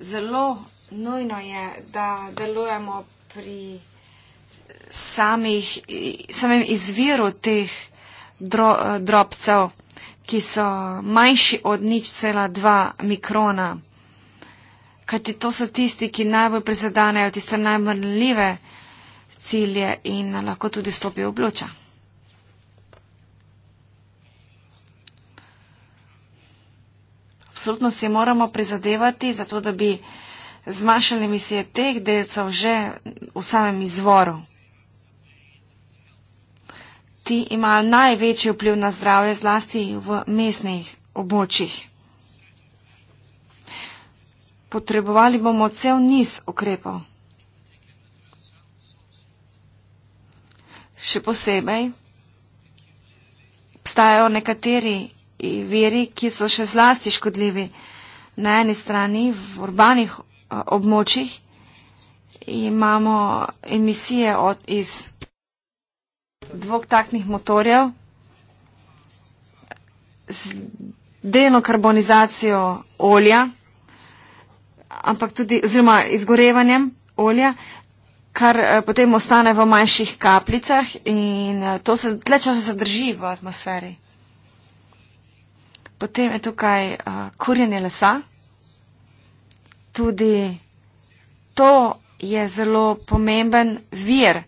Zelo nujno je, da delujemo pri samih, samem izviru teh dro, eh, drobcev ki so manjši od nič cela dva mikrona. Kajti to so tisti, ki najbolj prizadanejo tiste najmrljive cilje in lahko tudi stopijo v bloča. Absolutno si moramo prizadevati za to, da bi zmanjšali emisije teh delcev že v samem izvoru ti imajo največji vpliv na zdravje, zlasti v mestnih območjih. Potrebovali bomo cel niz ukrepov. Še posebej obstajajo nekateri veri, ki so še zlasti škodljivi na eni strani v urbanih eh, območjih. Imamo emisije od, iz dvok taknih motorjev z delno karbonizacijo olja, ampak tudi oziroma izgorevanjem olja, kar eh, potem ostane v manjših kapljicah in eh, to se tle časa zadrži v atmosferi. Potem je tukaj eh, kurjenje lesa. Tudi to je zelo pomemben vir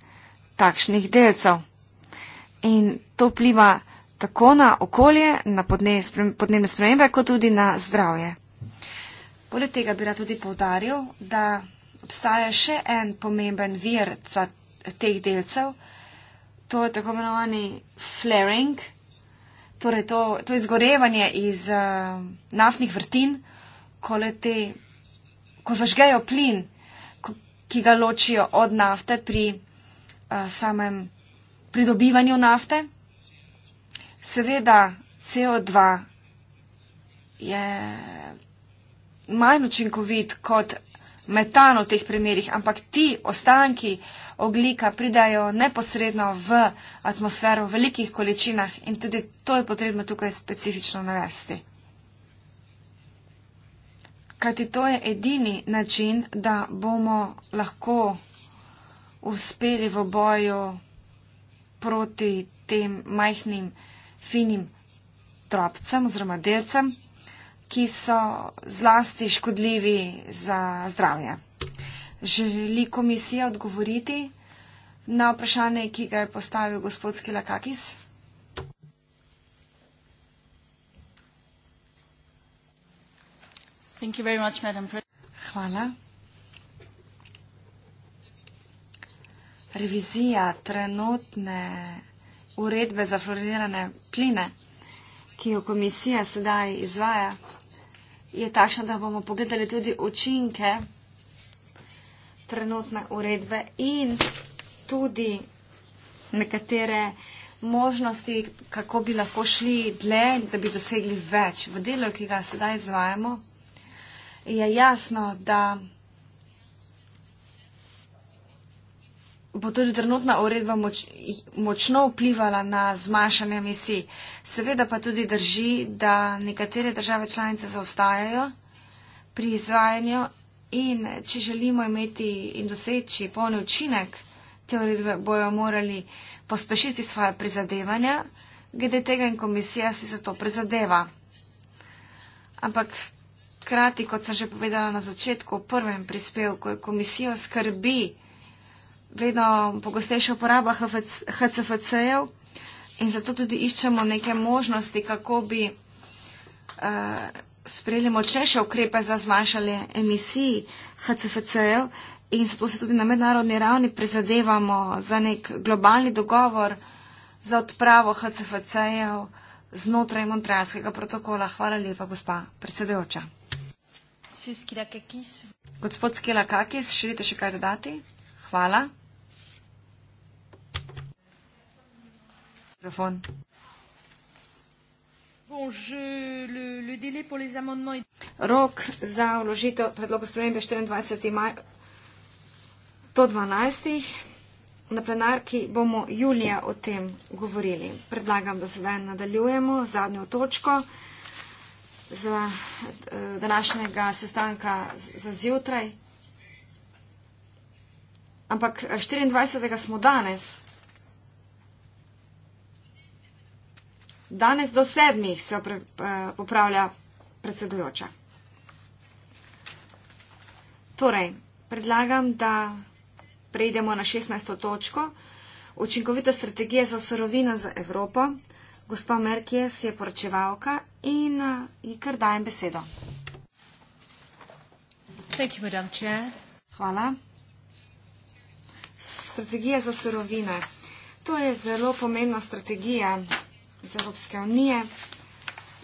takšnih delcev in to pliva tako na okolje, na podnebne spremembe, kot tudi na zdravje. Poleg tega bi rad tudi povdaril, da obstaja še en pomemben vir teh delcev, to je tako imenovani flaring, torej to, to izgorevanje iz uh, naftnih vrtin, ko, te, ko zažgejo plin, ko, ki ga ločijo od nafte pri uh, samem pridobivanju nafte. Seveda, CO2 je manj učinkovit kot metan v teh primerjih, ampak ti ostanki oglika pridajo neposredno v atmosfero v velikih količinah in tudi to je potrebno tukaj specifično navesti. Kajti to je edini način, da bomo lahko uspeli v boju proti tem majhnim, finim drobcem oziroma delcem, ki so zlasti škodljivi za zdravje. Želi komisija odgovoriti na vprašanje, ki ga je postavil gospod Skelakakis? Hvala. revizija trenutne uredbe za fluorirane pline, ki jo komisija sedaj izvaja, je takšna, da bomo pogledali tudi učinke trenutne uredbe in tudi nekatere možnosti, kako bi lahko šli dlje, da bi dosegli več. V delu, ki ga sedaj izvajamo, je jasno, da bo tudi trenutna uredba moč, močno vplivala na zmanjšanje emisij. Seveda pa tudi drži, da nekatere države članice zaostajajo pri izvajanju in če želimo imeti in doseči polni učinek te uredbe, bojo morali pospešiti svoje prizadevanja, glede tega in komisija si za to prizadeva. Ampak krati, kot sem že povedala na začetku, v prvem prispevku je komisijo skrbi, vedno pogostejša uporaba HCFC-jev in zato tudi iščemo neke možnosti, kako bi uh, sprejeli močnejše ukrepe za zmanjšanje emisij HCFC-jev in zato se tudi na mednarodni ravni prizadevamo za nek globalni dogovor za odpravo HCFC-jev znotraj Montrealskega protokola. Hvala lepa, gospa predsedujoča. Gospod Skila Kakis, želite še kaj dodati? Hvala. mikrofon. Rok za vložitev predloga spremembe 24. maja 112. Na plenarki bomo julija o tem govorili. Predlagam, da sedaj nadaljujemo zadnjo točko z eh, današnjega sestanka za zjutraj. Ampak 24. Eh, smo danes. Danes do sedmih se eh, popravlja predsedujoča. Torej, predlagam, da prejdemo na 16. točko. Učinkovita strategija za sorovina za Evropo. Gospa Merkies je poročevalka in eh, ji kar dajem besedo. Thank you, Hvala. Strategija za sorovine. To je zelo pomembna strategija iz Evropske unije.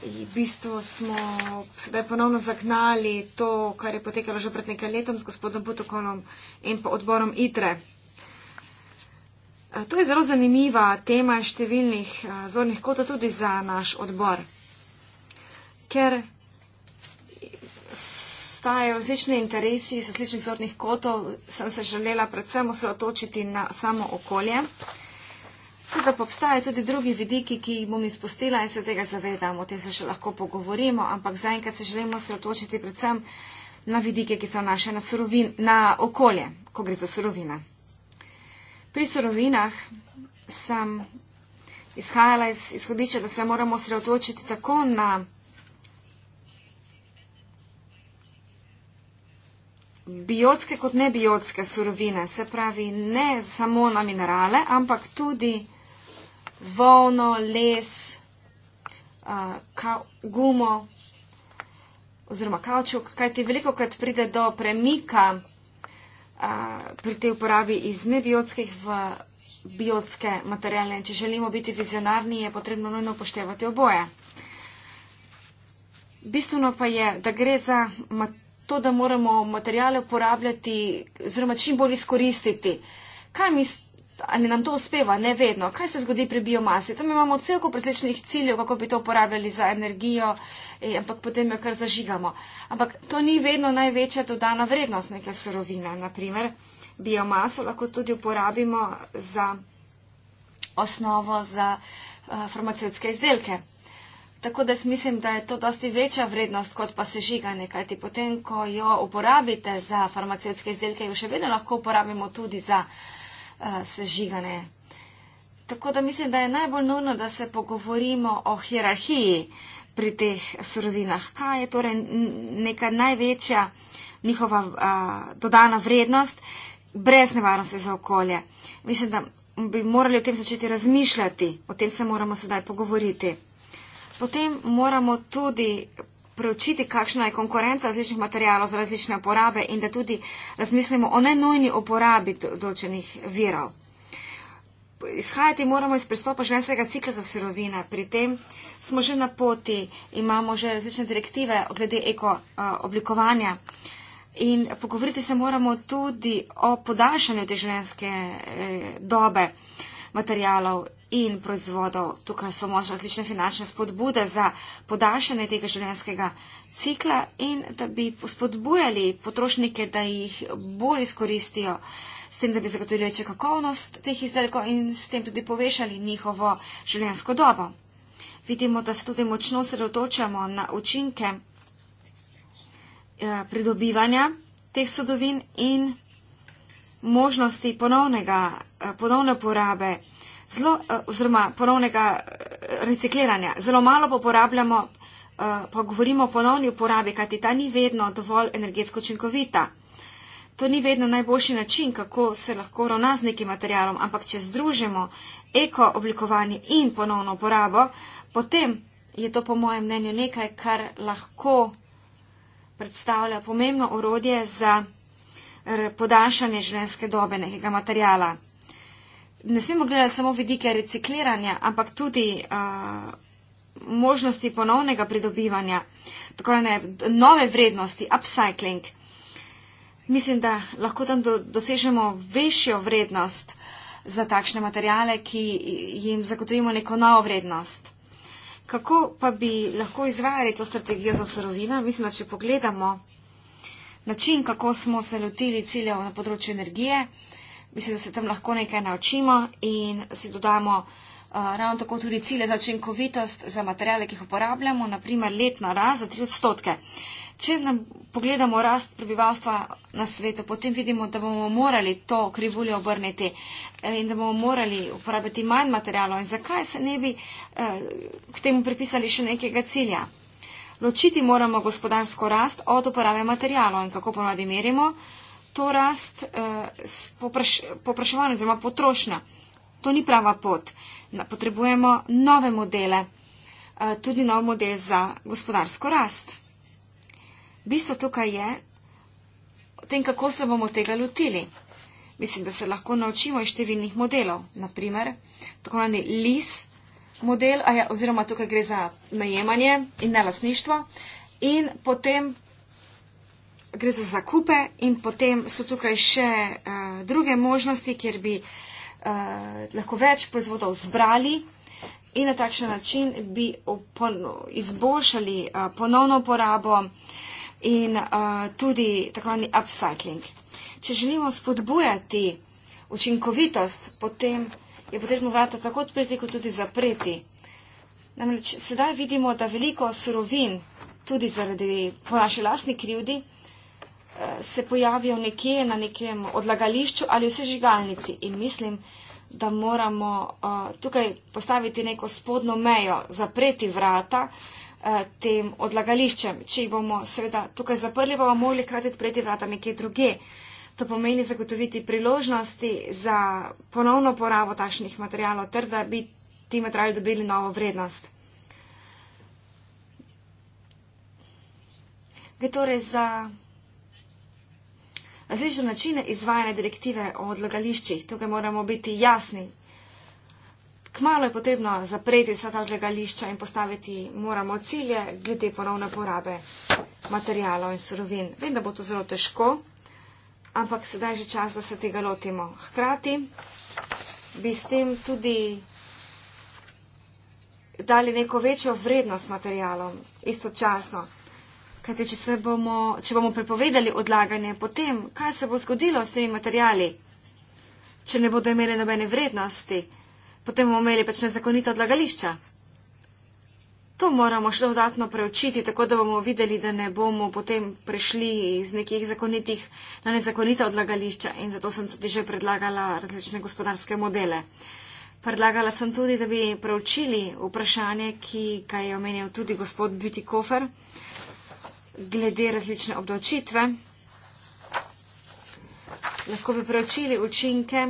In v bistvu smo sedaj ponovno zagnali to, kar je potekalo že pred nekaj letom s gospodom Butokonom in pa odborom ITRE. Eh, to je zelo zanimiva tema številnih eh, zornih kotov tudi za naš odbor, ker stajajo različni interesi iz različnih zornih kotov, sem se želela predvsem osredotočiti na samo okolje. Seveda pa obstajajo tudi drugi vidiki, ki jih bom izpostila in se tega zavedam, o tem se še lahko pogovorimo, ampak zaenkrat se želimo sredotočiti predvsem na vidike, ki se vnašajo na, na okolje, ko gre za surovine. Pri surovinah sem izhajala iz izhodišča, da se moramo sredotočiti tako na biotske kot nebiotske surovine, se pravi ne samo na minerale, ampak tudi na volno, les, uh, ka, gumo oziroma kavčuk, kajti veliko krat pride do premika uh, pri tej uporabi iz nebiotskih v biotske materijale. In če želimo biti vizionarni, je potrebno nujno upoštevati oboje. Bistveno pa je, da gre za to, da moramo materijale uporabljati oziroma čim bolj izkoristiti. Kaj mislite? ali nam to uspeva, ne vedno. Kaj se zgodi pri biomasi? Tam imamo cel kup različnih ciljev, kako bi to uporabljali za energijo, eh, ampak potem jo kar zažigamo. Ampak to ni vedno največja dodana vrednost neke sorovine. Naprimer, biomaso lahko tudi uporabimo za osnovo za eh, farmacevtske izdelke. Tako da mislim, da je to dosti večja vrednost, kot pa se žiganje, kajti potem, ko jo uporabite za farmacevtske izdelke, jo še vedno lahko uporabimo tudi za Eh, sežigane. Tako da mislim, da je najbolj nujno, da se pogovorimo o hierarhiji pri teh surovinah. Kaj je torej neka največja njihova a, eh, dodana vrednost brez nevarnosti za okolje? Mislim, da bi morali o tem začeti razmišljati, o tem se moramo sedaj pogovoriti. Potem moramo tudi preučiti, kakšna je konkurenca različnih materijalov za različne uporabe in da tudi razmislimo o nenujni uporabi določenih virov. Izhajati moramo iz pristopa ženskega cikla za sirovine. Pri tem smo že na poti, imamo že različne direktive glede ekooblikovanja. Uh, In pogovoriti se moramo tudi o podaljšanju te življenjske e, dobe materijalov in proizvodov. Tukaj so možne različne finančne spodbude za podaljšanje tega življenjskega cikla in da bi spodbujali potrošnike, da jih bolj izkoristijo s tem, da bi zagotovili večjo kakovnost teh izdelkov in s tem tudi povešali njihovo življenjsko dobo. Vidimo, da se tudi močno sredotočamo na učinke eh, pridobivanja teh sodovin in možnosti ponovnega, eh, ponovne porabe zelo, eh, oziroma ponovnega eh, recikliranja. Zelo malo pa uporabljamo, eh, pa govorimo o ponovni uporabi, kajti ta ni vedno dovolj energetsko učinkovita. To ni vedno najboljši način, kako se lahko ravna z nekim materialom, ampak če združimo eko oblikovanje in ponovno uporabo, potem je to po mojem mnenju nekaj, kar lahko predstavlja pomembno orodje za podaljšanje življenjske dobe nekega materiala ne smemo gledati samo vidike recikliranja, ampak tudi uh, možnosti ponovnega pridobivanja, tako da ne nove vrednosti, upcycling. Mislim, da lahko tam do, dosežemo večjo vrednost za takšne materijale, ki jim zagotovimo neko novo vrednost. Kako pa bi lahko izvajali to strategijo za sorovina? Mislim, da če pogledamo način, kako smo se lotili ciljev na področju energije, uh, mislim, da se tam lahko nekaj naučimo in si dodamo uh, ravno tako tudi cilje za učinkovitost za materijale, ki jih uporabljamo, naprimer letna rast za 3 odstotke. Če nam pogledamo rast prebivalstva na svetu, potem vidimo, da bomo morali to krivuljo obrniti eh, in da bomo morali uporabiti manj materijalov. In zakaj se ne bi eh, k temu pripisali še nekega cilja? Ločiti moramo gospodarsko rast od uporabe materijalov in kako ponavadi merimo, to rast eh, popraš popraševanja oziroma potrošnja. To ni prava pot. Potrebujemo nove modele, eh, tudi nov model za gospodarsko rast. Bistvo tukaj je o tem, kako se bomo tega lotili. Mislim, da se lahko naučimo iz številnih modelov. Naprimer, tako imenovani LIS model, je, ja, oziroma tukaj gre za najemanje in nalasništvo. In potem gre za zakupe in potem so tukaj še uh, druge možnosti, kjer bi uh, lahko več proizvodov zbrali in na takšen način bi izboljšali uh, ponovno uporabo in uh, tudi tako imenovani upcycling. Če želimo spodbujati učinkovitost, potem je potrebno vrata tako odpreti, kot tudi zapreti. Namreč sedaj vidimo, da veliko surovin, tudi zaradi po naši lastni krivdi, se pojavijo nekje na nekem odlagališču ali v sežigalnici. In mislim, da moramo uh, tukaj postaviti neko spodno mejo, zapreti vrata uh, tem odlagališčem. Če jih bomo seveda tukaj zaprli, bomo mogli krati odpreti vrata nekje druge. To pomeni zagotoviti priložnosti za ponovno porabo takšnih materijalov, ter da bi ti materijali dobili novo vrednost. Gre torej za različne načine izvajanja direktive o odlagališčih. Tukaj moramo biti jasni. Kmalo je potrebno zapreti vsa ta odlagališča in postaviti moramo cilje glede ponovne porabe materijalov in surovin. Vem, da bo to zelo težko, ampak sedaj je že čas, da se tega lotimo. Hkrati bi s tem tudi dali neko večjo vrednost materijalom istočasno. Kajte, če, bomo, če bomo prepovedali odlaganje, potem kaj se bo zgodilo s temi materijali? Če ne bodo imeli nobene vrednosti, potem bomo imeli pač nezakonita odlagališča. To moramo še dodatno preučiti, tako da bomo videli, da ne bomo potem prišli iz nekih zakonitih na nezakonita odlagališča in zato sem tudi že predlagala različne gospodarske modele. Predlagala sem tudi, da bi preučili vprašanje, ki ga je omenil tudi gospod Beauty Koffer glede različne obdavčitve. Lahko bi preučili učinke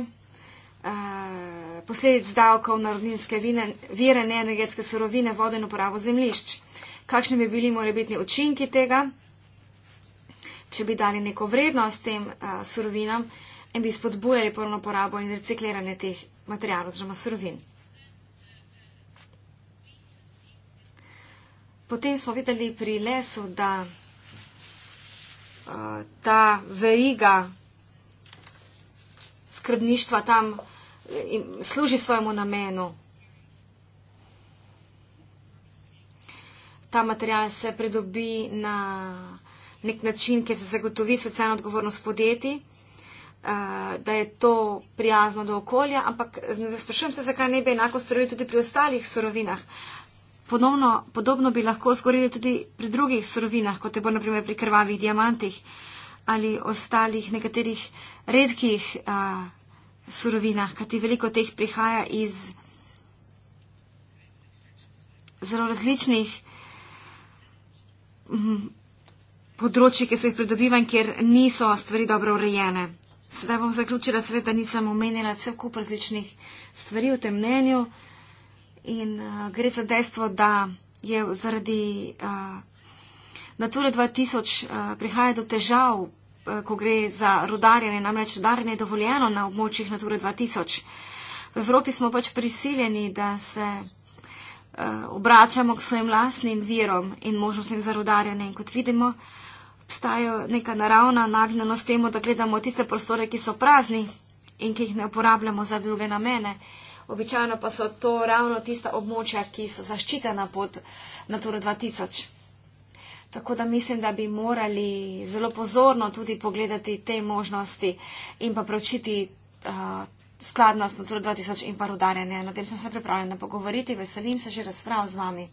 eh, posledic davkov na rodninske vire, neenergetske sorovine, vode in uporabo zemlišč. Kakšni bi bili morebitni učinki tega, če bi dali neko vrednost tem eh, sorovinam in bi spodbujali ponovno uporabo in recikliranje teh materijalov oziroma sorovin. Potem smo videli pri lesu, da ta veriga skrbništva tam eh, in služi svojemu namenu. Ta material se pridobi na nek način, kjer se zagotovi socialno odgovornost podjetij, eh, da je to prijazno do okolja, ampak eh, sprašujem se, zakaj ne bi enako storili tudi pri ostalih sorovinah. Podobno, podobno bi lahko zgorili tudi pri drugih surovinah, kot je bo naprimer pri krvavih diamantih ali ostalih nekaterih redkih a, surovinah, kajti veliko teh prihaja iz zelo različnih m, mhm, področji, ki se jih pridobiva in kjer niso stvari dobro urejene. Sedaj bom zaključila, seveda nisem omenila cel kup različnih stvari v tem mnenju. In uh, gre za dejstvo, da je zaradi uh, Nature 2000 uh, prihaja do težav, uh, ko gre za rudarjenje. Namreč rudarjenje je dovoljeno na območjih Nature 2000. V Evropi smo pač prisiljeni, da se uh, obračamo k svojim lastnim virom in možnostim za rudarjenje. In kot vidimo, obstaja neka naravna nagnjenost temu, da gledamo tiste prostore, ki so prazni in ki jih ne uporabljamo za druge namene. Uh, Običajno pa so to ravno tista območja, ki so zaščitena pod Natura 2000. Tako da mislim, da bi morali zelo pozorno tudi pogledati te možnosti in pa pročiti uh, skladnost Natura 2000 in pa rudarjenje. No, o tem sem se pripravljena pogovoriti, veselim se že razprav z vami.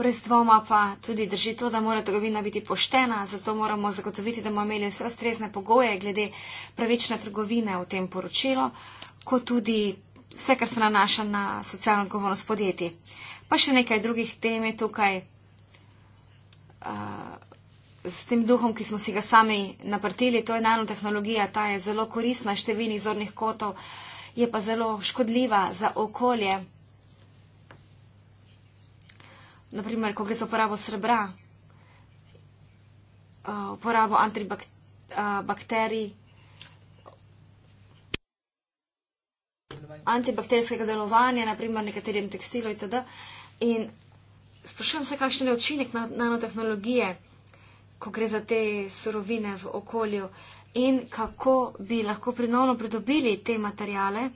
Brez dvoma pa tudi drži to, da mora trgovina biti poštena, zato moramo zagotoviti, da bomo imeli vse ustrezne pogoje glede pravične trgovine v tem poročilu, kot tudi vse, kar se nanaša na socialno odgovornost podjetij. Pa še nekaj drugih tem je tukaj uh, s tem duhom, ki smo si ga sami naprtili. To je nanotehnologija, ta je zelo koristna številnih zornih kotov, je pa zelo škodljiva za okolje naprimer, ko gre za uporabo srebra, uh, uporabo antibakterij, uh, antibakterijskega delovanja, naprimer nekaterim tekstilom itd. In sprašujem se, kakšen je učinek nanotehnologije, ko gre za te surovine v okolju in kako bi lahko prinovno pridobili te materijale,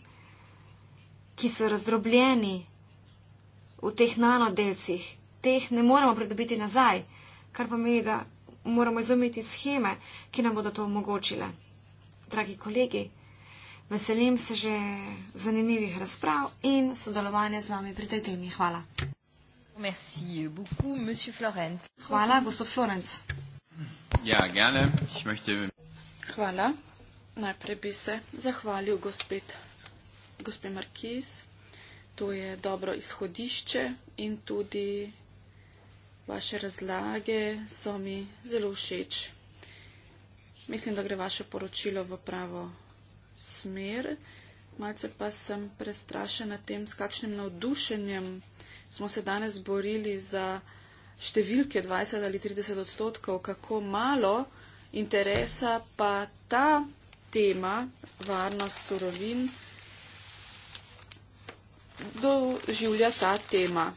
ki so razdrobljeni v teh nanodelcih, teh ne moremo pridobiti nazaj, kar pomeni, da moramo izumiti scheme, ki nam bodo to omogočile. Dragi kolegi, veselim se že zanimivih razprav in sodelovanja z vami pri tej temi. Hvala. Merci beaucoup, monsieur Florence. Hvala, gospod Florenc. Ja, gerne. Möchte... Hvala. Najprej bi se zahvalil gospod, gospod Markiz. To je dobro izhodišče in tudi vaše razlage so mi zelo všeč. Mislim, da gre vaše poročilo v pravo smer. Malce pa sem prestrašena tem, s kakšnim navdušenjem smo se danes borili za številke 20 ali 30 odstotkov, kako malo interesa pa ta tema, varnost surovin, doživlja ta tema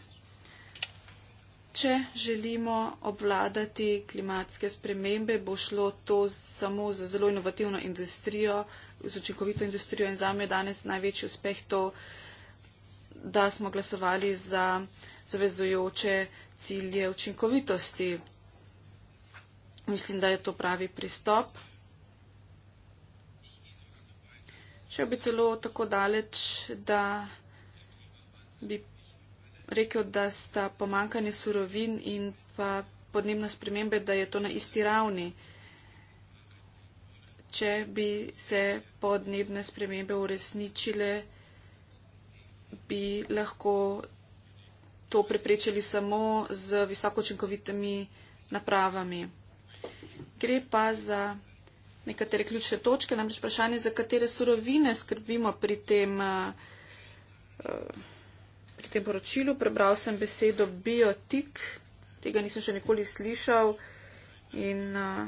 če želimo obvladati klimatske spremembe, bo šlo to samo za zelo inovativno industrijo, z učinkovito industrijo in za me je danes največji uspeh to, da smo glasovali za zavezujoče cilje učinkovitosti. Mislim, da je to pravi pristop. Če bi celo tako daleč, da bi rekel, da sta pomankanje surovin in pa podnebne spremembe, da je to na isti ravni. Če bi se podnebne spremembe uresničile, bi lahko to preprečili samo z visokočinkovitimi napravami. Gre pa za nekatere ključne točke, namreč vprašanje, za katere surovine skrbimo pri tem. Uh, uh, pri tem poročilu. Prebral sem besedo biotik, tega nisem še nikoli slišal. In, uh,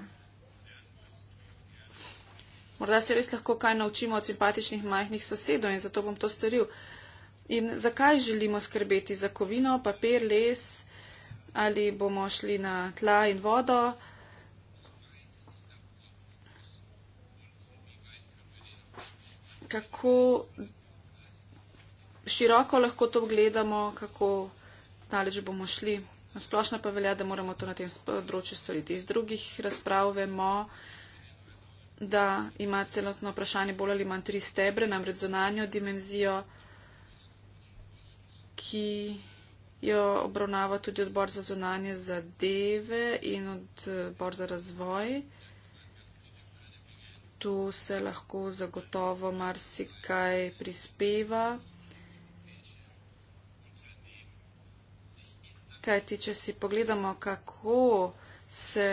morda se res lahko kaj naučimo od simpatičnih majhnih sosedov in zato bom to storil. In zakaj želimo skrbeti za kovino, papir, les ali bomo šli na tla in vodo? Kako široko lahko to gledamo, kako daleč bomo šli. Nasplošno pa velja, da moramo to na tem področju storiti. Iz drugih razprav vemo, da ima celotno vprašanje bolj ali manj tri stebre, namreč zonanjo dimenzijo, ki jo obravnava tudi odbor za zonanje zadeve in odbor za razvoj. Tu se lahko zagotovo marsikaj prispeva, Kajti, če si pogledamo, kako se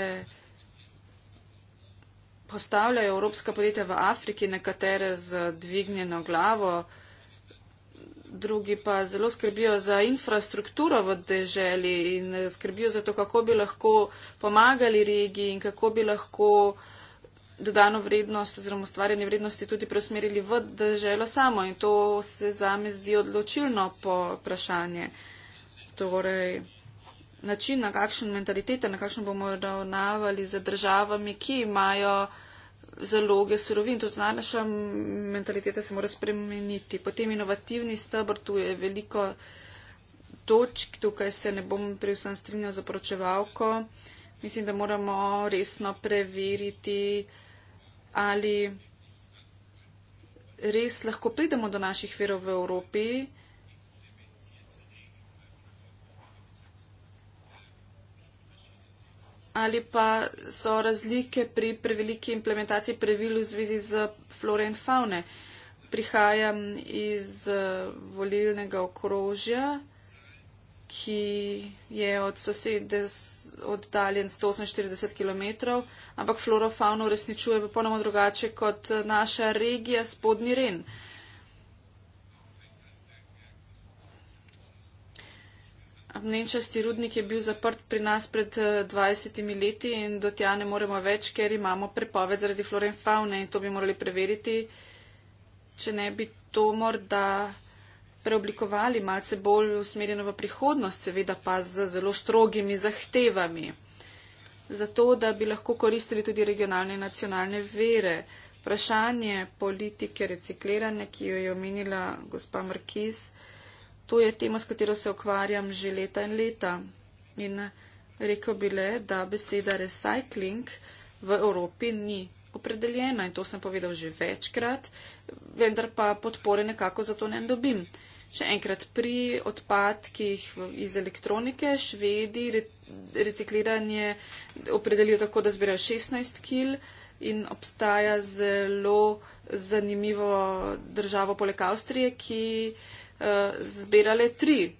postavljajo evropska podjetja v Afriki, nekatere z dvignjeno glavo, drugi pa zelo skrbijo za infrastrukturo v deželi in skrbijo za to, kako bi lahko pomagali regiji in kako bi lahko dodano vrednost oziroma ustvarjanje vrednosti tudi presmerili v državo samo. In to se zame zdi odločilno po vprašanje. Torej, način, na kakšen mentaliteta, na kakšen bomo ravnavali z državami, ki imajo zaloge surovin. Tudi naša mentaliteta se mora spremeniti. Potem inovativni stebr, tu je veliko točk, tukaj se ne bom pri vsem strinjal za poročevalko. Mislim, da moramo resno preveriti, ali res lahko pridemo do naših verov v Evropi. ali pa so razlike pri preveliki implementaciji pravil v zvezi z flore in faune. Prihajam iz eh, volilnega okrožja, ki je od sosede oddaljen 148 km, ampak flora fauna uresničuje popolnoma drugače kot eh, naša regija Spodni Ren. Uh, Mnenčasti rudnik je bil zaprt pri nas pred 20 eh, leti in do tja ne moremo več, ker imamo prepoved zaradi flore in faune in to bi morali preveriti, če ne bi to morda preoblikovali malce bolj usmerjeno v prihodnost, seveda pa z zelo strogimi zahtevami, zato da bi lahko koristili tudi regionalne in nacionalne vere. Vprašanje politike recikliranja, ki jo je omenila gospa Markis, to je tema, s katero se ukvarjam že leta in leta. In rekel bi le, da beseda recycling v Evropi ni opredeljena in to sem povedal že večkrat, vendar pa podpore nekako za to ne dobim. Še enkrat, pri odpadkih iz elektronike švedi recikliranje opredelijo tako, da zbirajo 16 kil in obstaja zelo zanimivo državo poleg Avstrije, ki uh, uh, zbirale tri.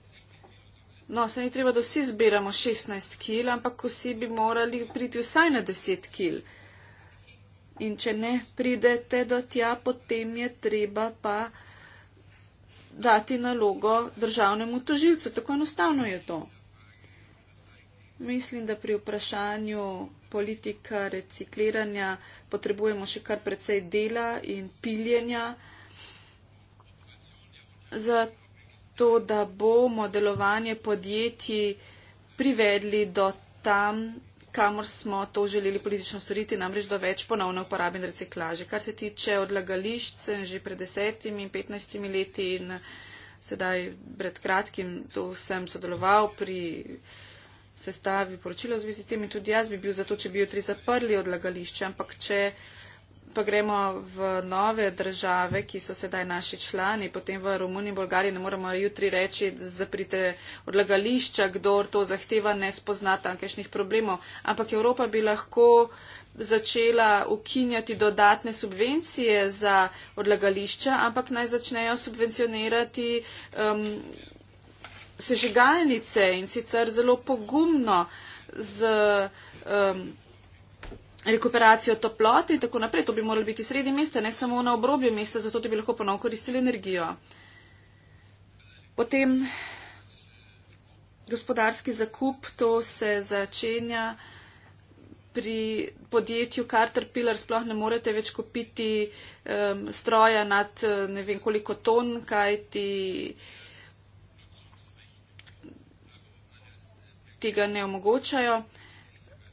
No, se ni treba, da vsi zbiramo 16 kil, ampak vsi bi morali priti vsaj na 10 kil. In če ne pridete do tja, potem je treba pa dati nalogo državnemu tožilcu. Tako enostavno je to. Mislim, da pri vprašanju politika recikliranja potrebujemo še kar precej dela in piljenja zato da bomo delovanje podjetij privedli do tam, kamor smo to želeli politično storiti, namreč do več ponovne uporabe in reciklaže. Kar se tiče odlagališč, sem že pred desetimi in petnajstimi leti in sedaj pred kratkim to sem sodeloval pri sestavi poročila z vizitimi. Tudi jaz bi bil zato, če bi jo tri zaprli odlagališče, ampak če pa gremo v nove države, ki so sedaj naši člani, potem v Romuniji in Bolgariji ne moremo jutri reči, zaprite odlagališča, kdo to zahteva, ne spozna tankešnih problemov. Ampak Evropa bi lahko začela ukinjati dodatne subvencije za odlagališča, ampak naj začnejo subvencionirati. Um, sežigalnice in sicer zelo pogumno z um, rekuperacijo toplote in tako naprej. To bi moralo biti sredi mesta, ne samo na obrobju mesta, zato da bi lahko ponovno koristili energijo. Potem gospodarski zakup, to se začenja pri podjetju Caterpillar, sploh ne morete več kupiti um, stroja nad eh, ne vem koliko ton, kaj ti. Tega ne omogočajo.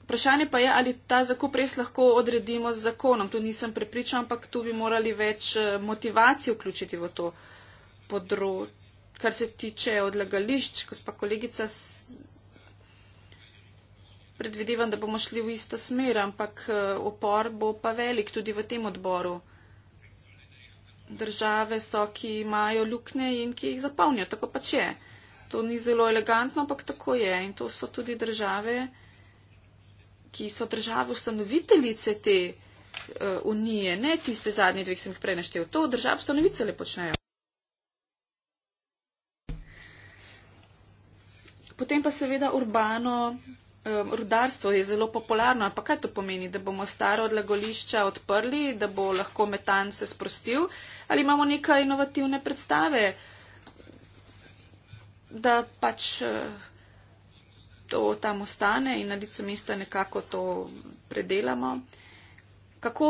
Vprašanje pa je, ali ta zakup res lahko odredimo z zakonom. Tu nisem prepričan, ampak tu bi morali več eh, motivacij vključiti v to področje. Kar se tiče odlagališč, gospa kolegica, predvidevam, da bomo šli v isto smer, ampak opor eh, bo pa velik tudi v tem odboru. Države so, ki imajo luknje in ki jih zapolnijo. Tako pač je. To ni zelo elegantno, ampak tako je. In to so tudi države ki so države ustanoviteljice te uh, unije, ne tiste zadnje dve, ki sem jih prej naštel. To države ustanovice le počnejo. Potem pa seveda urbano um, rudarstvo je zelo popularno. Ampak kaj to pomeni? Da bomo staro odlagališča odprli, da bo lahko metan se sprostil? Ali imamo neka inovativne predstave, da pač. Uh, to tam ostane in na licu mesta nekako to predelamo. Kako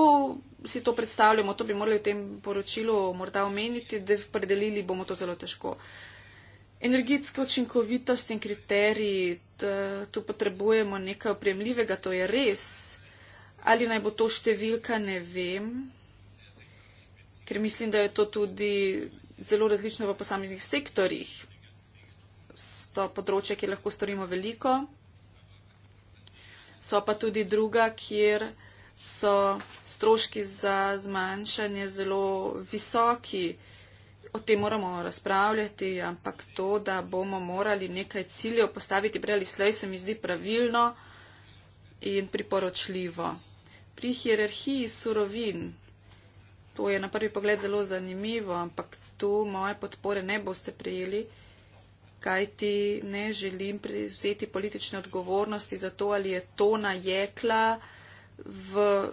si to predstavljamo, to bi morali v tem poročilu morda omeniti, da predelili bomo to zelo težko. Energetska učinkovitost in kriteriji, tu potrebujemo nekaj opremljivega, to je res. Ali naj bo to številka, ne vem, ker mislim, da je to tudi zelo različno v posameznih sektorjih tisto področje, kjer lahko storimo veliko. So pa tudi druga, kjer so stroški za zmanjšanje zelo visoki. O tem moramo razpravljati, ampak to, da bomo morali nekaj ciljev postaviti prej ali slej, se mi zdi pravilno in priporočljivo. Pri hierarhiji surovin, to je na prvi pogled zelo zanimivo, ampak tu moje podpore ne boste prijeli kajti ne želim prevzeti politične odgovornosti za to, ali je to najekla v.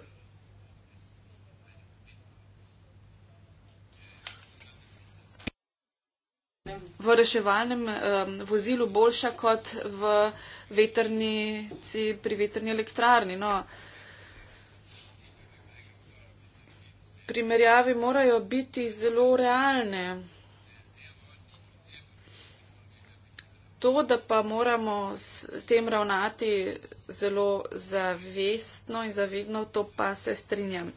V reševalnem um, vozilu boljša kot v veternici pri veterni elektrarni. No. Primerjave morajo biti zelo realne. To, da pa moramo s tem ravnati zelo zavestno in zavedno, to pa se strinjam.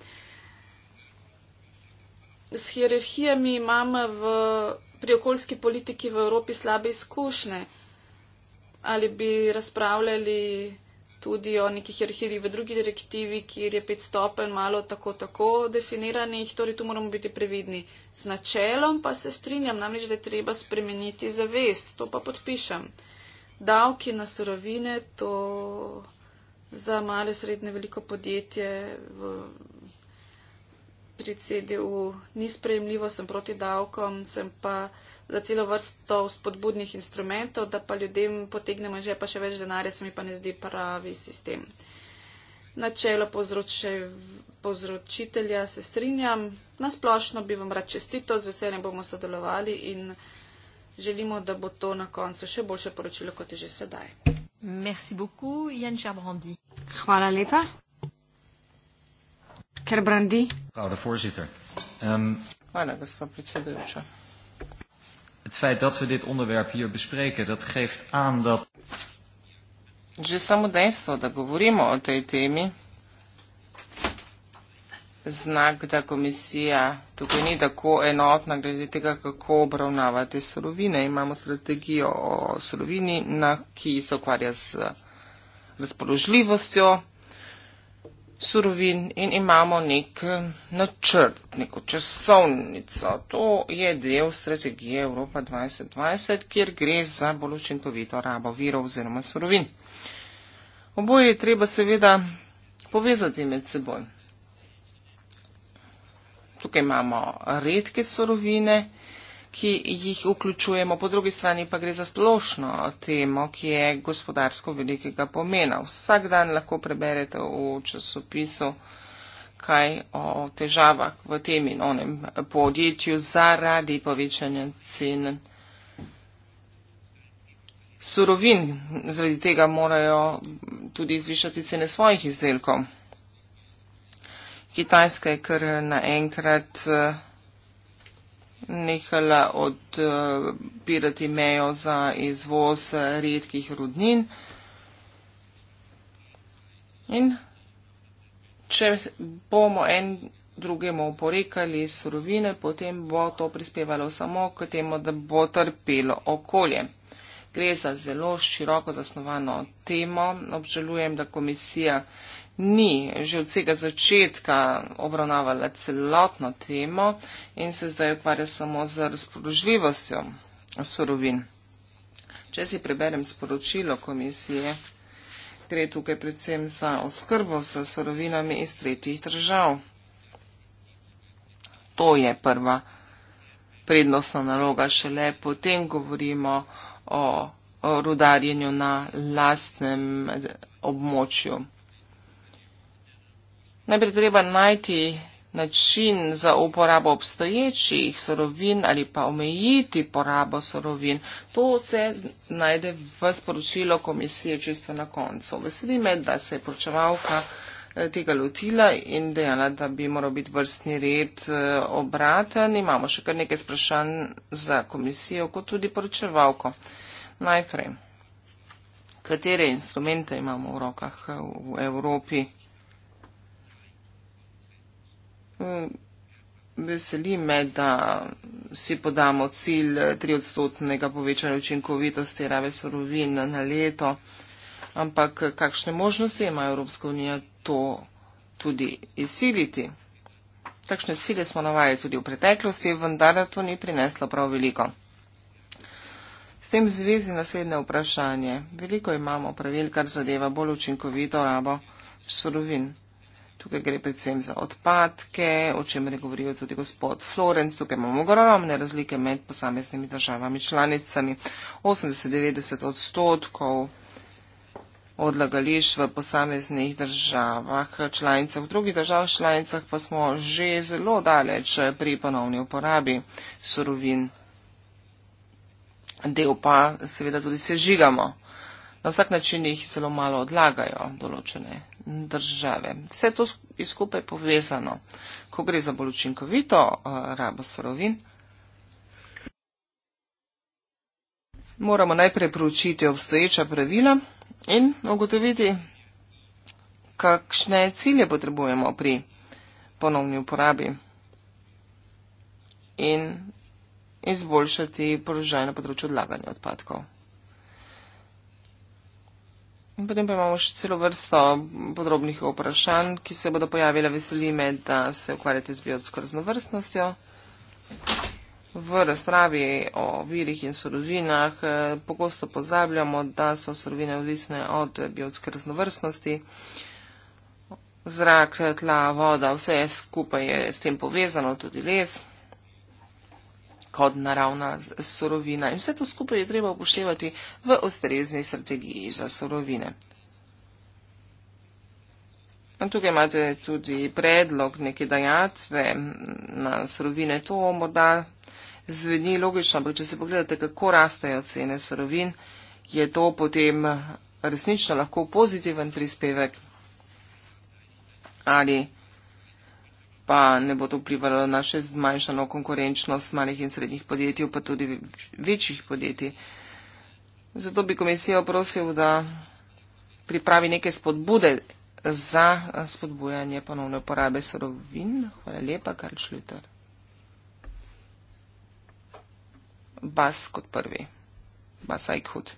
S hierarhijami imamo v, pri okoljski politiki v Evropi slabe izkušnje. Ali bi razpravljali tudi o nekih hierarhiji v drugi direktivi, kjer je pet stopen malo tako tako definiranih, torej tu moramo biti previdni. Z načelom pa se strinjam, namreč, da je treba spremeniti zavest, to pa podpišem. Davki na sorovine, to za male, srednje, veliko podjetje v, pri CDU ni sprejemljivo, sem proti davkom, sem pa za celo vrsto spodbudnih instrumentov, da pa ljudem potegnemo že pa še več denarja, se mi pa ne zdi pravi sistem. Načelo povzročitelja se strinjam. Nasplošno bi vam rad čestito, z veseljem bomo sodelovali in želimo, da bo to na koncu še boljše poročilo, kot je že sedaj. Merci beaucoup, Jan Charbrandi. Hvala lepa. Ker Brandi. Hvala, ehm, gospod predsedujoča het feit dat we dit onderwerp hier bespreken, dat geeft aan dat. Že samo dejstvo, da govorimo o tej temi, znak, da komisija tukaj ni tako enotna glede tega, kako obravnavate surovine. Imamo strategijo o surovini, ki se ukvarja z razpoložljivostjo surovin in imamo nek eh, načrt, neko časovnico. To je del strategije Evropa 2020, kjer gre za bolj učinkovito rabo virov oziroma surovin. Oboje je treba seveda povezati med seboj. Tukaj imamo redke surovine ki jih vključujemo, po drugi strani pa gre za splošno temo, ki je gospodarsko velikega pomena. Vsak dan lahko preberete v časopisu kaj o težavah v tem in onem podjetju zaradi povečanja cen surovin. Zaradi tega morajo tudi zvišati cene svojih izdelkov. Kitajska je kar naenkrat nehala odpirati mejo za izvoz redkih rudnin. In če bomo en drugemu oporekali surovine, potem bo to prispevalo samo k temu, da bo trpelo okolje. Gre za zelo široko zasnovano temo. Obžalujem, da komisija ni že od vsega začetka obravnavala celotno temo in se zdaj ukvarja samo z razpoložljivostjo surovin. Če si preberem sporočilo komisije, gre tukaj predvsem za oskrbo s surovinami iz tretjih držav. To je prva prednostna naloga, šele potem govorimo o rudarjenju na lastnem območju. Najprej treba najti način za uporabo obstoječih sorovin ali pa omejiti porabo sorovin. To se najde v sporočilo komisije čisto na koncu. Veseli me, da se je poročevalka. Eh, tega lotila in dejala, da bi moral biti vrstni red eh, obraten. Imamo še kar nekaj sprašanj za komisijo, kot tudi poročevalko. Najprej, katere instrumente imamo v rokah eh, v Evropi? Veseli me, da si podamo cilj 3-odstotnega povečanja učinkovitosti rave sorovin na leto ampak kakšne možnosti ima Evropska unija to tudi izsiliti. Takšne cilje smo navajali tudi v preteklosti, vendar to ni prineslo prav veliko. S tem v zvezi naslednje vprašanje. Veliko imamo pravil, kar zadeva bolj učinkovito rabo surovin. Tukaj gre predvsem za odpadke, o čemer je govoril tudi gospod Florenc. Tukaj imamo ogromne razlike med posameznimi državami članicami. 80-90 odstotkov odlagališ v posameznih državah, članicah, v drugih držav članicah pa smo že zelo daleč pri ponovni uporabi surovin. Del pa seveda tudi se žigamo. Na vsak način jih zelo malo odlagajo določene države. Vse to je skupaj povezano. Ko gre za bolj učinkovito eh, rabo surovin, moramo najprej proučiti obstoječa pravila, in ugotoviti, kakšne cilje potrebujemo pri ponovni uporabi in izboljšati položaj na področju odlaganja odpadkov. In potem pa imamo še celo vrsto podrobnih vprašanj, ki se bodo pojavile. Veseli me, da se ukvarjate z biotsko raznovrstnostjo. V razpravi o virih in sorovinah eh, pogosto pozabljamo, da so sorovine odvisne od biotske raznovrstnosti. Zrak, tla, voda, vse skupaj je s tem povezano, tudi les kot naravna sorovina. In vse to skupaj je treba upoštevati v ustrezni strategiji za sorovine. In tukaj imate tudi predlog neke dajatve na sorovine. To morda zveni logično, ampak če se pogledate, kako rastejo cene sorovin, je to potem resnično lahko pozitiven prispevek ali pa ne bo to vplivalo na še zmanjšano konkurenčnost malih in srednjih podjetij, pa tudi večjih podjetij. Zato bi komisijo prosil, da pripravi neke spodbude za spodbujanje ponovne uporabe sorovin. Hvala lepa, Karl Šluter. bas kot prvi, bas Aikhut.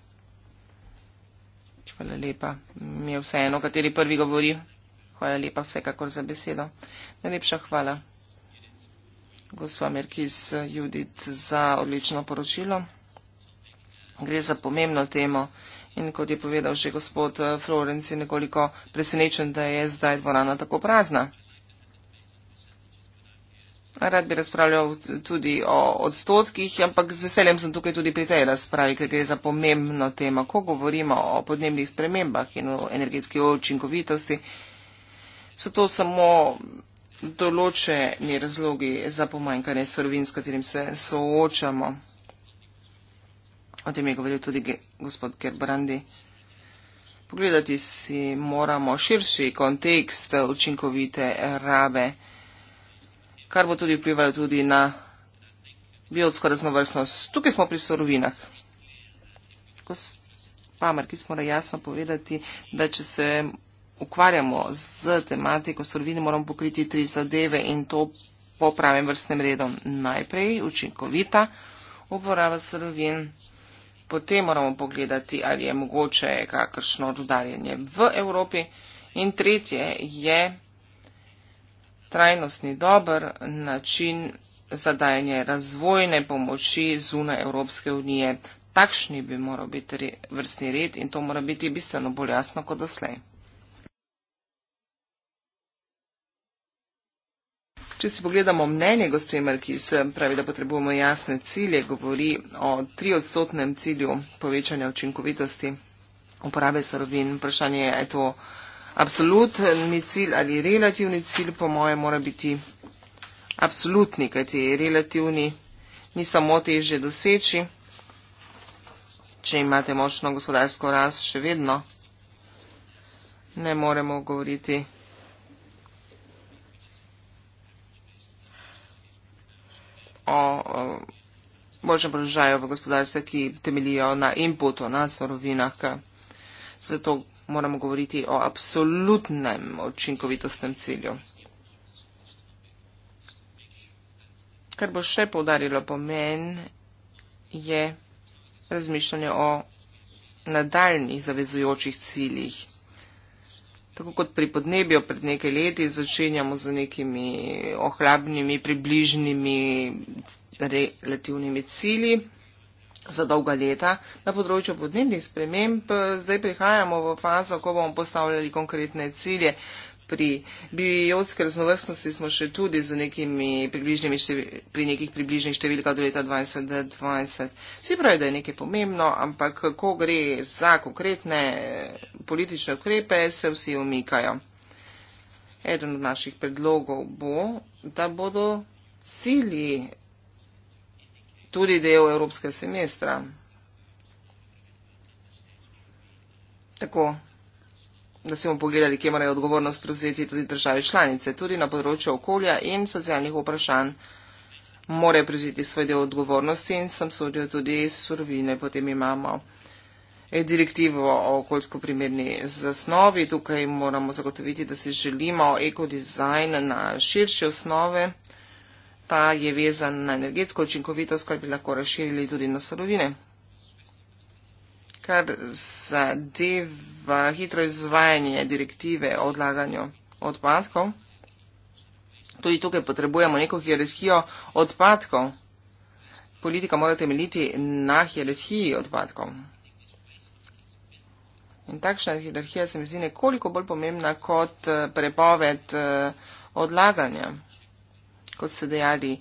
Hvala lepa, mi je vseeno, kateri prvi govori. Hvala lepa vsekakor za besedo. Najlepša hvala, gospa Merkis Judit, za odlično poročilo. Gre za pomembno temo in kot je povedal že gospod Florenc, je nekoliko presenečen, da je zdaj dvorana tako prazna. Rad bi razpravljal tudi o odstotkih, ampak z veseljem sem tukaj tudi pri tej razpravi, ker gre za pomembno temo. Ko govorimo o podnebnih spremembah in o energetski očinkovitosti, so to samo določeni razlogi za pomanjkanje sorovin, s katerim se soočamo. O tem je govoril tudi gospod Gerbrandi. Pogledati si moramo širši kontekst učinkovite rabe energije kar bo tudi vplivalo tudi na biotsko raznovrstnost. Tukaj smo pri sorovinah. Pamer, ki smo morali jasno povedati, da če se ukvarjamo z tematiko sorovine, moramo pokriti tri zadeve in to po pravem vrstnem redu. Najprej učinkovita uporaba sorovin, potem moramo pogledati, ali je mogoče kakršno rudarjenje v Evropi in tretje je trajnostni dober način zadajanja razvojne pomoči zunaj Evropske unije. Takšni bi moral biti vrstni red in to mora biti bistveno bolj jasno kot doslej. Če si pogledamo mnenje gospe Markis, pravi, da potrebujemo jasne cilje, govori o triodstotnem cilju povečanja učinkovitosti uporabe sorovin. Vprašanje je, je to absolutni cilj ali relativni cilj, po moje, mora biti absolutni, kajti relativni ni samo težje doseči, če imate močno gospodarsko rast, še vedno ne moremo govoriti. O možnem položaju v gospodarstvu, ki temeljijo na inputu, na sorovinah. Zato moramo govoriti o absolutnem učinkovitostnem cilju. Kar bo še poudarilo pomen, je razmišljanje o nadaljnih zavezujočih ciljih. Tako kot pri podnebju pred nekaj leti začenjamo z nekimi ohlabnimi, približnimi, relativnimi cilji, za dolga leta na področju podnebnih sprememb. Zdaj prihajamo v fazo, ko bomo postavljali konkretne cilje. Pri biotski raznovrstnosti smo še tudi približnimi števil, pri nekih približnih številkah do leta 2020. Vsi pravijo, da je nekaj pomembno, ampak ko gre za konkretne politične ukrepe, se vsi umikajo. Eden od naših predlogov bo, da bodo cilji tudi del evropskega semestra. Tako, da smo pogledali, kje morajo odgovornost prevzeti tudi države članice, tudi na področju okolja in socialnih vprašanj more prevzeti svoj del odgovornosti in sem sodil tudi surovine, potem imamo eh, direktivo o okoljsko primerni zasnovi, tukaj moramo zagotoviti, da si želimo ekodizajn na širše osnove. Ta je vezan na energetsko učinkovitost, kar bi lahko razširili tudi na sorovine. Kar zadeva hitro izvajanje direktive o odlaganju odpadkov, tudi tukaj potrebujemo neko hierarhijo odpadkov. Politika mora temeljiti na hierarhiji odpadkov. In takšna hierarhija se mi zdi nekoliko bolj pomembna kot eh, prepoved eh, odlaganja kot ste dejali,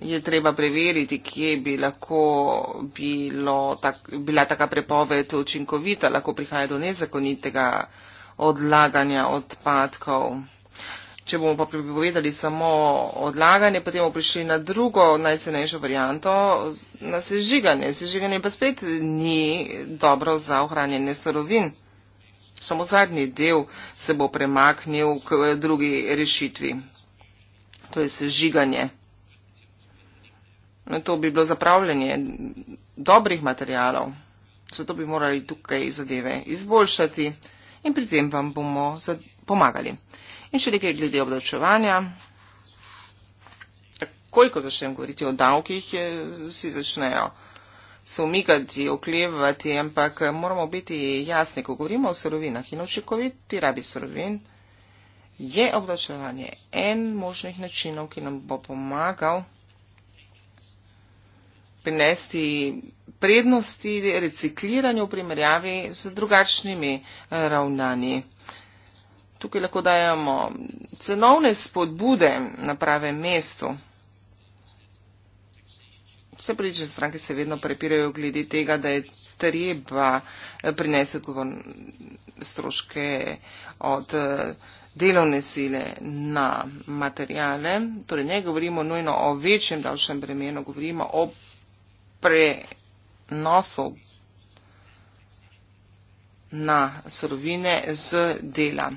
je treba preveriti, kje bi lahko bilo, tak, bila taka prepoved učinkovita, lahko prihaja do nezakonitega odlaganja odpadkov. Če bomo pa prepovedali samo odlaganje, potem bomo prišli na drugo najcenejšo varianto, na sežiganje. Sežiganje pa spet ni dobro za ohranjanje sorovin. Samo zadnji del se bo premaknil k drugi rešitvi to je sežiganje. To bi bilo zapravljanje dobrih materialov, zato bi morali tukaj zadeve izboljšati in pri tem vam bomo pomagali. In še nekaj glede obdavčevanja. Koliko začnem govoriti o davkih, vsi začnejo se umikati, oklevati, ampak moramo biti jasni, ko govorimo o surovinah in očekoviti rabi surovin je oblačevanje en možnih načinov, ki nam bo pomagal prinesti prednosti recikliranju v primerjavi z drugačnimi eh, ravnanji. Tukaj lahko dajemo cenovne spodbude na pravem mestu. Vse politične stranke se vedno prepirajo glede tega, da je treba eh, prinesti odgovorne stroške od eh, delovne sile na materijale. Torej ne govorimo nujno o večjem davčnem bremenu, govorimo o prenosu na sorovine z dela.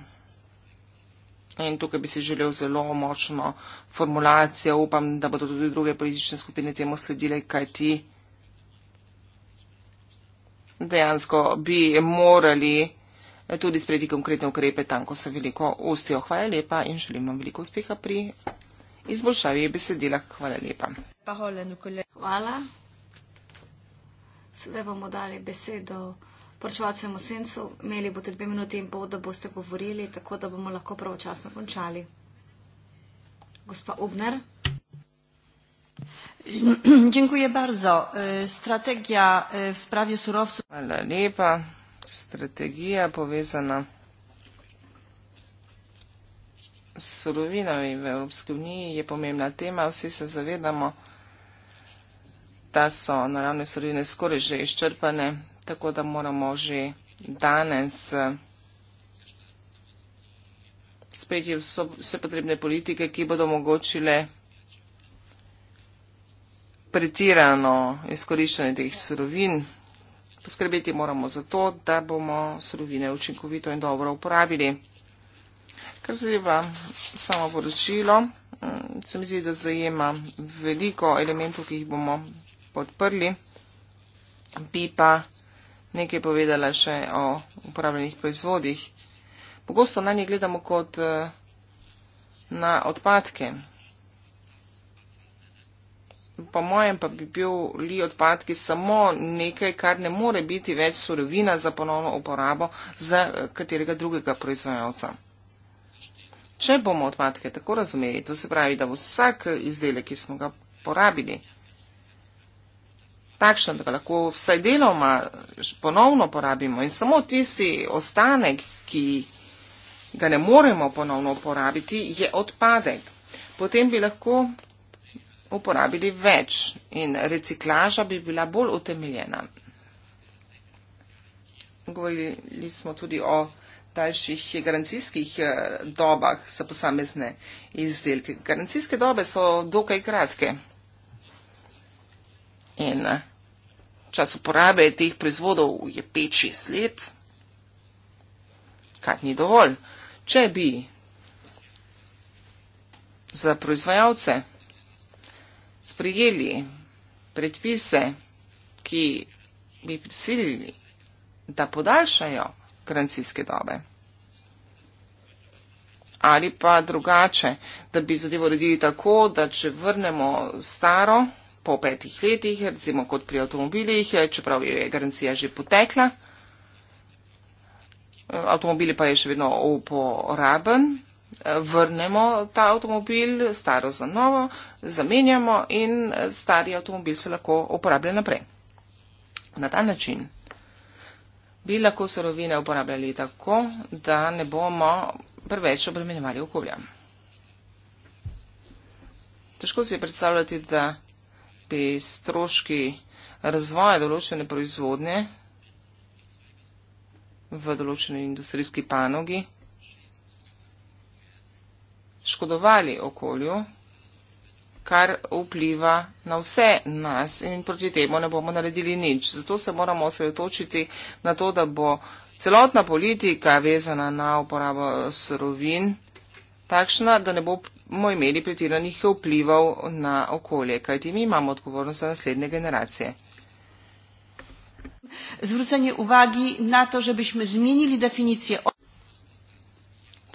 In tukaj bi si želel zelo močno formulacijo. Upam, da bodo tudi druge politične skupine temu sledile, kaj ti dejansko bi morali tudi sprejeti konkretne ukrepe tam, ko se veliko ostijo. Hvala lepa in želim vam veliko uspeha pri izboljšavi besedila. Hvala lepa. Hvala. Sedaj bomo dali besedo poročevalcem v sencu. Imeli boste dve minuti in pol, da boste govorili, tako da bomo lahko pravočasno končali. Gospa Ubner. Dziękuję bardzo. E, strategia e, w sprawie surowców. Hvala lepa strategija povezana s surovinami v Evropski uniji je pomembna tema. Vsi se zavedamo, da so naravne surovine skoraj že izčrpane, tako da moramo že danes spet vse potrebne politike, ki bodo omogočile pretirano izkoriščanje teh surovin. Poskrbeti moramo za to, da bomo surovine učinkovito in dobro uporabili. Kar zadeva samo poročilo, mm, se mi zdi, da zajema veliko elementov, ki jih bomo podprli. Bi pa nekaj povedala še o uporabljenih proizvodih. Pogosto na njih gledamo kot eh, na odpadke. Po mojem pa bi bil li odpadki samo nekaj, kar ne more biti več surovina za ponovno uporabo za eh, katerega drugega proizvajalca. Če bomo odpadke tako razumeli, to se pravi, da vsak izdelek, ki smo ga porabili, takšen, da ga lahko vsaj deloma ponovno porabimo in samo tisti ostanek, ki ga ne moremo ponovno uporabiti, je odpadek. Potem bi lahko uporabili več in reciklaža bi bila bolj utemeljena. Govorili smo tudi o daljših garancijskih eh, dobah za posamezne izdelke. Garancijske dobe so dokaj kratke in eh, čas uporabe teh proizvodov je 5-6 let, kar ni dovolj. Če bi za proizvajalce sprijeli predpise, ki bi prisilili, da podaljšajo karancijske dobe. Ali pa drugače, da bi zadevo uredili tako, da če vrnemo staro po petih letih, recimo kot pri avtomobilih, čeprav je garancija že potekla, avtomobil pa je še vedno uporaben, vrnemo ta avtomobil, staro za novo, zamenjamo in stari avtomobil se lahko uporablja naprej. Na ta način bi lahko sorovine uporabljali tako, da ne bomo preveč obremenjevali okolja. Težko si je predstavljati, da bi stroški razvoja določene proizvodnje v določeni industrijski panogi škodovali okolju, kar vpliva na vse nas in proti temu ne bomo naredili nič. Zato se moramo osredotočiti na to, da bo celotna politika vezana na uporabo surovin takšna, da ne bomo imeli pretiranih vplivov na okolje, kajti mi imamo odgovornost za naslednje generacije. Zvrcanje uvagi na to, da bi smo zmenili definicijo.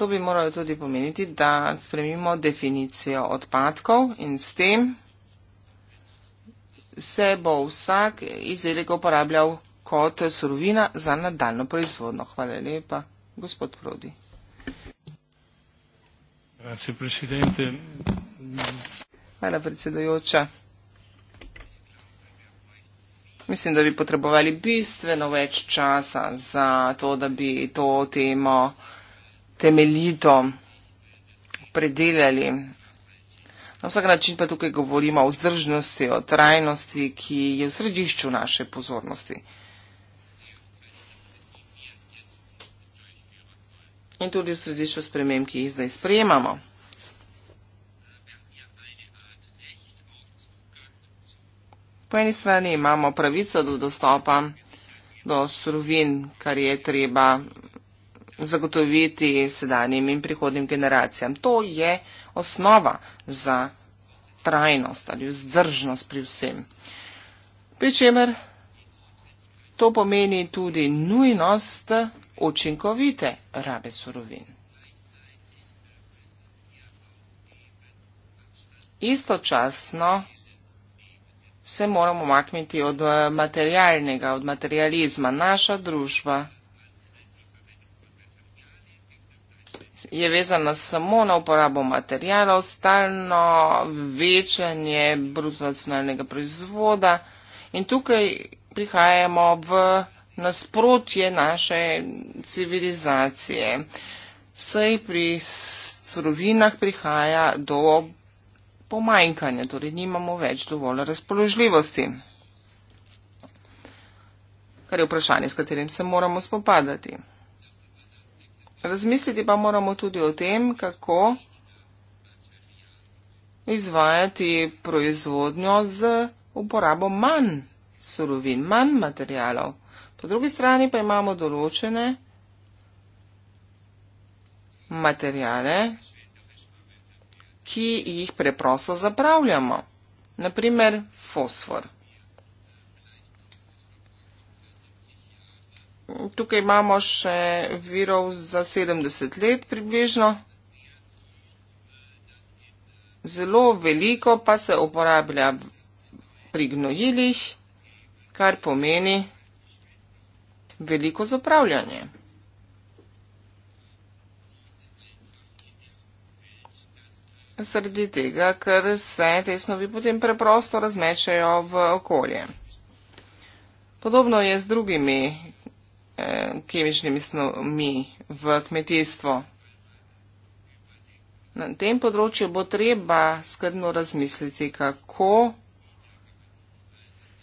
To bi moralo tudi pomeniti, da spremimo definicijo odpadkov in s tem se bo vsak izdelek uporabljal kot surovina za nadaljno proizvodno. Hvala lepa, gospod Prodi. Hvala, predsedujoča. Mislim, da bi potrebovali bistveno več časa za to, da bi to temo temeljito predelali. Na vsak način pa tukaj govorimo o vzdržnosti, o trajnosti, ki je v središču naše pozornosti. In tudi v središču sprememb, ki jih zdaj sprejemamo. Po eni strani imamo pravico do dostopa do surovin, kar je treba zagotoviti sedanjim in prihodnim generacijam. To je osnova za trajnost ali vzdržnost pri vsem. Pričemer to pomeni tudi nujnost učinkovite rabe surovin. Istočasno se moramo omakniti od eh, materialnega, od materializma. Naša družba je vezana samo na uporabo materijalov, stalno večanje brutonacionalnega proizvoda in tukaj prihajamo v nasprotje naše civilizacije. Sej pri surovinah prihaja do pomanjkanja, torej nimamo več dovolj razpoložljivosti, kar je vprašanje, s katerim se moramo spopadati. Razmisliti pa moramo tudi o tem, kako izvajati proizvodnjo z uporabo manj surovin, manj materialov. Po drugi strani pa imamo določene materijale, ki jih preprosto zapravljamo. Naprimer fosfor. tukaj imamo še virov za 70 let približno. Zelo veliko pa se uporablja pri gnojilih, kar pomeni veliko zapravljanje. Sredi tega, ker se te snovi potem preprosto razmečajo v okolje. Podobno je z drugimi kemičnimi snovmi v kmetijstvu. Na tem področju bo treba skrbno razmisliti, kako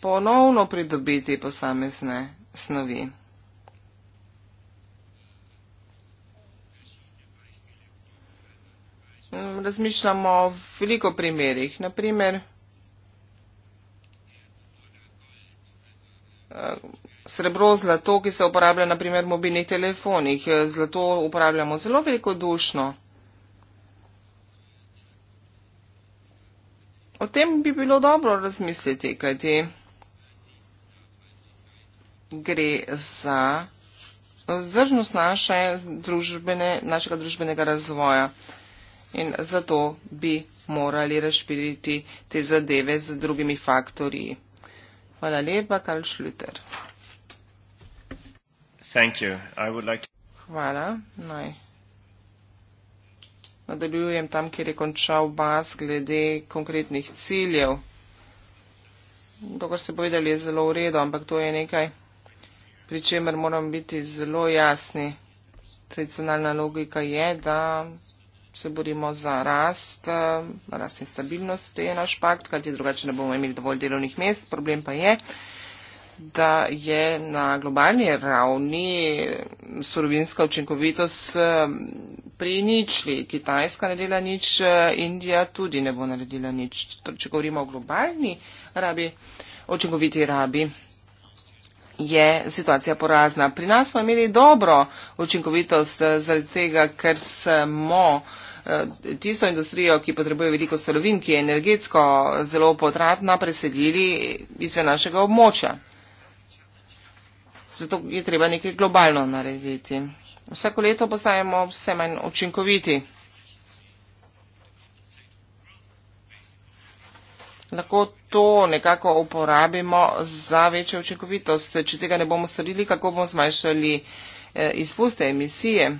ponovno pridobiti posamezne snovi. Razmišljamo o veliko primerih. Naprimer, srebro, zlato, ki se uporablja naprimer v mobilnih telefonih. Zlato uporabljamo zelo veliko dušno. O tem bi bilo dobro razmisliti, kajti gre za vzdržnost naše družbene, našega družbenega razvoja. In zato bi morali razširiti te zadeve z drugimi faktorji. Hvala lepa, Karl Schluter. Thank you. I would like to... Hvala. Naj. Nadaljujem tam, kjer je končal bas glede konkretnih ciljev. Dokor se povedali, je zelo v redu, ampak to je nekaj, pri čemer moram biti zelo jasni. Tradicionalna logika je, da se borimo za rast, rast in stabilnost, to je naš pakt, kajti drugače ne bomo imeli dovolj delovnih mest, problem pa je, da je na globalni ravni surovinska učinkovitost eh, pri ničli. Kitajska ne dela nič, eh, Indija tudi ne bo naredila nič. Torej, če govorimo o globalni rabi, očinkoviti rabi, je situacija porazna. Pri nas smo imeli dobro učinkovitost eh, zaradi tega, ker smo tisto industrijo, ki potrebuje veliko solovin, ki je energetsko zelo potratna, preselili izven našega območja. Zato je treba nekaj globalno narediti. Vsako leto postajamo vse manj učinkoviti. Lahko to nekako uporabimo za večjo učinkovitost. Če tega ne bomo storili, kako bomo zmanjšali eh, izpuste emisije?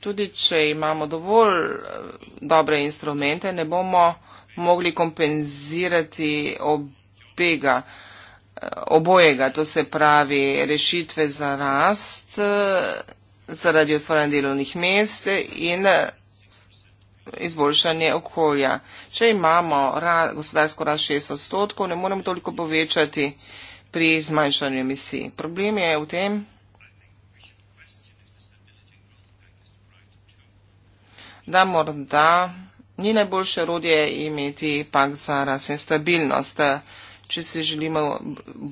Tudi, če imamo dovolj eh, dobre instrumente, ne bomo mogli kompenzirati obega obojega, to se pravi rešitve za rast eh, zaradi ustvarjanja delovnih mest in eh, izboljšanje okolja. Če imamo ra gospodarsko rast 6 odstotkov, ne moremo toliko povečati pri zmanjšanju emisij. Problem je v tem, da morda ni najboljše rodje imeti pak za rast in stabilnost če se želimo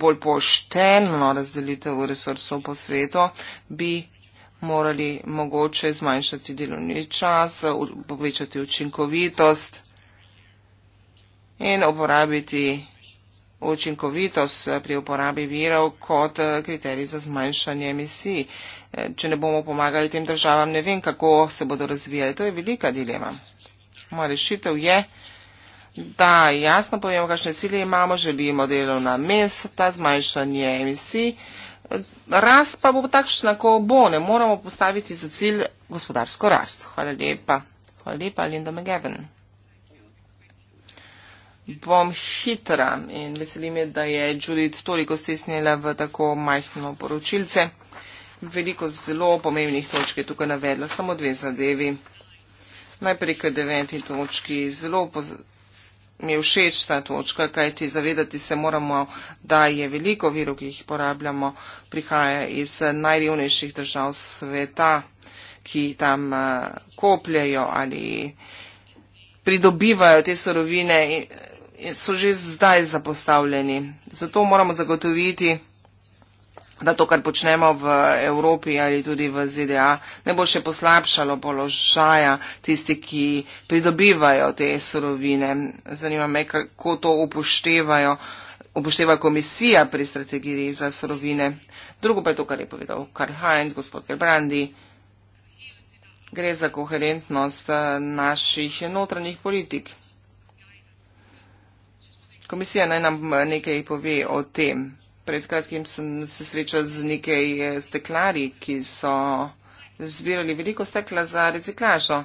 bolj pošteno razdelitev resursov po svetu, bi morali mogoče zmanjšati delovni čas, povečati učinkovitost in uporabiti učinkovitost pri uporabi virov kot kriterij za zmanjšanje emisij. Če ne bomo pomagali tem državam, ne vem, kako se bodo razvijali. To je velika dilema. Moja rešitev je da jasno povemo, kakšne cilje imamo, želimo delovna mesta, zmanjšanje emisij. Rast pa bo takšna, ko bo, ne moramo postaviti za cilj gospodarsko rast. Hvala lepa. Hvala lepa, Linda McGavin. Bom hitra in veselim je, da je Judith toliko stisnila v tako majhno poročilce. Veliko zelo pomembnih točk je tukaj navedla, samo dve zadevi. Najprej k deveti točki. Zelo mi je všeč ta točka, kajti zavedati se moramo, da je veliko virov, ki jih porabljamo, prihaja iz najrevnejših držav sveta, ki tam eh, kopljajo ali pridobivajo te sorovine in so že zdaj zapostavljeni. Zato moramo zagotoviti, da to, kar počnemo v Evropi ali tudi v ZDA, ne bo še poslabšalo položaja tisti, ki pridobivajo te surovine. Zanima me, kako to upoštevajo, upošteva komisija pri strategiji za surovine. Drugo pa je to, kar je povedal Karl Heinz, gospod Gerbrandi. Gre za koherentnost eh, naših notranjih politik. Komisija naj nam eh, nekaj pove o tem pred kratkim sem se srečal z nekaj eh, steklari, ki so zbirali veliko stekla za reciklažo.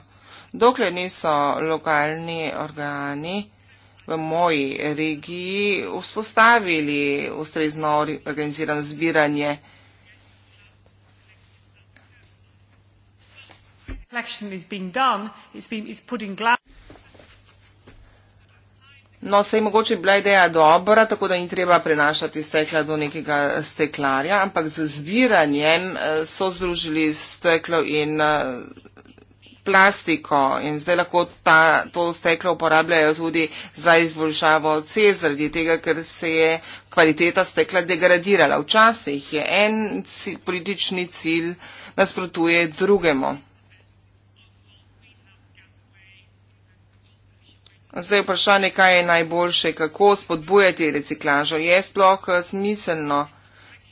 Dokler niso lokalni organi v moji regiji vzpostavili ustrezno organizirano zbiranje. Collection is being done, it's, been, it's putting glass. No, sej mogoče bila ideja dobra, tako da ni treba prenašati stekla do nekega steklarja, ampak z zbiranjem eh, so združili steklo in eh, plastiko in zdaj lahko ta, to steklo uporabljajo tudi za izboljšavo C, zaradi tega, ker se je kvaliteta stekla degradirala. Včasih je en politični cilj nasprotuje drugemu. Zdaj vprašanje, kaj je najboljše, kako spodbujati reciklažo. Je sploh eh, smiselno,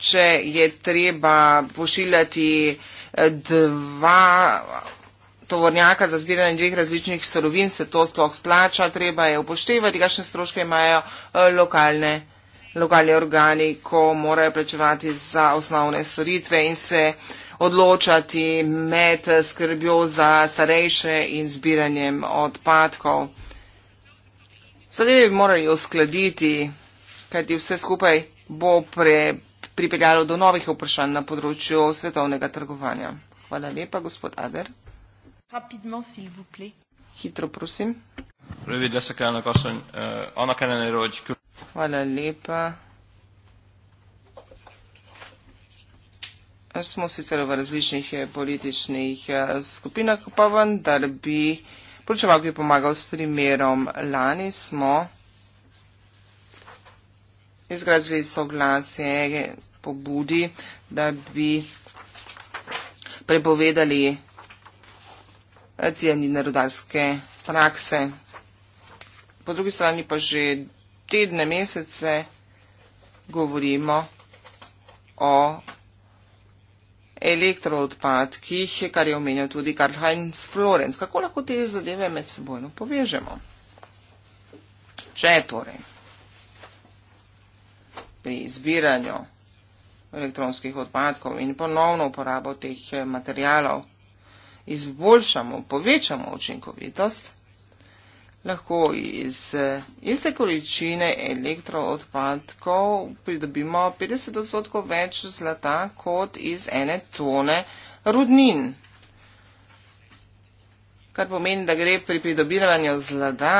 če je treba pošiljati eh, dva tovornjaka za zbiranje dveh različnih sorovin, se to sploh splača, treba je upoštevati, kakšne stroške imajo eh, lokalne, lokalni organi, ko morajo plačevati za osnovne storitve in se odločati med skrbjo za starejše in zbiranjem odpadkov zadeve bi morali uskladiti, kajti vse skupaj bo pre, pripeljalo do novih vprašanj na področju svetovnega trgovanja. Hvala lepa, gospod Ader. Hitro, prosim. Hvala lepa. Smo sicer v različnih eh, političnih eh, skupinah, pa vendar bi. Poročeval, ki je pomagal s primerom lani, smo izgrazili soglasje pobudi, da bi prepovedali eh, cijanine rudarske prakse. Po drugi strani pa že tedne, mesece govorimo o elektroodpadkih, kar je omenjal tudi Karl Heinz Florenc. Kako lahko te zadeve med seboj povežemo? Če je torej pri izbiranju elektronskih odpadkov in ponovno uporabo teh eh, materialov izboljšamo, povečamo učinkovitost, lahko iz iste količine elektroodpadkov pridobimo 50 odstotkov več zlata kot iz ene tone rudnin. Kar pomeni, da gre pri pridobivanju zlata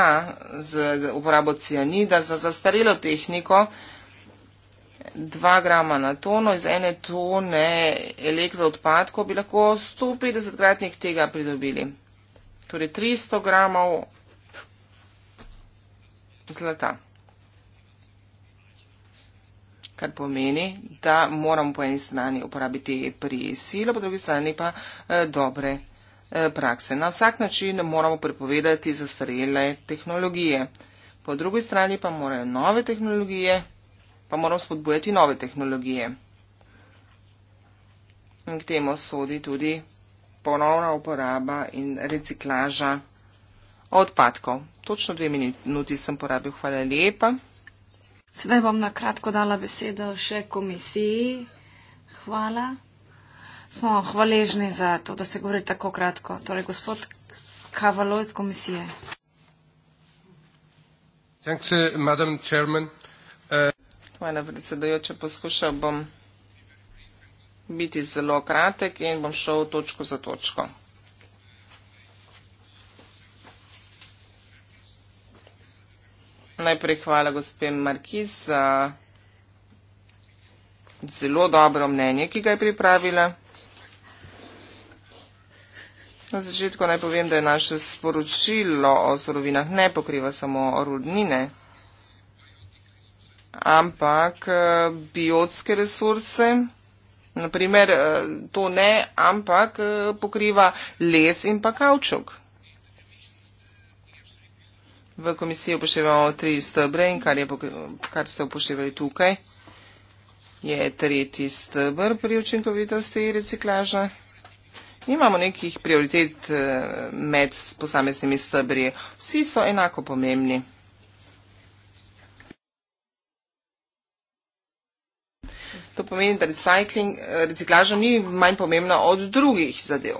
z uporabo cianida za zastarelo tehniko 2 grama na tono iz ene tone elektroodpadkov bi lahko 150 kratnih tega pridobili. Torej 300 gramov zlata. Kar pomeni, da moram po eni strani uporabiti pri silo, po drugi strani pa eh, dobre eh, prakse. Na vsak način moramo prepovedati zastarele tehnologije. Po drugi strani pa morajo nove tehnologije, pa moram spodbujati nove tehnologije. In k temu sodi tudi ponovna uporaba in reciklaža odpadkov točno dve minuti sem porabil, hvala lepa. Sedaj bom na kratko dala besedo še komisiji. Hvala. Smo hvaležni za to, da ste govorili tako kratko. Torej, gospod Kavalo iz komisije. Thanks, uh, uh hvala, predsedujoče. Poskušal bom biti zelo kratek in bom šel točko za točko. Najprej hvala gospe Markiz za zelo dobro mnenje, ki ga je pripravila. Na začetku naj povem, da je naše sporočilo o sorovinah ne pokriva samo rudnine, ampak eh, biotske resurse. Naprimer, eh, to ne, ampak eh, pokriva les in pa kavčuk v komisiji upoštevamo tri stebre in kar, je, kar ste upoštevali tukaj, je tretji stebr pri učinkovitosti reciklaža. Imamo nekih prioritet eh, med posameznimi stebri. Vsi so enako pomembni. To pomeni, da eh, reciklaža ni manj pomembna od drugih zadev.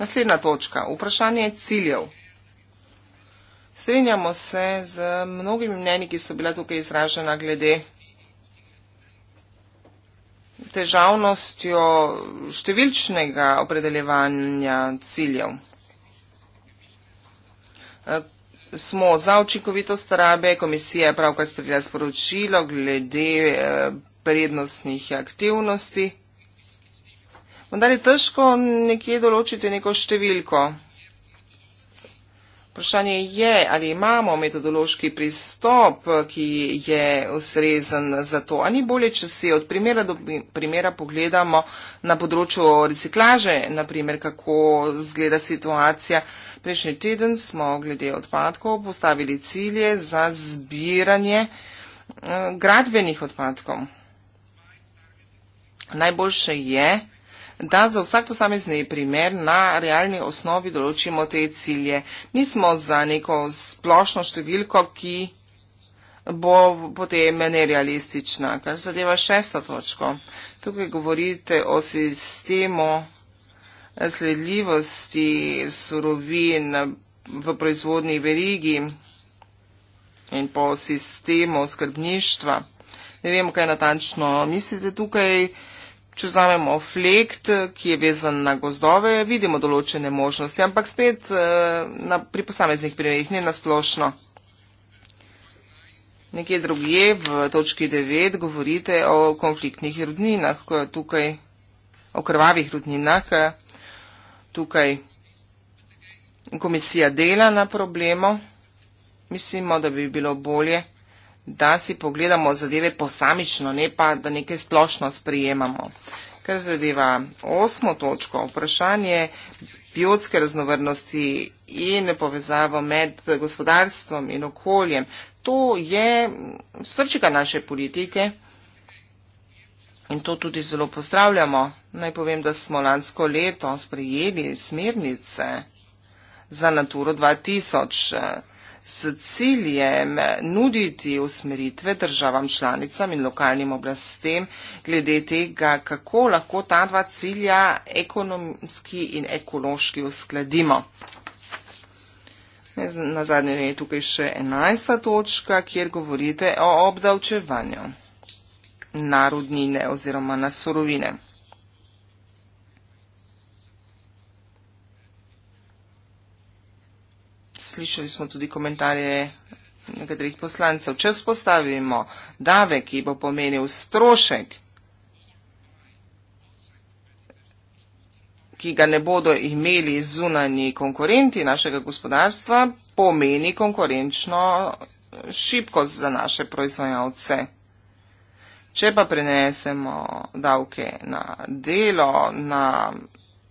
Naslednja točka. Vprašanje ciljev. Strenjamo se z mnogimi mnenji, ki so bila tukaj izražena glede težavnostjo številčnega opredeljevanja ciljev. E, smo za očinkovitost rabe, komisija je pravkar sprejela sporočilo glede e, prednostnih aktivnosti, vendar je težko nekje določiti neko številko. Vprašanje je, ali imamo metodološki pristop, ki je ustrezen za to. A ni bolje, če si od primera do primera pogledamo na področju reciklaže, naprimer, kako zgleda situacija. Prejšnji teden smo glede odpadkov postavili cilje za zbiranje eh, gradbenih odpadkov. Najboljše je, da za vsak posamezni primer na realni osnovi določimo te cilje. Mi smo za neko splošno številko, ki bo potem nerealistična. Kar zadeva šesto točko. Tukaj govorite o sistemu sledljivosti surovin v proizvodni verigi in po sistemu skrbništva. Ne vem, kaj natančno mislite tukaj če vzamemo flekt, ki je vezan na gozdove, vidimo določene možnosti, ampak spet eh, na, pri posameznih primerih ne nasplošno. Nekje drugje v točki 9 govorite o konfliktnih rudninah, tukaj o krvavih rudninah. Eh, tukaj komisija dela na problemo. Mislimo, da bi bilo bolje da si pogledamo zadeve posamično, ne pa, da nekaj splošno sprijemamo. Ker zadeva osmo točko, vprašanje biotske raznovrnosti in povezavo med gospodarstvom in okoljem, to je srčika naše politike in to tudi zelo pozdravljamo. Naj povem, da smo lansko leto sprejeli smernice za Naturo 2000 s ciljem nuditi usmeritve državam članicam in lokalnim oblastem glede tega, kako lahko ta dva cilja ekonomski in ekološki uskladimo. Na zadnje je tukaj še enajsta točka, kjer govorite o obdavčevanju narodnine oziroma na surovine. slišali smo tudi komentarje nekaterih poslancev. Če vzpostavimo davek, ki bo pomenil strošek, ki ga ne bodo imeli zunani konkurenti našega gospodarstva, pomeni konkurenčno šibkost za naše proizvajalce. Če pa prenesemo davke na delo, na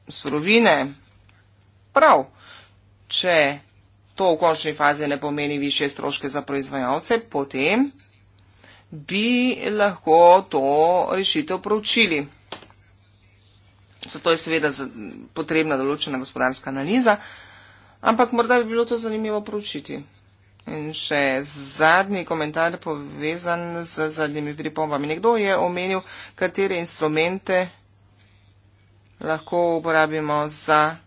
surovine, prav, če to v končni fazi ne pomeni više stroške za proizvajalce, potem bi lahko to rešitev proučili. Zato je seveda potrebna določena gospodarska analiza, ampak morda bi bilo to zanimivo proučiti. In še zadnji komentar povezan z zadnjimi pripombami. Nekdo je omenil, katere instrumente lahko uporabimo za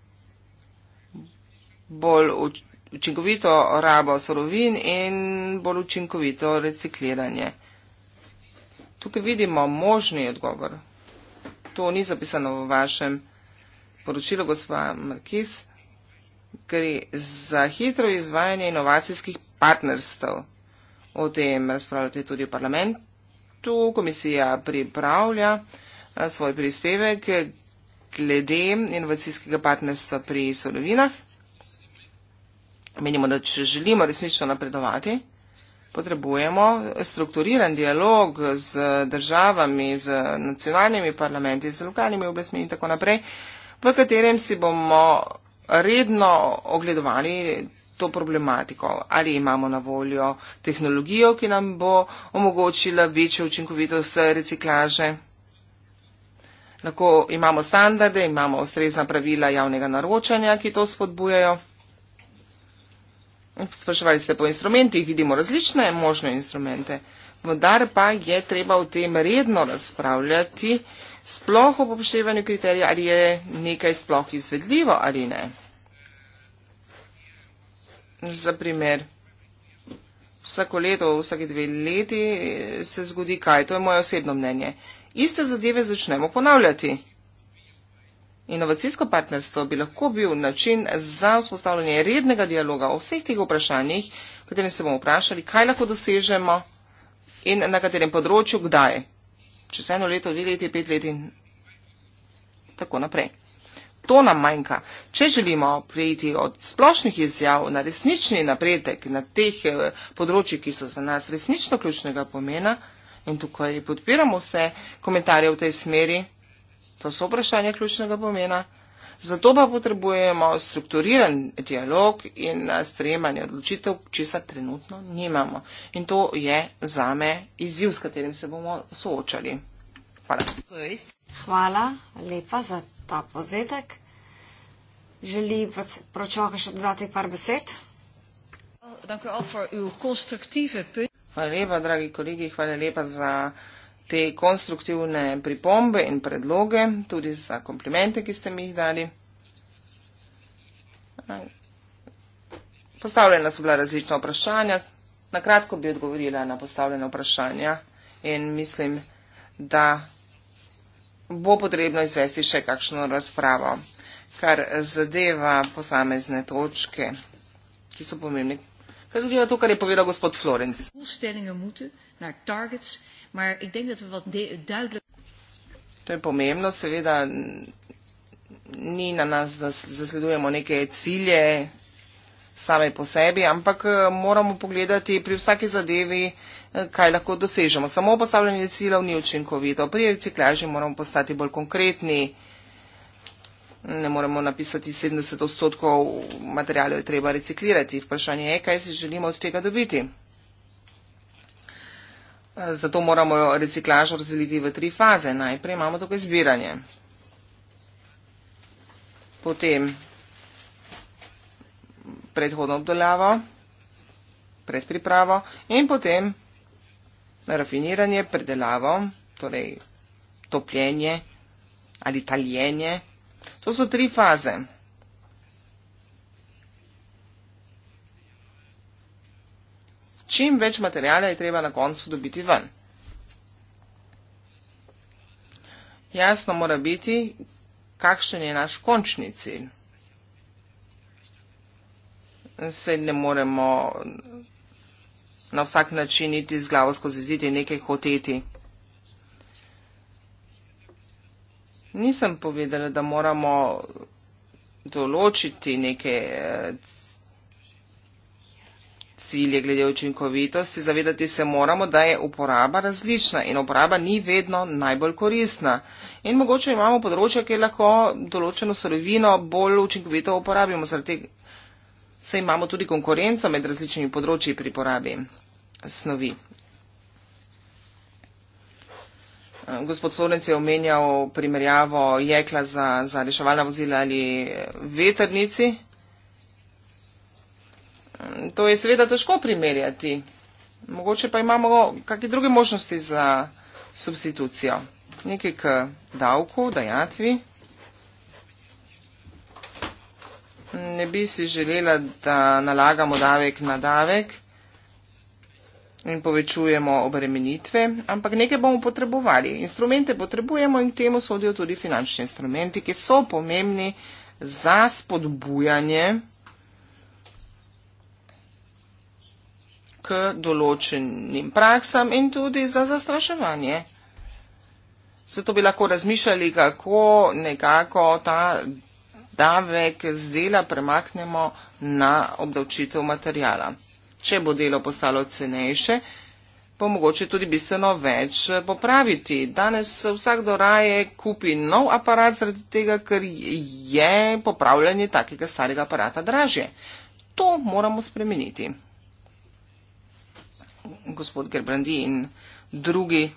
bolj učinkovito učinkovito rabo sorovin in bolj učinkovito recikliranje. Tukaj vidimo možni odgovor. To ni zapisano v vašem poročilu, gospa Markiz. Gre za hitro izvajanje inovacijskih partnerstv. O tem razpravljate tudi v parlamentu. Komisija pripravlja eh, svoj prispevek eh, glede inovacijskega partnerstva pri sorovinah menimo, da če želimo resnično napredovati, potrebujemo strukturiran dialog z državami, z nacionalnimi parlamenti, z lokalnimi oblastmi in tako naprej, v katerem si bomo redno ogledovali to problematiko, ali imamo na voljo tehnologijo, ki nam bo omogočila večjo učinkovitost reciklaže. Lahko imamo standarde, imamo ustrezna pravila javnega naročanja, ki to spodbujajo. Spraševali ste po instrumentih, vidimo različne možne instrumente, vendar pa je treba o tem redno razpravljati, sploh ob obštevanju kriterija, ali je nekaj sploh izvedljivo ali ne. Za primer, vsako leto, vsake dve leti se zgodi kaj, to je moje osebno mnenje. Iste zadeve začnemo ponavljati. Inovacijsko partnerstvo bi lahko bil način za vzpostavljanje rednega dialoga o vseh teh vprašanjih, v katerem se bomo vprašali, kaj lahko dosežemo in na katerem področju, kdaj. Čez eno leto, dve leti, pet leti in tako naprej. To nam manjka. Če želimo prejiti od splošnih izjav na resnični napredek na teh eh, področjih, ki so za nas resnično ključnega pomena, in tukaj podpiramo vse komentarje v tej smeri, To so vprašanja ključnega pomena. Zato pa potrebujemo strukturiran dialog in eh, sprejemanje odločitev, česa trenutno nimamo. In to je zame izziv, s katerim se bomo soočali. Hvala. Hvala lepa za ta pozetek. Želi pročovka še dodati par besed? Hvala lepa, dragi kolegi, hvala lepa za te konstruktivne pripombe in predloge, tudi za komplimente, ki ste mi jih dali. Postavljena so bila različna vprašanja. Na kratko bi odgovorila na postavljena vprašanja in mislim, da bo potrebno izvesti še kakšno razpravo, kar zadeva posamezne točke, ki so pomembne. Kaj zadeva to, kar je povedal gospod Florence? Maar ik denk dat we wat duidelijk. To je pomembno, seveda, ni na nas, da zasledujemo neke cilje same po sebi, ampak eh, moramo pogledati pri vsaki zadevi, eh, kaj lahko dosežemo. Samo postavljanje ciljev ni učinkovito. Pri reciklaži moramo postati bolj konkretni. Ne moramo napisati 70 odstotkov materijalov, treba reciklirati. Vprašanje je, kaj si želimo od tega dobiti. Zato moramo reciklažo razdeliti v tri faze. Najprej imamo tukaj zbiranje. Potem predhodno obdoljavo, predpripravo in potem rafiniranje, predelavo, torej topljenje ali taljenje. To so tri faze. čim več materijala je treba na koncu dobiti ven. Jasno mora biti, kakšen je naš končni cilj. Sej ne moremo na vsak način iti z glavo skozi zidi in nekaj hoteti. Nisem povedala, da moramo določiti neke eh, cilje glede učinkovitosti, zavedati se moramo, da je uporaba različna in uporaba ni vedno najbolj koristna. In mogoče imamo področje, kjer lahko določeno sorovino bolj učinkovito uporabimo, zaradi tega se imamo tudi konkurenco med različnimi področji pri porabi snovi. Gospod Sorenc je omenjal primerjavo jekla za, za reševalna vozila ali veternici to je seveda težko primerjati. Mogoče pa imamo kakšne druge možnosti za substitucijo. Nekaj k davku, dajatvi. Ne bi si želela, da nalagamo davek na davek in povečujemo obremenitve, ampak nekaj bomo potrebovali. Instrumente potrebujemo in k temu sodijo tudi finančni instrumenti, ki so pomembni za spodbujanje k določenim praksam in tudi za zastraševanje. Zato bi lahko razmišljali, kako nekako ta davek z dela premaknemo na obdavčitev materijala. Če bo delo postalo cenejše, bo mogoče tudi bistveno več popraviti. Danes vsak doraje kupi nov aparat zaradi tega, ker je popravljanje takega starega aparata dražje. To moramo spremeniti gospod Gerbrandi in drugi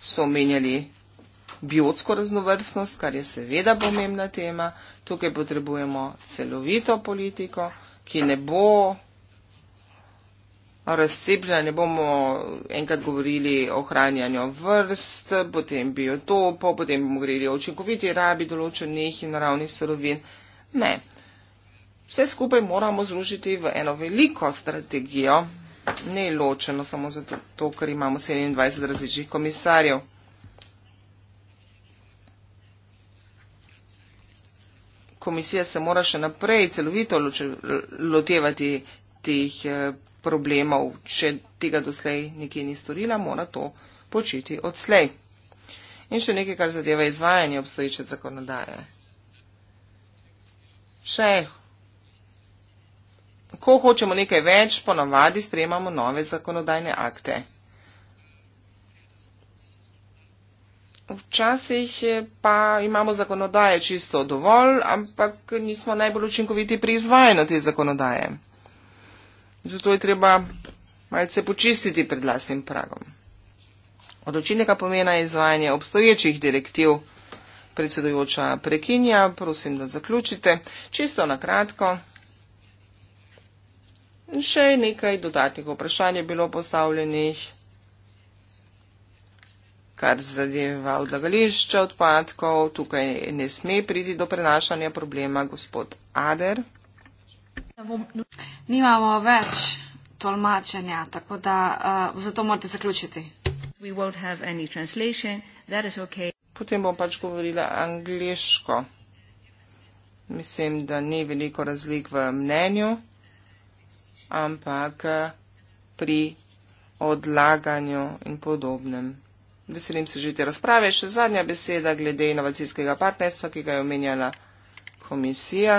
so omenjali biotsko raznovrstnost, kar je seveda pomembna tema. Tukaj potrebujemo celovito politiko, ki ne bo razsebljena, ne bomo enkrat govorili o hranjanju vrst, potem biotopo, potem bomo govorili o očinkoviti rabi določenih in naravnih sorovin. Ne. Vse skupaj moramo zružiti v eno veliko strategijo, ne ločeno, samo zato, to, ker imamo 27 različnih komisarjev. Komisija se mora še naprej celovito lotevati teh eh, problemov, če tega doslej nekje ni storila, mora to početi odslej. In še nekaj, kar zadeva izvajanje obstoječe zakonodaje. Še Ko hočemo nekaj več, ponavadi sprejemamo nove zakonodajne akte. Včasih pa imamo zakonodaje čisto dovolj, ampak nismo najbolj učinkoviti pri izvajanju te zakonodaje. Zato je treba malce počistiti pred lastnim pragom. Odločilnega pomena je izvajanje obstoječih direktiv. Predsedujoča prekinja, prosim, da zaključite. Čisto na kratko. Še nekaj dodatnih vprašanj je bilo postavljenih, kar zadeva odlagališče odpadkov. Tukaj ne sme priti do prenašanja problema, gospod Ader. Nimamo več tolmačenja, tako da uh, zato morate zaključiti. Okay. Potem bom pač govorila angliško. Mislim, da ni veliko razlik v mnenju ampak eh, pri odlaganju in podobnem. Veselim se že te razprave. Še zadnja beseda glede inovacijskega partnerstva, ki ga je omenjala komisija.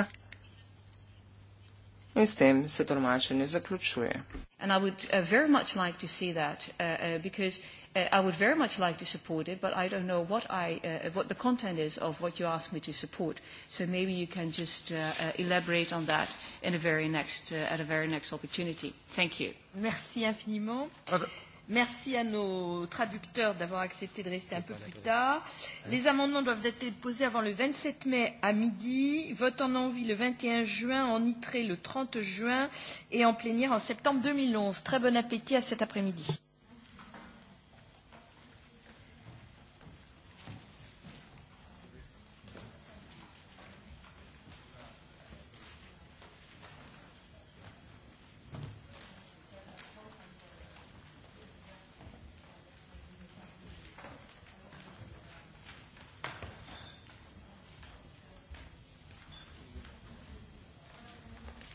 In s tem se tolmačenje zaključuje. And I would uh, very much like to see that uh, uh, because uh, Uh, I would very much like to support it, but I don't know what, I, uh, uh what the content is of what you asked me to support. So maybe you can just uh, uh, elaborate on that in a very next, uh, at a very next opportunity. Thank you. Merci infiniment. Ah, Merci à nos traducteurs d'avoir accepté de rester un peu plus tard. Les amendements doivent être déposés avant le 27 mai à midi. Vote en envie le 21 juin, en nitré le 30 juin et en plénière en septembre 2011. Très bon appétit à cet après-midi.